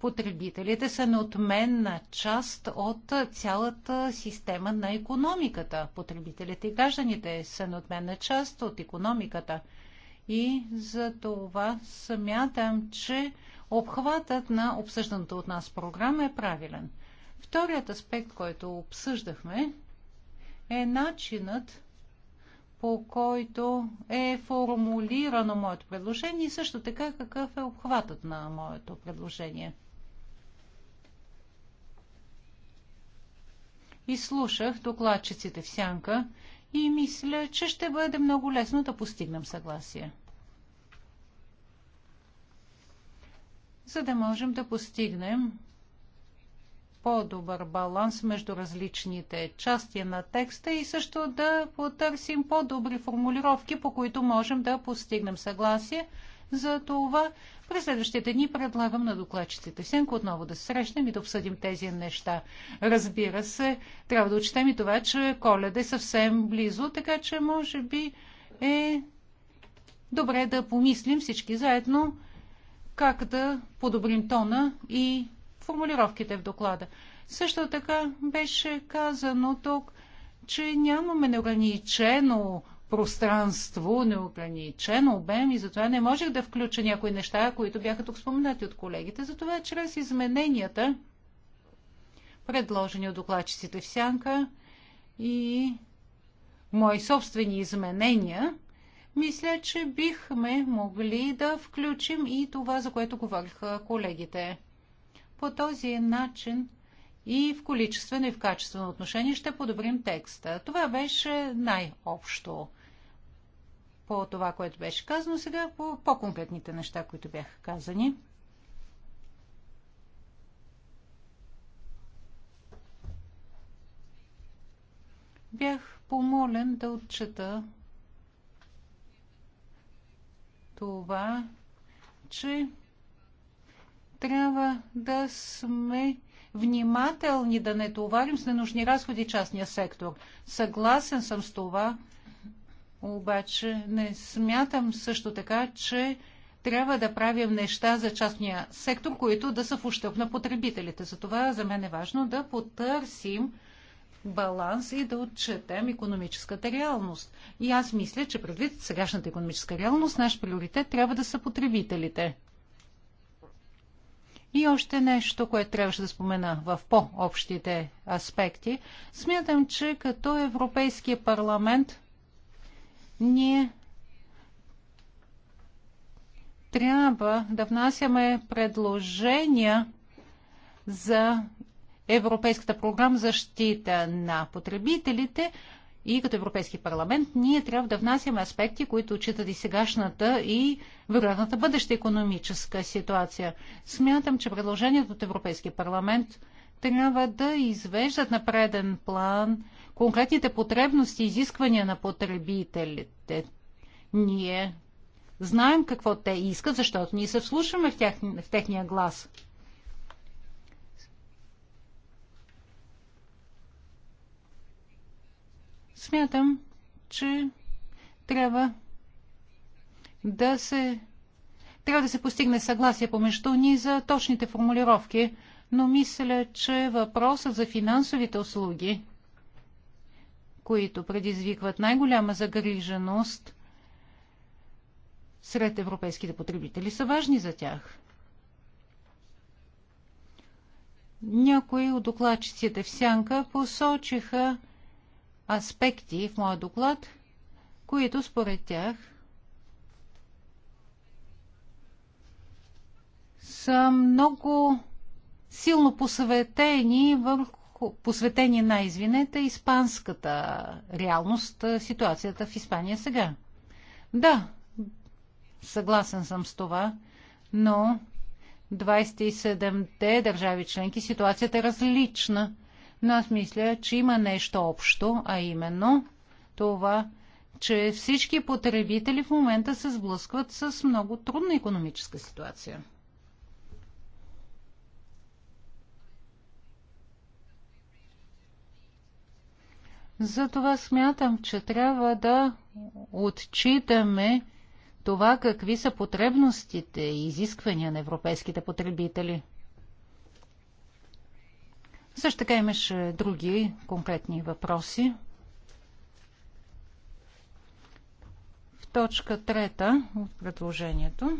потребителите са неотменна част от цялата система на економиката. Потребителите и гражданите са неотменна част от економиката – и за това смятам, че обхватът на обсъжданата от нас програма е правилен. Вторият аспект, който обсъждахме, е начинът по който е формулирано моето предложение и също така какъв е обхватът на моето предложение. И слушах докладчиците в сянка и мисля, че ще бъде много лесно да постигнем съгласие. за да можем да постигнем по-добър баланс между различните части на текста и също да потърсим по-добри формулировки, по които можем да постигнем съгласие. За това през следващите дни предлагам на докладчиците Сенко отново да се срещнем и да обсъдим тези неща. Разбира се, трябва да отчетем и това, че коледа е съвсем близо, така че може би е добре да помислим всички заедно как да подобрим тона и формулировките в доклада. Също така беше казано тук, че нямаме неограничено пространство, неограничен обем и затова не можех да включа някои неща, които бяха тук споменати от колегите. Затова чрез измененията, предложени от докладчиците в сянка и мои собствени изменения, мисля, че бихме могли да включим и това, за което говориха колегите. По този начин и в количествено и в качествено отношение ще подобрим текста. Това беше най-общо по това, което беше казано сега, по по-конкретните неща, които бяха казани. Бях помолен да отчета това, че трябва да сме внимателни, да не товарим с ненужни разходи частния сектор. Съгласен съм с това, обаче не смятам също така, че трябва да правим неща за частния сектор, които да са в ущърп на потребителите. Затова за мен е важно да потърсим баланс и да отчетем економическата реалност. И аз мисля, че предвид сегашната економическа реалност, наш приоритет трябва да са потребителите. И още нещо, което трябваше да спомена в по-общите аспекти. Смятам, че като Европейския парламент ние трябва да внасяме предложения за Европейската програма защита на потребителите и като Европейски парламент ние трябва да внасяме аспекти, които отчитат и сегашната и вероятната бъдеща економическа ситуация. Смятам, че предложението от Европейски парламент трябва да извеждат на преден план конкретните потребности и изисквания на потребителите. Ние знаем какво те искат, защото ние се вслушваме в, тях, в техния глас. Смятам, че трябва да се трябва да се постигне съгласие помежду ни за точните формулировки, но мисля, че въпросът за финансовите услуги, които предизвикват най-голяма загриженост сред европейските потребители, са важни за тях. Някои от докладчиците в Сянка посочиха аспекти в моя доклад, които според тях са много силно посъветени върху посветени на, извинете, испанската реалност, ситуацията в Испания сега. Да, съгласен съм с това, но 27-те държави членки ситуацията е различна – но аз мисля, че има нещо общо, а именно това, че всички потребители в момента се сблъскват с много трудна економическа ситуация. Затова смятам, че трябва да отчитаме това какви са потребностите и изисквания на европейските потребители – също така имаше други конкретни въпроси. В точка трета от предложението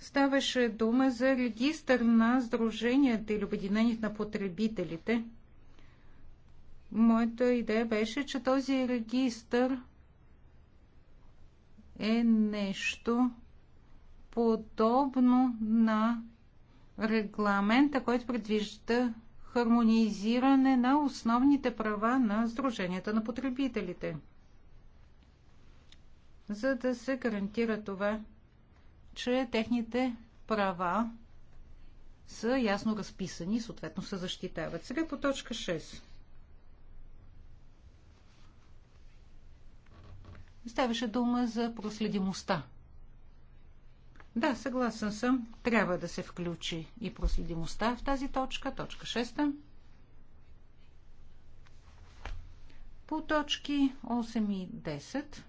ставаше дума за регистър на сдруженията или обединението на потребителите – Моята идея беше, че този регистр е нещо подобно на регламента, който предвижда хармонизиране на основните права на Сдруженията на потребителите. За да се гарантира това, че техните права са ясно разписани, съответно се защитават. Сега по точка 6. Ставаше дума за проследимостта. Да, съгласен съм. Трябва да се включи и проследимостта в тази точка, точка 6. По точки 8 и 10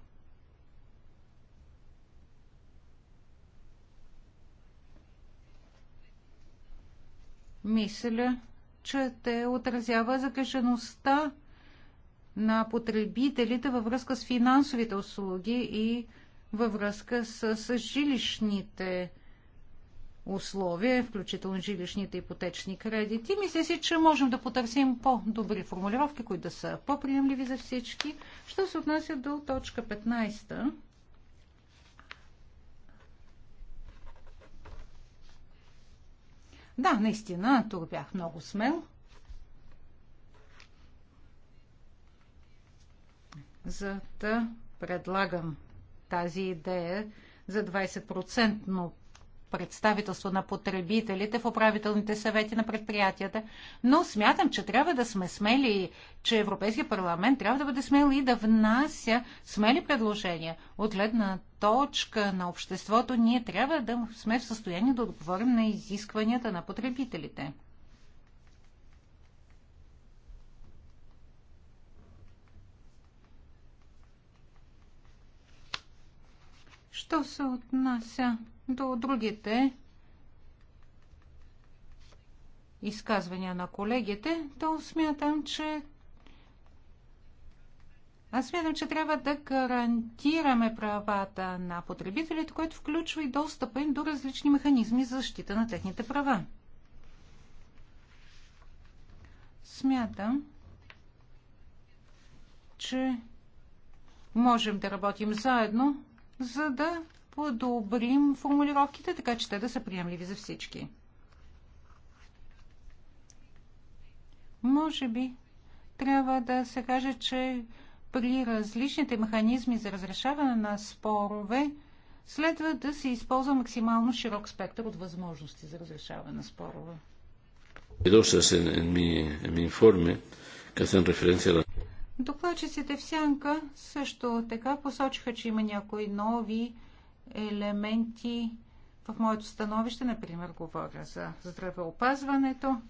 мисля, че те отразява загрежеността на потребителите във връзка с финансовите услуги и във връзка с, с жилищните условия, включително жилищните ипотечни кредити. Мисля си, че можем да потърсим по-добри формулировки, които да са по-приемливи за всички. Що се отнася до точка 15, Да, наистина, тук бях много смел. За да предлагам тази идея за 20 представителство на потребителите в управителните съвети на предприятията, но смятам, че трябва да сме смели, че Европейския парламент трябва да бъде смел и да внася смели предложения. От гледна точка на обществото ние трябва да сме в състояние да отговорим на изискванията на потребителите. Що се отнася до другите изказвания на колегите, то смятам, че аз смятам, че трябва да гарантираме правата на потребителите, което включва и достъпа им до различни механизми за защита на техните права. Смятам, че можем да работим заедно за да подобрим формулировките, така че те да са приемливи за всички. Може би трябва да се каже, че при различните механизми за разрешаване на спорове следва да се използва максимално широк спектър от възможности за разрешаване на спорове. Докладчиците в Сянка също така посочиха, че има някои нови елементи в моето становище, например, говоря за здравеопазването.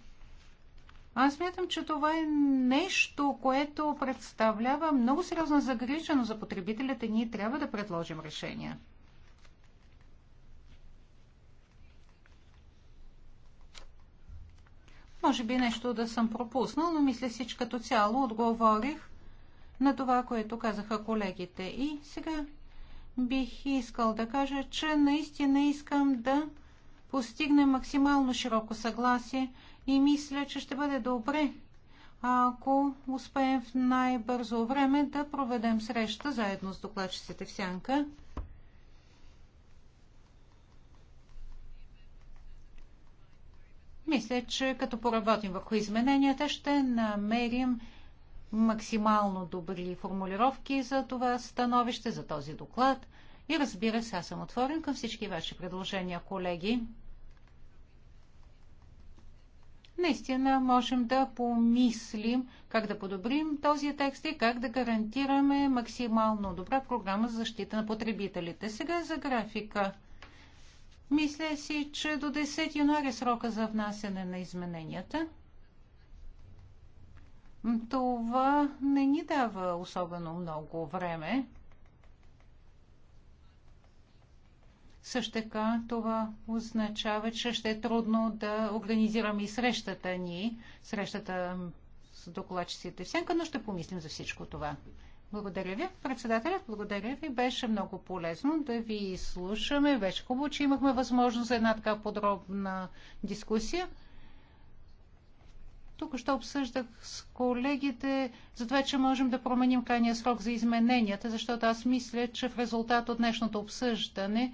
Аз мятам, че това е нещо, което представлява много сериозна загриженост за потребителите. Ние трябва да предложим решения. Може би нещо да съм пропуснал, но мисля си, че като цяло отговорих на това, което казаха колегите. И сега бих искал да кажа, че наистина искам да постигне максимално широко съгласие и мисля, че ще бъде добре, ако успеем в най-бързо време да проведем среща заедно с докладчиците в Сянка. Мисля, че като поработим върху измененията, ще намерим максимално добри формулировки за това становище, за този доклад. И разбира се, аз съм отворен към всички ваши предложения, колеги. Наистина можем да помислим как да подобрим този текст и как да гарантираме максимално добра програма за защита на потребителите. Сега за графика. Мисля си, че до 10 януаря е срока за внасяне на измененията. Това не ни дава особено много време. Също така това означава, че ще е трудно да организираме и срещата ни, срещата с докладчиците в сенка, но ще помислим за всичко това. Благодаря ви, председателят. Благодаря ви. Беше много полезно да ви слушаме. Беше хубаво, че имахме възможност за една така подробна дискусия. Тук ще обсъждах с колегите за това, че можем да променим крайния срок за измененията, защото аз мисля, че в резултат от днешното обсъждане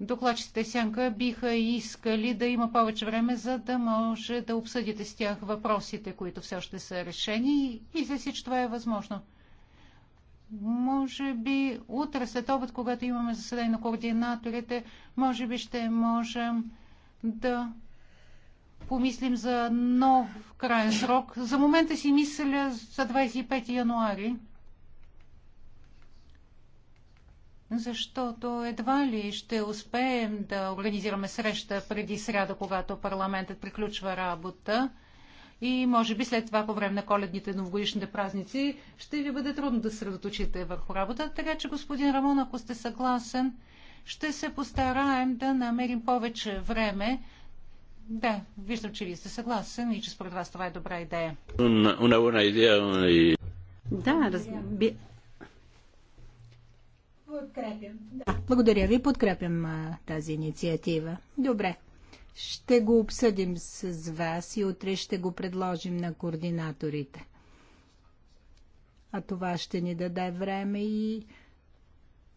докладчиците Сянка биха искали да има повече време, за да може да обсъдите с тях въпросите, които все още са решени и мисля си, че това е възможно. Може би утре след обед, когато имаме заседание на координаторите, може би ще можем да помислим за нов крайен срок. За момента си мисля за 25 януари. защото едва ли ще успеем да организираме среща преди сряда, когато парламентът приключва работа. И може би след това, по време на коледните новогодишните празници, ще ви бъде трудно да средоточите върху работа. Така че, господин Рамон, ако сте съгласен, ще се постараем да намерим повече време, да, виждам, че вие сте съгласен и че според вас това е добра идея. Una idea. Да, разби... Подкрепям. Да. Благодаря ви, подкрепям а, тази инициатива. Добре. Ще го обсъдим с вас и утре ще го предложим на координаторите. А това ще ни даде време и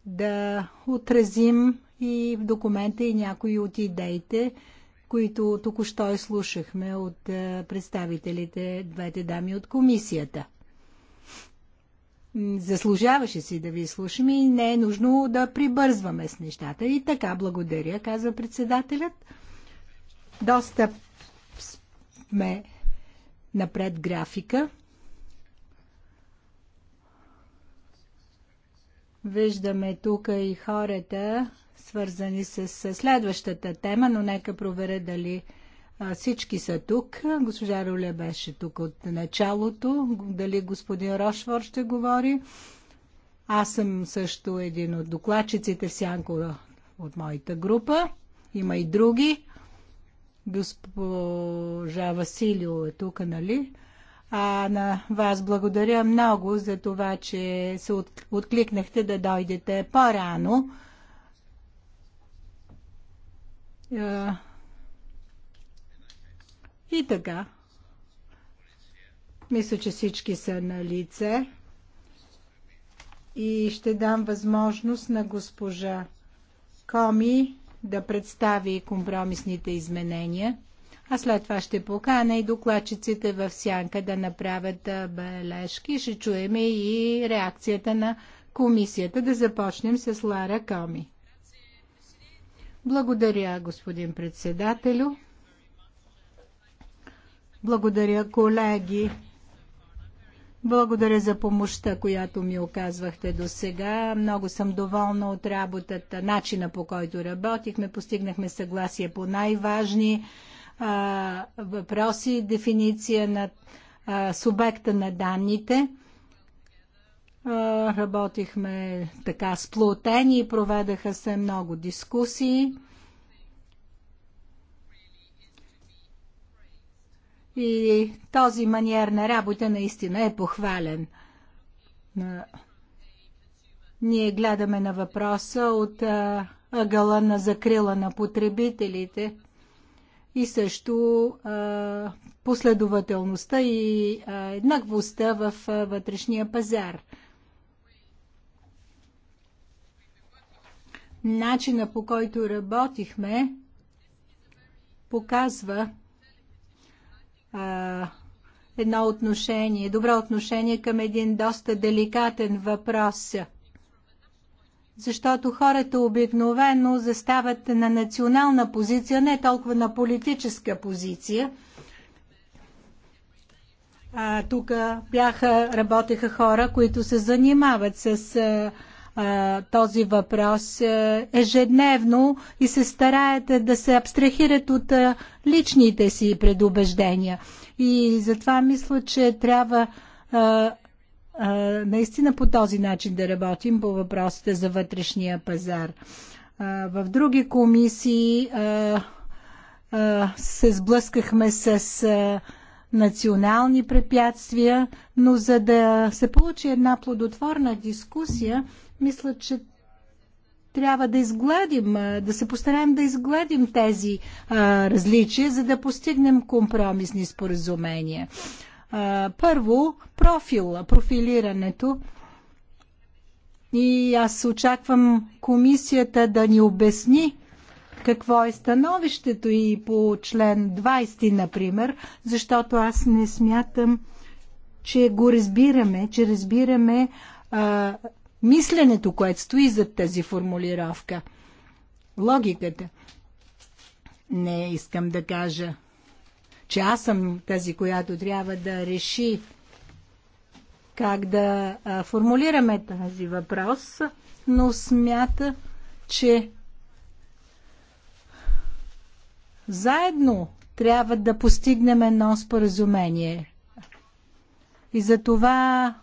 да отразим и в документа и някои от идеите, които току-що изслушахме от е, представителите, двете дами от комисията. Заслужаваше си да ви слушаме и не е нужно да прибързваме с нещата. И така, благодаря, казва председателят. Доста сме напред графика. Виждаме тук и хората, свързани с следващата тема, но нека проверя дали всички са тук. Госпожа Руле беше тук от началото. Дали господин Рошвор ще говори? Аз съм също един от докладчиците в Сянко от моята група. Има и други. Госпожа Василио е тук, нали? А на вас благодаря много за това, че се откликнахте да дойдете по-рано е, и така. Мисля, че всички са на лице. И ще дам възможност на госпожа Коми да представи компромисните изменения. А след това ще покана и докладчиците в сянка да направят бележки. Ще чуем и реакцията на комисията. Да започнем с Лара Коми. Благодаря, господин председателю. Благодаря, колеги. Благодаря за помощта, която ми оказвахте до сега. Много съм доволна от работата, начина по който работихме. Постигнахме съгласие по най-важни въпроси, дефиниция на а, субекта на данните – Работихме така сплотени, проведаха се много дискусии. И този маниер на работа наистина е похвален. Ние гледаме на въпроса от ъгъла на закрила на потребителите и също последователността и еднаквостта в вътрешния пазар. начина по който работихме показва а, едно отношение, добро отношение към един доста деликатен въпрос. Защото хората обикновено застават на национална позиция, не толкова на политическа позиция. А, тук бяха, работеха хора, които се занимават с а, този въпрос ежедневно и се стараят да се абстрахират от личните си предубеждения. И затова мисля, че трябва наистина по този начин да работим по въпросите за вътрешния пазар. в други комисии се сблъскахме с. национални препятствия, но за да се получи една плодотворна дискусия, мисля, че трябва да изгладим, да се постараем да изгладим тези а, различия, за да постигнем компромисни споразумения. А, първо, профил, профилирането. И аз очаквам комисията да ни обясни какво е становището и по член 20, например, защото аз не смятам, че го разбираме, че разбираме а, мисленето, което стои зад тази формулировка. Логиката. Не искам да кажа, че аз съм тази, която трябва да реши как да формулираме тази въпрос, но смята, че заедно трябва да постигнем едно споразумение. И за това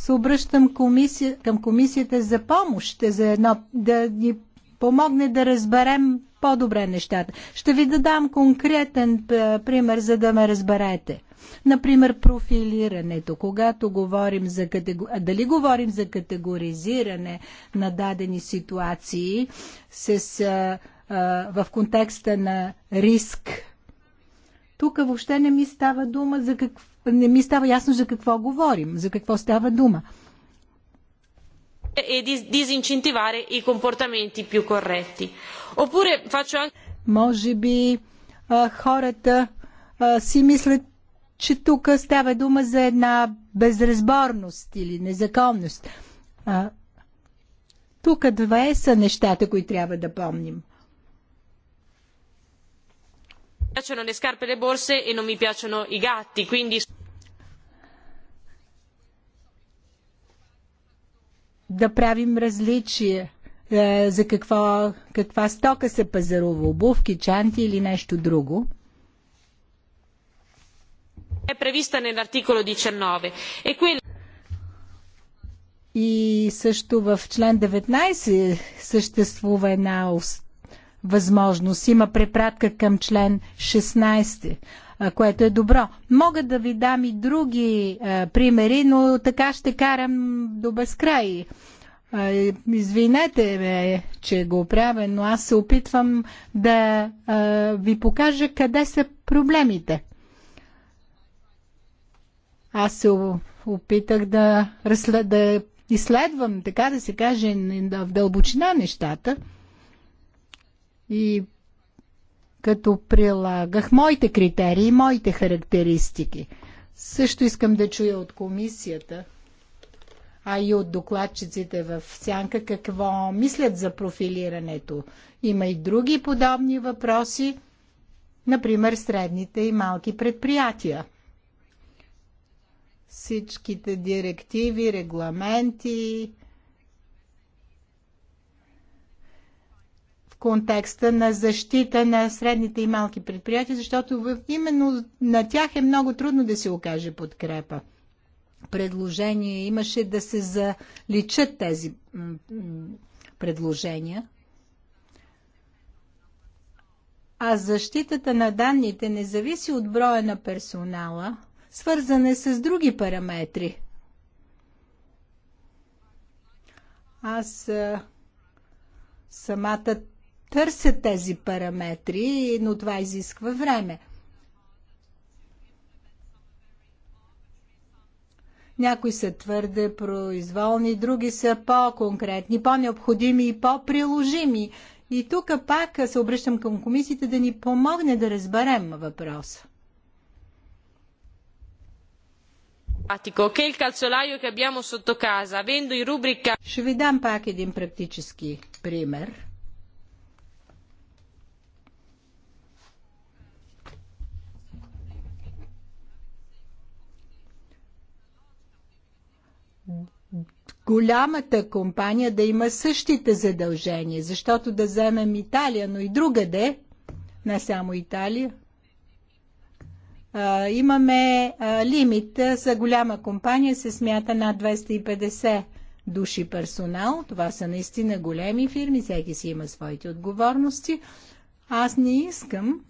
се обръщам комисия, към комисията за помощ, за едно, да ни помогне да разберем по-добре нещата. Ще ви дадам конкретен е, пример, за да ме разберете. Например, профилирането. Когато говорим за категори... дали говорим за категоризиране на дадени ситуации с, а, е, а, е, в контекста на риск, тук въобще не ми става дума за какво не ми става ясно за какво говорим, за какво става дума. E disincentivare i comportamenti più corretti. Oppure faccio anche... Може би а, хората а, си мислят, че тук става дума за една безразборност или незаконност. А, тук две са нещата, които трябва да помним piacciono le scarpe e le borse e non mi piacciono i gatti, quindi... Да правим различие е, за какво, каква стока се пазарува, обувки, чанти или нещо друго è prevista nell'articolo 19 e quella И също в член 19 съществува една възможност. Има препратка към член 16 което е добро. Мога да ви дам и други а, примери, но така ще карам до безкрай. А, извинете ме, че го правя, но аз се опитвам да а, ви покажа къде са проблемите. Аз се опитах да, разслед, да изследвам, така да се каже, в дълбочина нещата – и като прилагах моите критерии, моите характеристики. Също искам да чуя от комисията, а и от докладчиците в Сянка, какво мислят за профилирането. Има и други подобни въпроси, например средните и малки предприятия. Всичките директиви, регламенти, контекста на защита на средните и малки предприятия, защото в, именно на тях е много трудно да се окаже подкрепа. Предложение имаше да се заличат тези предложения. А защитата на данните не зависи от броя на персонала, свързане с други параметри. Аз самата търсят тези параметри, но това изисква време. Някои са твърде произволни, други са по-конкретни, по-необходими и по-приложими. И тук пак се обръщам към комисията да ни помогне да разберем въпроса. Е Ще ви дам пак един практически пример. голямата компания да има същите задължения, защото да вземем Италия, но и другаде, не само Италия, а, имаме а, лимит за голяма компания, се смята над 250 души персонал. Това са наистина големи фирми, всеки си има своите отговорности. Аз не искам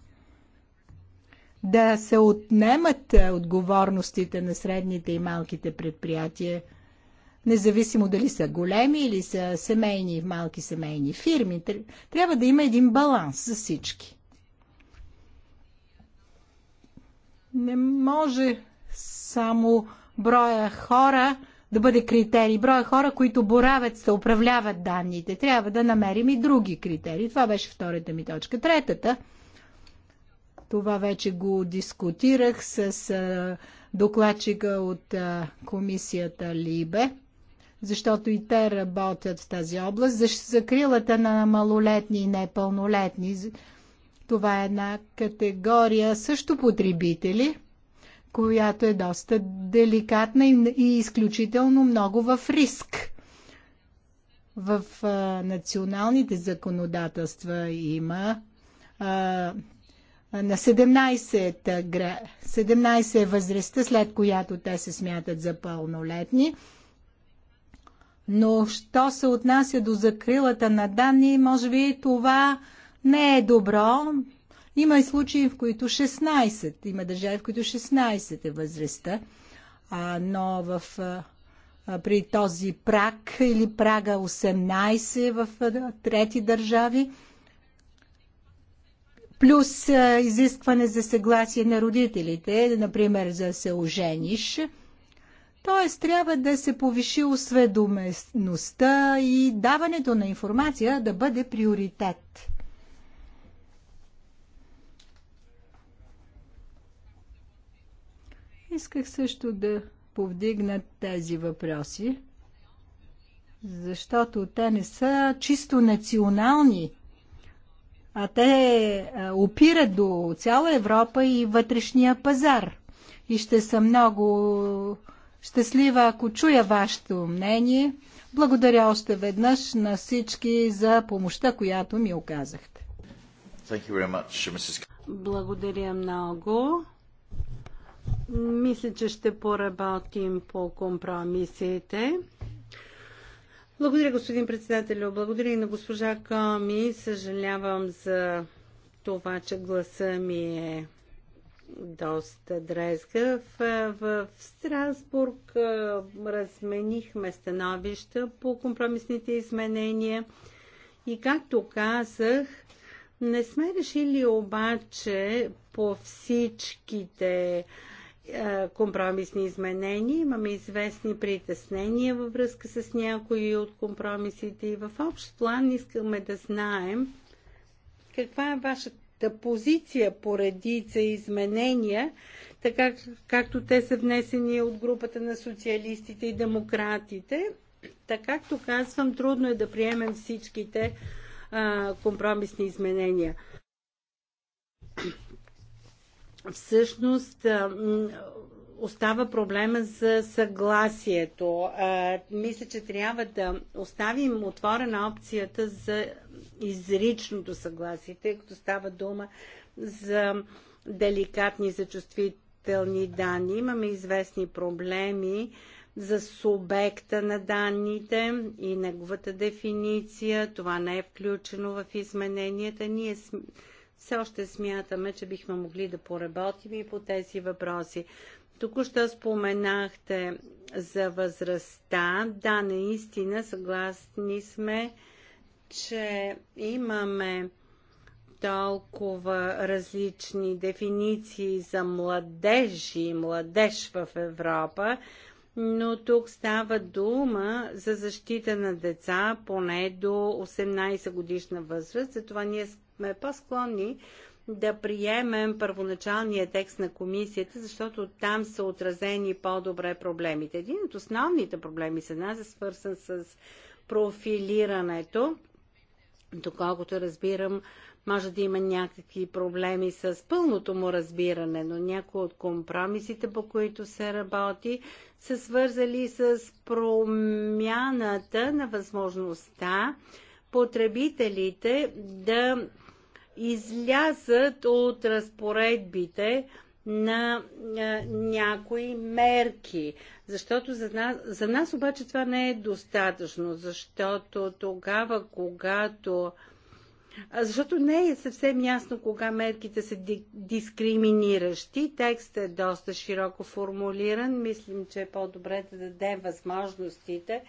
да се отнемат отговорностите на средните и малките предприятия – независимо дали са големи или са семейни, малки семейни фирми. Трябва да има един баланс за всички. Не може само броя хора да бъде критерий. Броя хора, които боравят се, управляват данните. Трябва да намерим и други критерии. Това беше втората ми точка. Третата, това вече го дискутирах с докладчика от комисията Либе защото и те работят в тази област, за закрилата на малолетни и непълнолетни. Това е една категория също потребители, която е доста деликатна и изключително много в риск. В а, националните законодателства има а, на 17, 17 е възрастта, след която те се смятат за пълнолетни но що се отнася до закрилата на данни, може би това не е добро. Има и случаи, в които 16, има държави, в които 16 е възрастта, а, но в, а, при този прак или прага 18 е в а, трети държави, плюс а, изискване за съгласие на родителите, например, за да се ожениш – т.е. трябва да се повиши осведомеността и даването на информация да бъде приоритет. Исках също да повдигна тези въпроси, защото те не са чисто национални, а те е, опират до цяла Европа и вътрешния пазар. И ще са много щастлива, ако чуя вашето мнение. Благодаря още веднъж на всички за помощта, която ми оказахте. Much, Благодаря много. Мисля, че ще поработим по компромисите. Благодаря, господин председател, Благодаря и на госпожа Ками. Съжалявам за това, че гласа ми е доста дрезгав. В Страсбург разменихме становища по компромисните изменения и както казах, не сме решили обаче по всичките компромисни изменения. Имаме известни притеснения във връзка с някои от компромисите и в общ план искаме да знаем каква е вашата позиция по редица изменения, така както те са внесени от групата на социалистите и демократите. Така както казвам, трудно е да приемем всичките а, компромисни изменения. Всъщност, остава проблема за съгласието. А, мисля, че трябва да оставим отворена опцията за изричното съгласие, тъй като става дума за деликатни, за чувствителни данни. Имаме известни проблеми за субекта на данните и неговата дефиниция. Това не е включено в измененията. Ние все още смятаме, че бихме могли да поработим и по тези въпроси. Току-що споменахте за възрастта. Да, наистина съгласни сме, че имаме толкова различни дефиниции за младежи и младеж в Европа, но тук става дума за защита на деца поне до 18 годишна възраст, затова ние сме по-склонни да приемем първоначалния текст на комисията, защото там са отразени по-добре проблемите. Един от основните проблеми за нас е свързан с профилирането. Доколкото разбирам, може да има някакви проблеми с пълното му разбиране, но някои от компромисите, по които се работи, са свързали с промяната на възможността потребителите да излязат от разпоредбите на а, някои мерки. Защото за нас, за нас обаче това не е достатъчно, защото тогава, когато. Защото не е съвсем ясно кога мерките са дискриминиращи. Текстът е доста широко формулиран. Мислим, че е по-добре да дадем възможностите,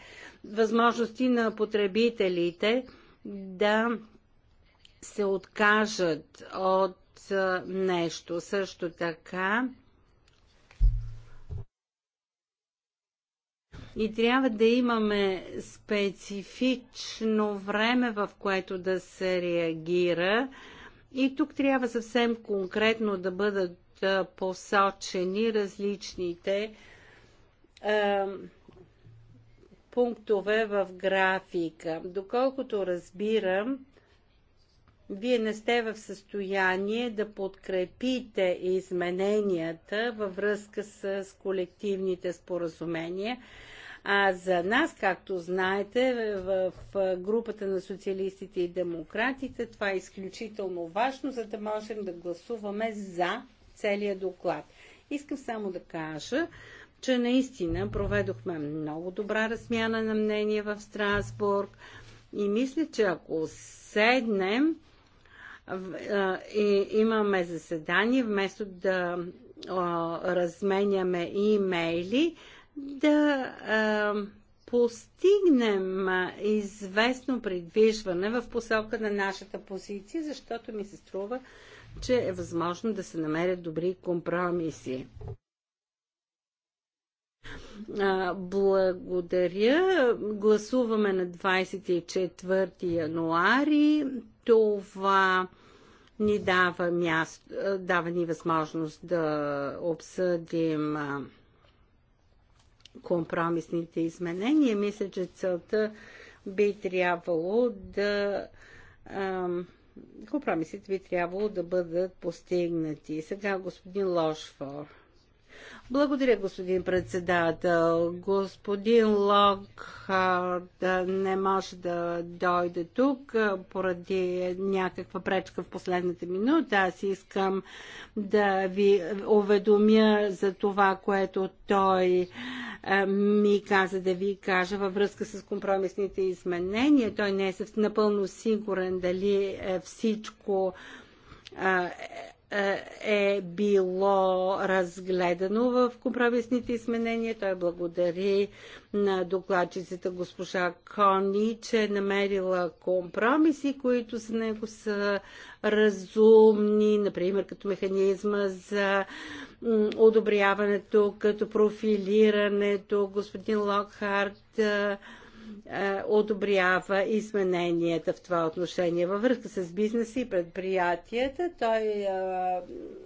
възможности на потребителите да се откажат от нещо. Също така И трябва да имаме специфично време, в което да се реагира. И тук трябва съвсем конкретно да бъдат посочени различните е, пунктове в графика. Доколкото разбирам, вие не сте в състояние да подкрепите измененията във връзка с колективните споразумения. А за нас, както знаете, в групата на социалистите и демократите това е изключително важно, за да можем да гласуваме за целият доклад. Искам само да кажа, че наистина проведохме много добра размяна на мнение в Страсбург и мисля, че ако седнем, и имаме заседание, вместо да разменяме имейли, да постигнем известно придвижване в посока на нашата позиция, защото ми се струва, че е възможно да се намерят добри компромиси. Благодаря. Гласуваме на 24 януари. Това ни дава, място, дава ни възможност да обсъдим компромисните изменения. Мисля, че целта би трябвало да. Компромисите би трябвало да бъдат постигнати. Сега господин Лошфор. Благодаря, господин председател. Господин Локхард да не може да дойде тук поради някаква пречка в последната минута. Аз искам да ви уведомя за това, което той ми каза да ви кажа във връзка с компромисните изменения. Той не е напълно сигурен дали е, всичко е, е било разгледано в компромисните изменения. Той благодари на докладчицата госпожа Кони, че е намерила компромиси, които за него са разумни, например като механизма за одобряването, като профилирането. Господин Локхарт е, одобрява измененията в това отношение. Във връзка с бизнеса и предприятията, той е,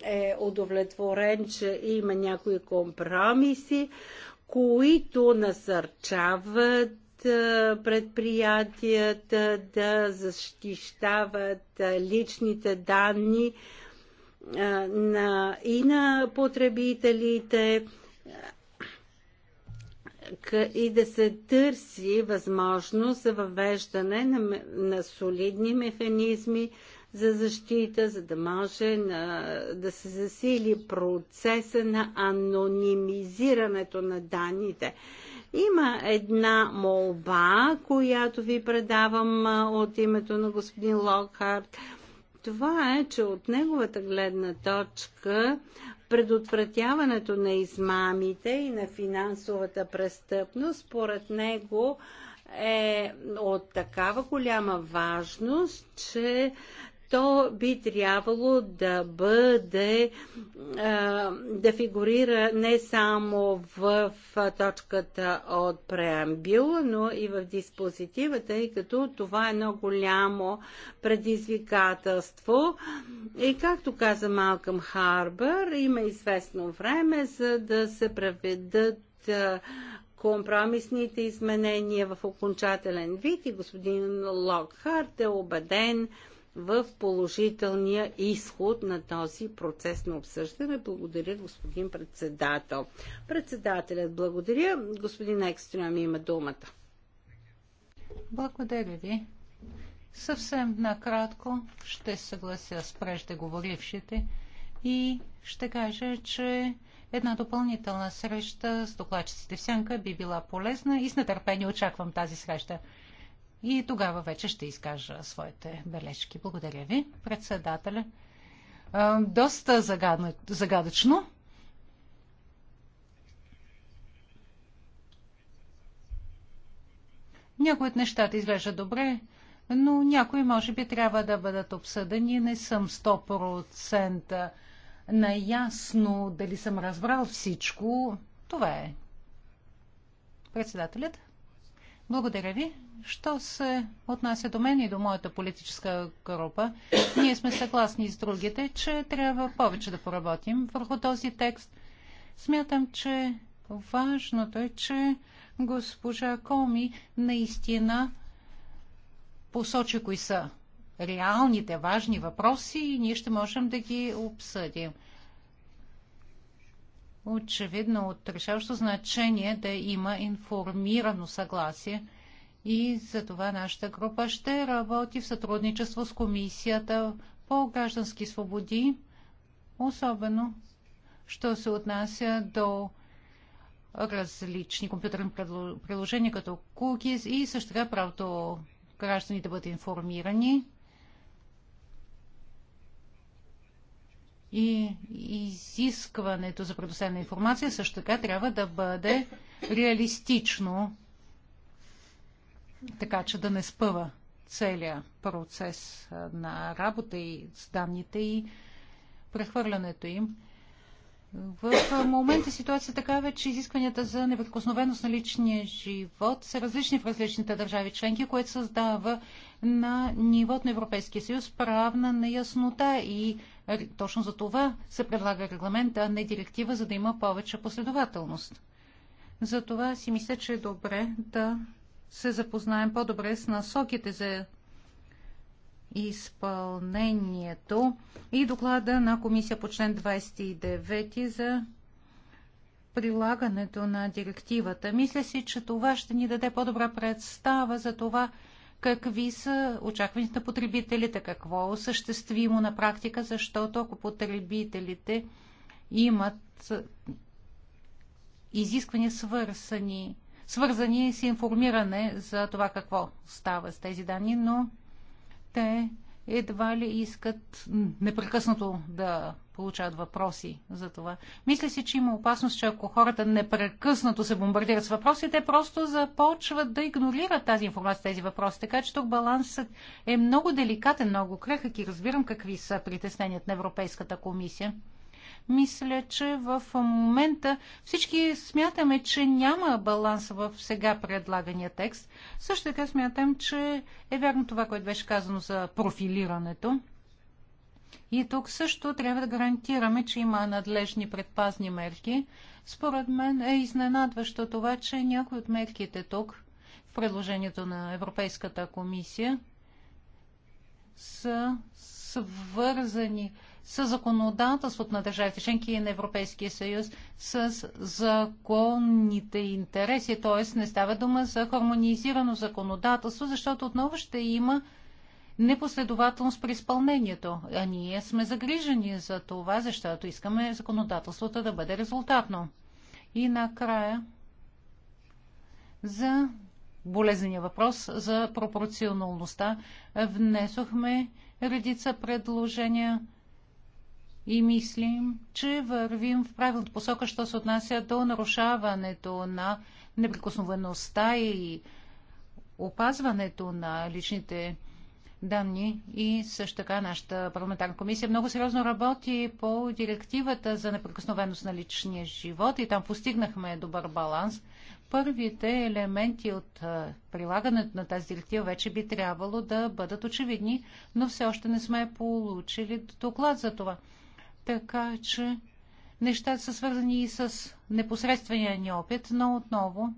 е удовлетворен, че има някои компромиси, които насърчават е, предприятията да защищават личните данни на, и на потребителите, и да се търси възможност за въвеждане на, на солидни механизми за защита, за да може на, да се засили процеса на анонимизирането на данните. Има една молба, която ви предавам от името на господин Локхарт. Това е, че от неговата гледна точка предотвратяването на измамите и на финансовата престъпност, според него е от такава голяма важност, че то би трябвало да бъде, да фигурира не само в точката от преамбюла, но и в диспозитива, тъй като това е едно голямо предизвикателство. И както каза Малкъм Харбър, има известно време, за да се преведат компромисните изменения в окончателен вид и господин Локхарт е убеден, в положителния изход на този процес на обсъждане. Благодаря, господин председател. Председателят благодаря. Господин Екстрем има думата. Благодаря ви. Съвсем накратко ще съглася с преждеговорившите и ще кажа, че една допълнителна среща с докладчиците в Сянка би била полезна и с нетърпение очаквам тази среща и тогава вече ще изкажа своите бележки. Благодаря ви, председателя. Доста загадъчно. Някои от нещата изглеждат добре, но някои може би трябва да бъдат обсъдени. Не съм 100% наясно дали съм разбрал всичко. Това е. Председателят? Благодаря ви. Що се отнася до мен и до моята политическа група, ние сме съгласни с другите, че трябва повече да поработим върху този текст. Смятам, че важното е, че госпожа Коми наистина посочи кои са реалните важни въпроси и ние ще можем да ги обсъдим очевидно от решаващо значение да има информирано съгласие и за това нашата група ще работи в сътрудничество с Комисията по граждански свободи, особено що се отнася до различни компютърни приложения като Cookies и също така правото гражданите да бъдат информирани и изискването за предоставена информация също така трябва да бъде реалистично, така че да не спъва целият процес на работа и с данните и прехвърлянето им. В момента ситуация е такава, че изискванията за неприкосновеност на личния живот са различни в различните държави членки, което създава на нивото на Европейския съюз правна неяснота и е, точно за това се предлага регламент, а не директива, за да има повече последователност. За това си мисля, че е добре да се запознаем по-добре с насоките за изпълнението и доклада на комисия по член 29 за прилагането на директивата. Мисля си, че това ще ни даде по-добра представа за това какви са очакванията на потребителите, какво е осъществимо на практика, защото ако потребителите имат изисквания свързани, свързани с информиране за това какво става с тези данни, но те едва ли искат непрекъснато да получават въпроси за това. Мисля си, че има опасност, че ако хората непрекъснато се бомбардират с въпроси, те просто започват да игнорират тази информация, тези въпроси. Така че тук балансът е много деликатен, много крехък и разбирам какви са притесненията на Европейската комисия. Мисля, че в момента всички смятаме, че няма баланс в сега предлагания текст. Също така смятам, че е вярно това, което беше казано за профилирането. И тук също трябва да гарантираме, че има надлежни предпазни мерки. Според мен е изненадващо това, че някои от мерките тук в предложението на Европейската комисия са свързани с законодателството на държавите членки и на Европейския съюз с законните интереси, т.е. не става дума за хармонизирано законодателство, защото отново ще има непоследователност при изпълнението. А ние сме загрижени за това, защото искаме законодателството да бъде резултатно. И накрая за болезнения въпрос за пропорционалността внесохме редица предложения и мислим, че вървим в правилната посока, що се отнася до нарушаването на неприкосновеността и опазването на личните данни и също така нашата парламентарна комисия много сериозно работи по директивата за неприкосновеност на личния живот и там постигнахме добър баланс. Първите елементи от прилагането на тази директива вече би трябвало да бъдат очевидни, но все още не сме получили доклад за това. Така че нещата са свързани и с непосредствения ни опит, но отново,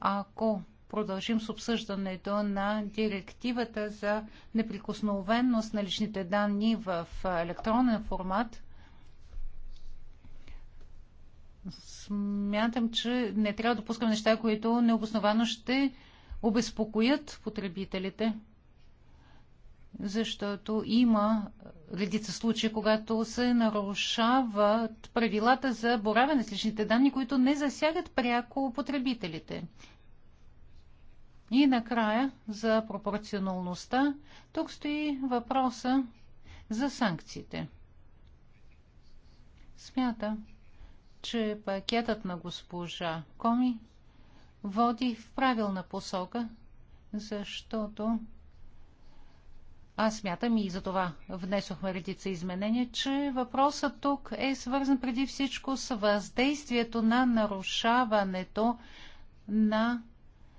ако продължим с обсъждането на директивата за неприкосновенност на личните данни в електронен формат. Смятам, че не трябва да допускам неща, които необосновано ще обезпокоят потребителите, защото има редица случаи, когато се нарушават правилата за боравене с личните данни, които не засягат пряко потребителите. И накрая за пропорционалността, тук стои въпроса за санкциите. Смята, че пакетът на госпожа Коми води в правилна посока, защото аз смятам и за това внесохме редица изменения, че въпросът тук е свързан преди всичко с въздействието на нарушаването на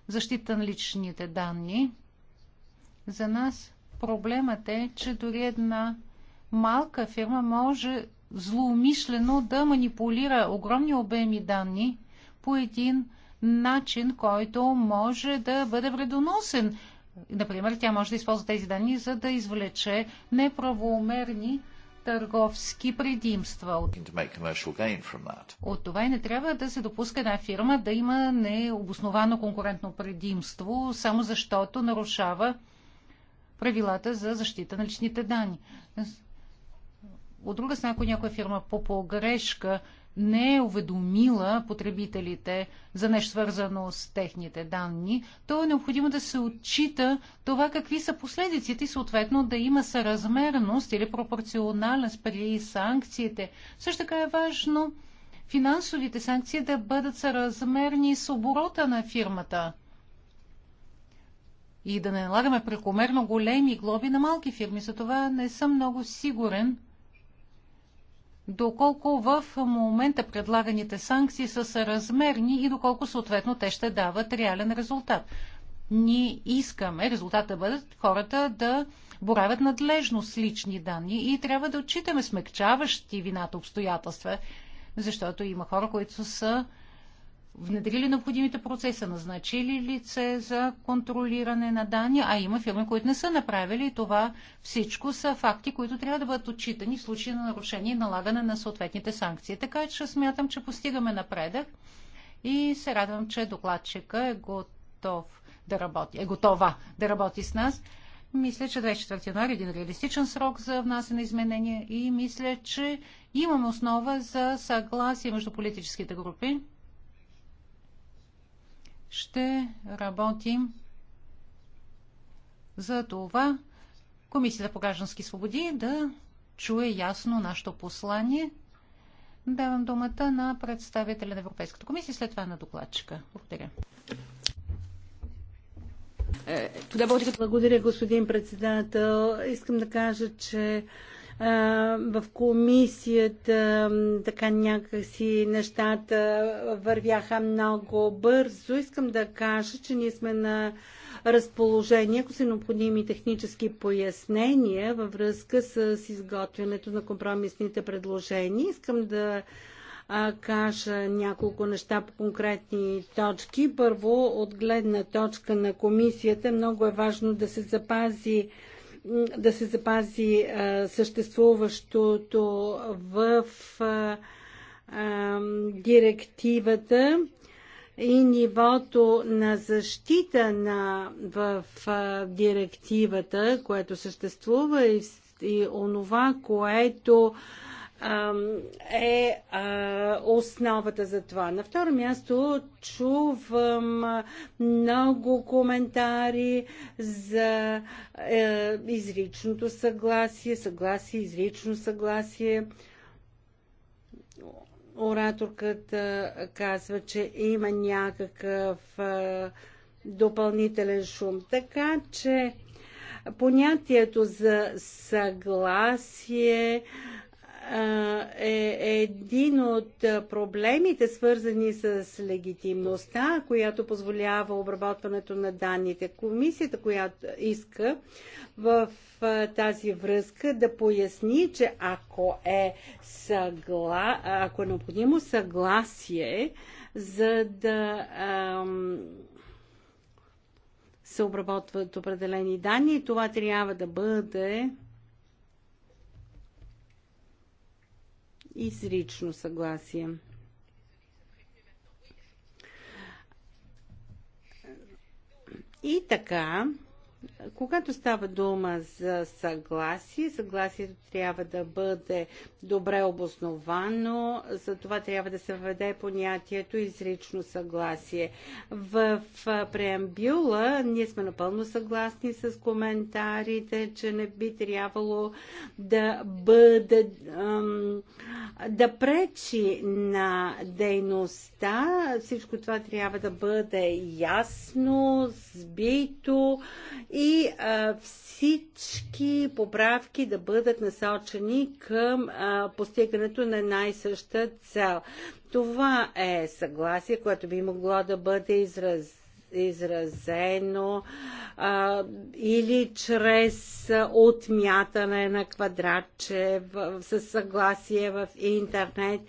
защита на личните данни. За нас проблемът е, че дори една малка фирма може злоумишлено да манипулира огромни обеми данни по един начин, който може да бъде вредоносен. Например, тя може да използва тези данни, за да извлече неправомерни търговски предимства. От това и не трябва да се допуска една фирма да има необосновано конкурентно предимство, само защото нарушава правилата за защита на личните данни. От друга страна, ако някоя фирма по погрешка не е уведомила потребителите за нещо свързано с техните данни, то е необходимо да се отчита това какви са последиците и съответно да има съразмерност или пропорционалност при санкциите. Също така е важно финансовите санкции да бъдат съразмерни с оборота на фирмата и да не налагаме прекомерно големи глоби на малки фирми. За това не съм много сигурен доколко в момента предлаганите санкции са съразмерни и доколко съответно те ще дават реален резултат. Ние искаме резултата да бъдат хората да боравят надлежно с лични данни и трябва да отчитаме смягчаващи вината обстоятелства, защото има хора, които са внедрили необходимите процеса, назначили лице за контролиране на данни, а има фирми, които не са направили. И това всичко са факти, които трябва да бъдат отчитани в случай на нарушение и налагане на съответните санкции. Така че смятам, че постигаме напредък и се радвам, че докладчика е готов да работи, е готова да работи с нас. Мисля, че 24 януари е един реалистичен срок за внасяне изменения и мисля, че имаме основа за съгласие между политическите групи ще работим за това Комисията по граждански свободи да чуе ясно нашето послание. Давам думата на представителя на Европейската комисия, след това на докладчика. Благодаря. Е, Благодаря, господин председател. Искам да кажа, че в комисията така някакси нещата вървяха много бързо. Искам да кажа, че ние сме на разположение, ако са необходими технически пояснения във връзка с изготвянето на компромисните предложения. Искам да кажа няколко неща по конкретни точки. Първо, от гледна точка на комисията, много е важно да се запази да се запази съществуващото в директивата и нивото на защита на, в директивата, което съществува и, и онова, което а, е основата за това. На второ място чувам много коментари за е, изричното съгласие, съгласие, изрично съгласие. Ораторката казва, че има някакъв е, допълнителен шум. Така че понятието за съгласие е един от проблемите, свързани с легитимността, която позволява обработването на данните. Комисията, която иска в тази връзка да поясни, че ако е, съгла... ако е необходимо съгласие, за да ам, се обработват определени данни, това трябва да бъде изрично съгласие. И така, когато става дума за съгласие, съгласието трябва да бъде добре обосновано, за това трябва да се въведе понятието изрично съгласие. В преамбюла ние сме напълно съгласни с коментарите, че не би трябвало да бъде да пречи на дейността. Всичко това трябва да бъде ясно, сбито и а, всички поправки да бъдат насочени към а, постигането на най-съща цел. Това е съгласие, което би могло да бъде изразено изразено а, или чрез отмятане на квадратче в, със съгласие в интернет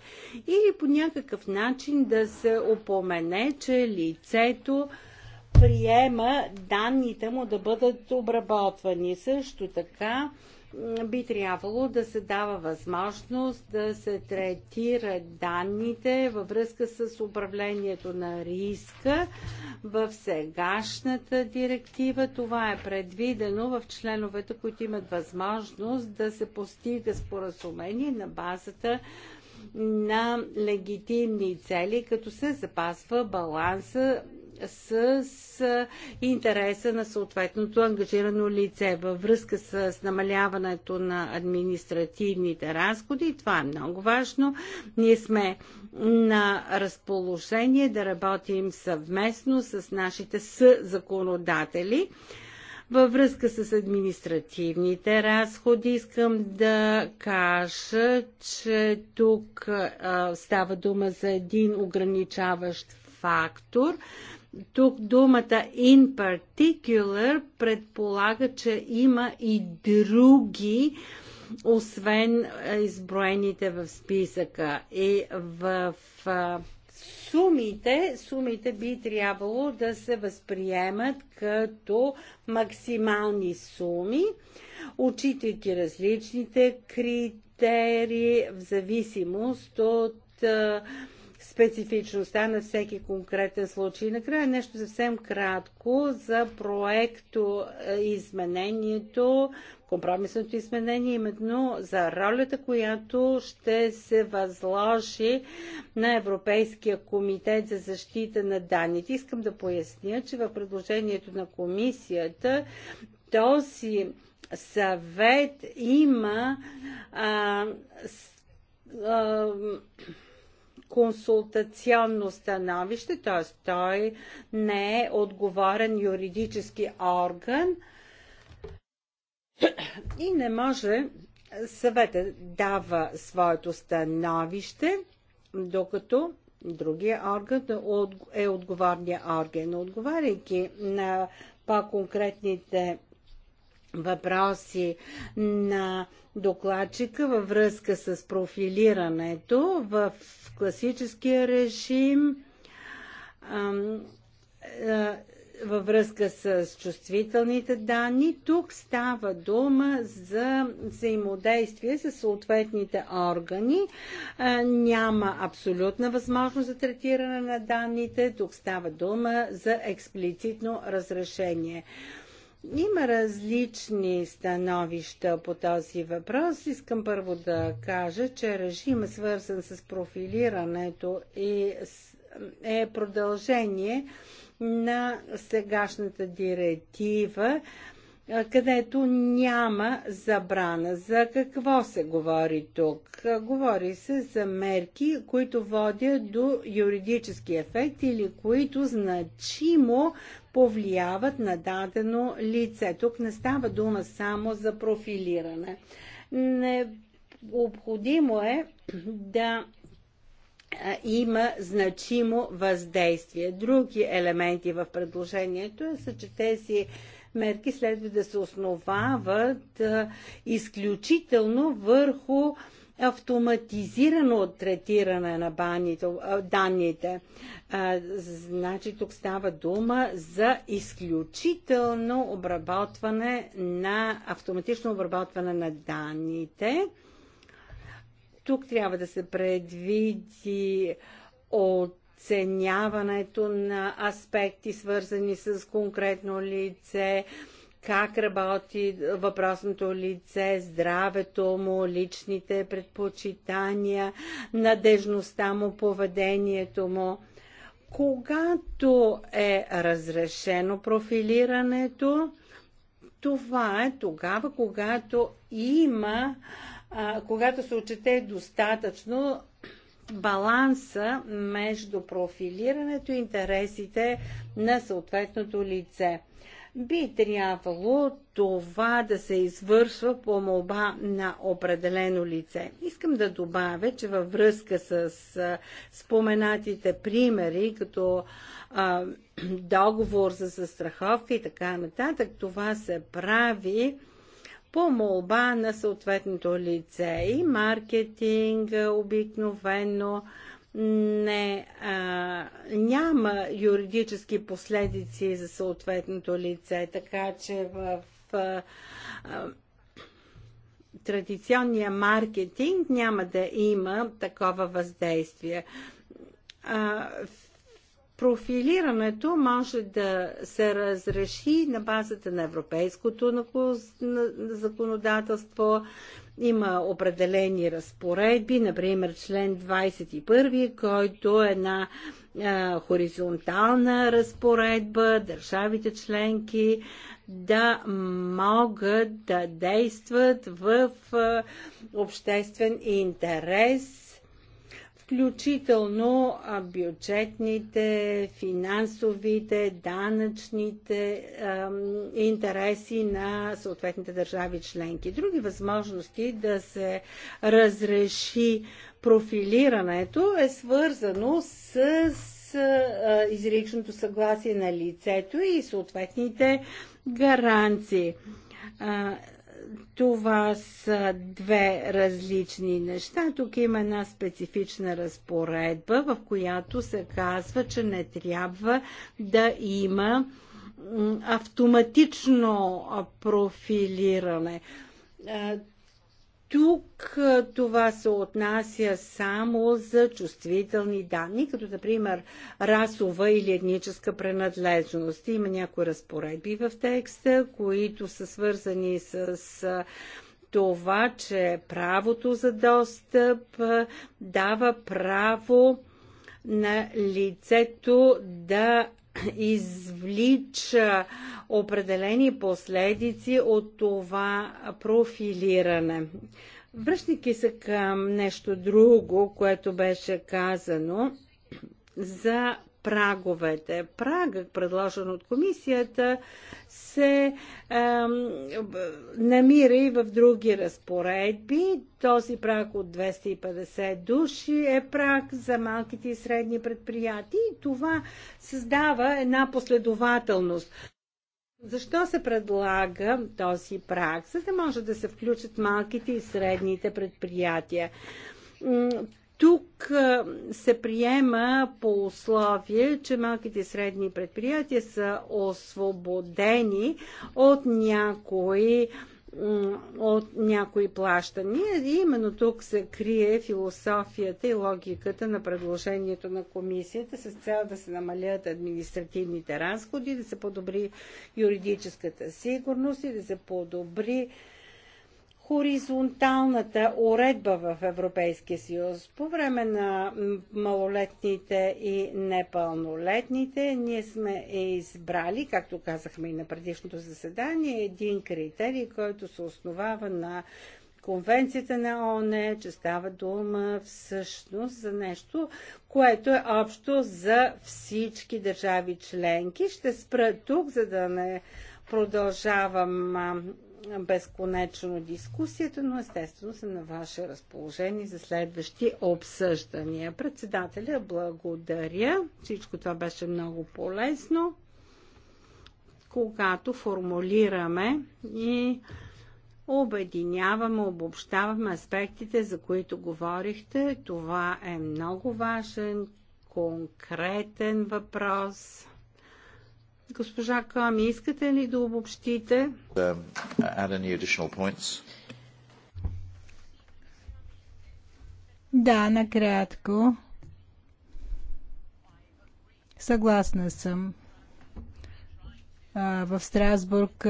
или по някакъв начин да се опомене, че лицето приема данните му да бъдат обработвани. Също така би трябвало да се дава възможност да се третират данните във връзка с управлението на риска в сегашната директива. Това е предвидено в членовете, които имат възможност да се постига споразумение на базата на легитимни цели, като се запазва баланса с интереса на съответното ангажирано лице във връзка с намаляването на административните разходи. Това е много важно. Ние сме на разположение да работим съвместно с нашите законодатели. Във връзка с административните разходи искам да кажа, че тук а, става дума за един ограничаващ фактор. Тук думата in particular предполага, че има и други, освен изброените в списъка. И в сумите, сумите би трябвало да се възприемат като максимални суми, учитайки различните критерии в зависимост от специфичността на всеки конкретен случай. Накрая нещо съвсем кратко за проекто е, изменението, компромисното изменение, именно за ролята, която ще се възложи на Европейския комитет за защита на данните. Искам да поясня, че в предложението на комисията този съвет има а, с, а, консултационно становище, т.е. той не е отговорен юридически орган и не може съвета дава своето становище, докато другия орган е отговорния орган. Отговаряйки на по-конкретните въпроси на докладчика във връзка с профилирането в класическия режим е, във връзка с чувствителните данни. Тук става дума за взаимодействие с съответните органи. Е, няма абсолютна възможност за третиране на данните. Тук става дума за експлицитно разрешение. Има различни становища по този въпрос. Искам първо да кажа, че е свързан с профилирането и е продължение на сегашната директива, където няма забрана. За какво се говори тук? Говори се за мерки, които водят до юридически ефект или които значимо повлияват на дадено лице. Тук не става дума само за профилиране. Необходимо е да има значимо въздействие. Други елементи в предложението е, са, че тези мерки следва да се основават изключително върху автоматизирано третиране на баните, данните. А, значи тук става дума за изключително обработване на автоматично обработване на данните. Тук трябва да се предвиди от оценяването на аспекти, свързани с конкретно лице, как работи въпросното лице, здравето му, личните предпочитания, надежността му, поведението му. Когато е разрешено профилирането, това е тогава, когато има, а, когато се отчете достатъчно баланса между профилирането и интересите на съответното лице би трябвало това да се извършва по молба на определено лице. Искам да добавя, че във връзка с споменатите примери, като а, договор за застраховка и така нататък, това се прави по молба на съответното лице и маркетинг обикновено не, а, няма юридически последици за съответното лице, така че в а, а, традиционния маркетинг няма да има такова въздействие. А, профилирането може да се разреши на базата на европейското законодателство, има определени разпоредби, например член 21, който е една а, хоризонтална разпоредба. Държавите членки да могат да действат в обществен интерес включително бюджетните, финансовите, данъчните интереси на съответните държави членки. Други възможности да се разреши профилирането е свързано с изричното съгласие на лицето и съответните гаранции това са две различни неща. Тук има една специфична разпоредба, в която се казва, че не трябва да има автоматично профилиране тук това се отнася само за чувствителни данни, като например расова или етническа принадлежност. Има някои разпоредби в текста, които са свързани с това, че правото за достъп дава право на лицето да извлича определени последици от това профилиране. Връщайки се към нещо друго, което беше казано за праговете. Прага, предложен от комисията, се е, намира и в други разпоредби. Този праг от 250 души е праг за малките и средни предприятия и това създава една последователност. Защо се предлага този праг? За да може да се включат малките и средните предприятия тук се приема по условие, че малките и средни предприятия са освободени от някои от някои плащания. И именно тук се крие философията и логиката на предложението на комисията с цел да се намалят административните разходи, да се подобри юридическата сигурност и да се подобри хоризонталната уредба в Европейския съюз. По време на малолетните и непълнолетните ние сме избрали, както казахме и на предишното заседание, един критерий, който се основава на Конвенцията на ООН, че става дума всъщност за нещо, което е общо за всички държави членки. Ще спра тук, за да не продължавам безконечно дискусията, но естествено са на ваше разположение за следващи обсъждания. Председателя, благодаря. Всичко това беше много полезно. Когато формулираме и обединяваме, обобщаваме аспектите, за които говорихте, това е много важен, конкретен въпрос Госпожа Ками, искате ли да обобщите? Uh, да, накратко. Съгласна съм. А, в Страсбург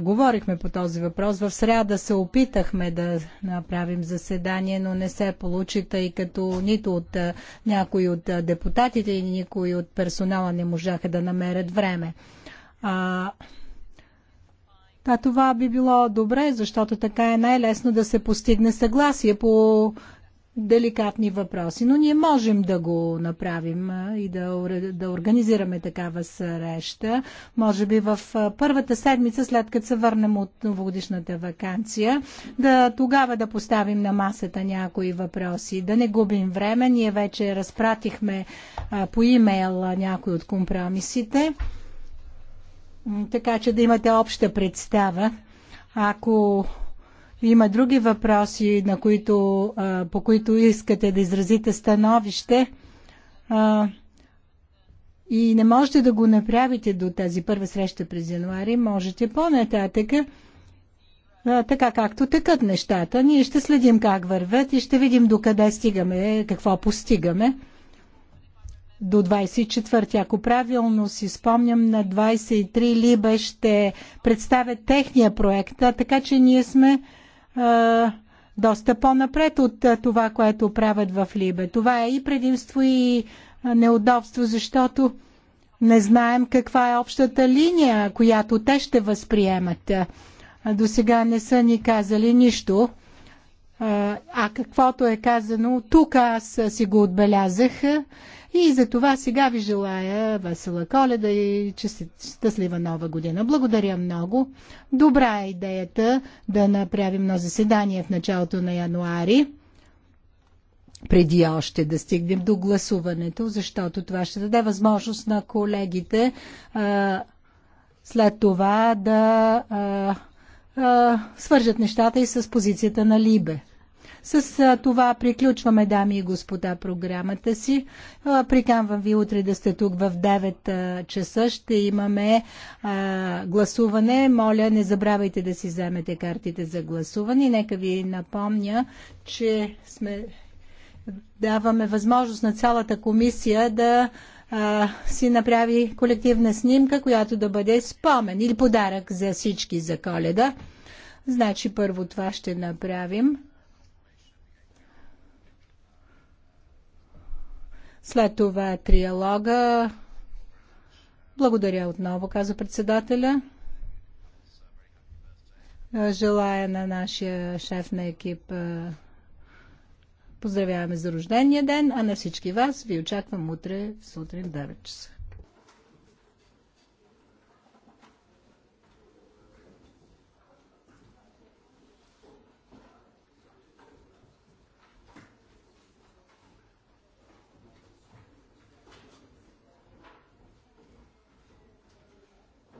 говорихме по този въпрос. В среда се опитахме да направим заседание, но не се получи, тъй като нито от някои от депутатите, никой от персонала не можаха да намерят време. А, да, това би било добре, защото така е най-лесно да се постигне съгласие по деликатни въпроси, но ние можем да го направим и да, да организираме такава среща. Може би в първата седмица, след като се върнем от новогодишната вакансия, да тогава да поставим на масата някои въпроси, да не губим време. Ние вече разпратихме по имейл някои от компромисите, така че да имате обща представа. Ако има други въпроси, на които, по които искате да изразите становище и не можете да го направите до тази първа среща през януари, можете по нататък така както тъкат нещата. Ние ще следим как вървят и ще видим до къде стигаме, какво постигаме. До 24, ако правилно си спомням, на 23 Либе ще представят техния проект, така че ние сме доста по-напред от това, което правят в Либе. Това е и предимство, и неудобство, защото не знаем каква е общата линия, която те ще възприемат. До сега не са ни казали нищо. А каквото е казано тук, аз си го отбелязах и за това сега ви желая весела коледа и щастлива нова година. Благодаря много. Добра е идеята да направим на заседание в началото на януари преди още да стигнем до гласуването, защото това ще даде възможност на колегите а, след това да а, а, свържат нещата и с позицията на Либе. С това приключваме, дами и господа, програмата си. Приканвам ви утре да сте тук в 9 часа. Ще имаме гласуване. Моля, не забравяйте да си вземете картите за гласуване. Нека ви напомня, че сме даваме възможност на цялата комисия да си направи колективна снимка, която да бъде спомен или подарък за всички за коледа. Значи първо това ще направим. След това е триалога. Благодаря отново, каза председателя. Желая на нашия шеф на екип е, поздравяваме за рождения ден, а на всички вас ви очаквам утре сутрин 9 часа.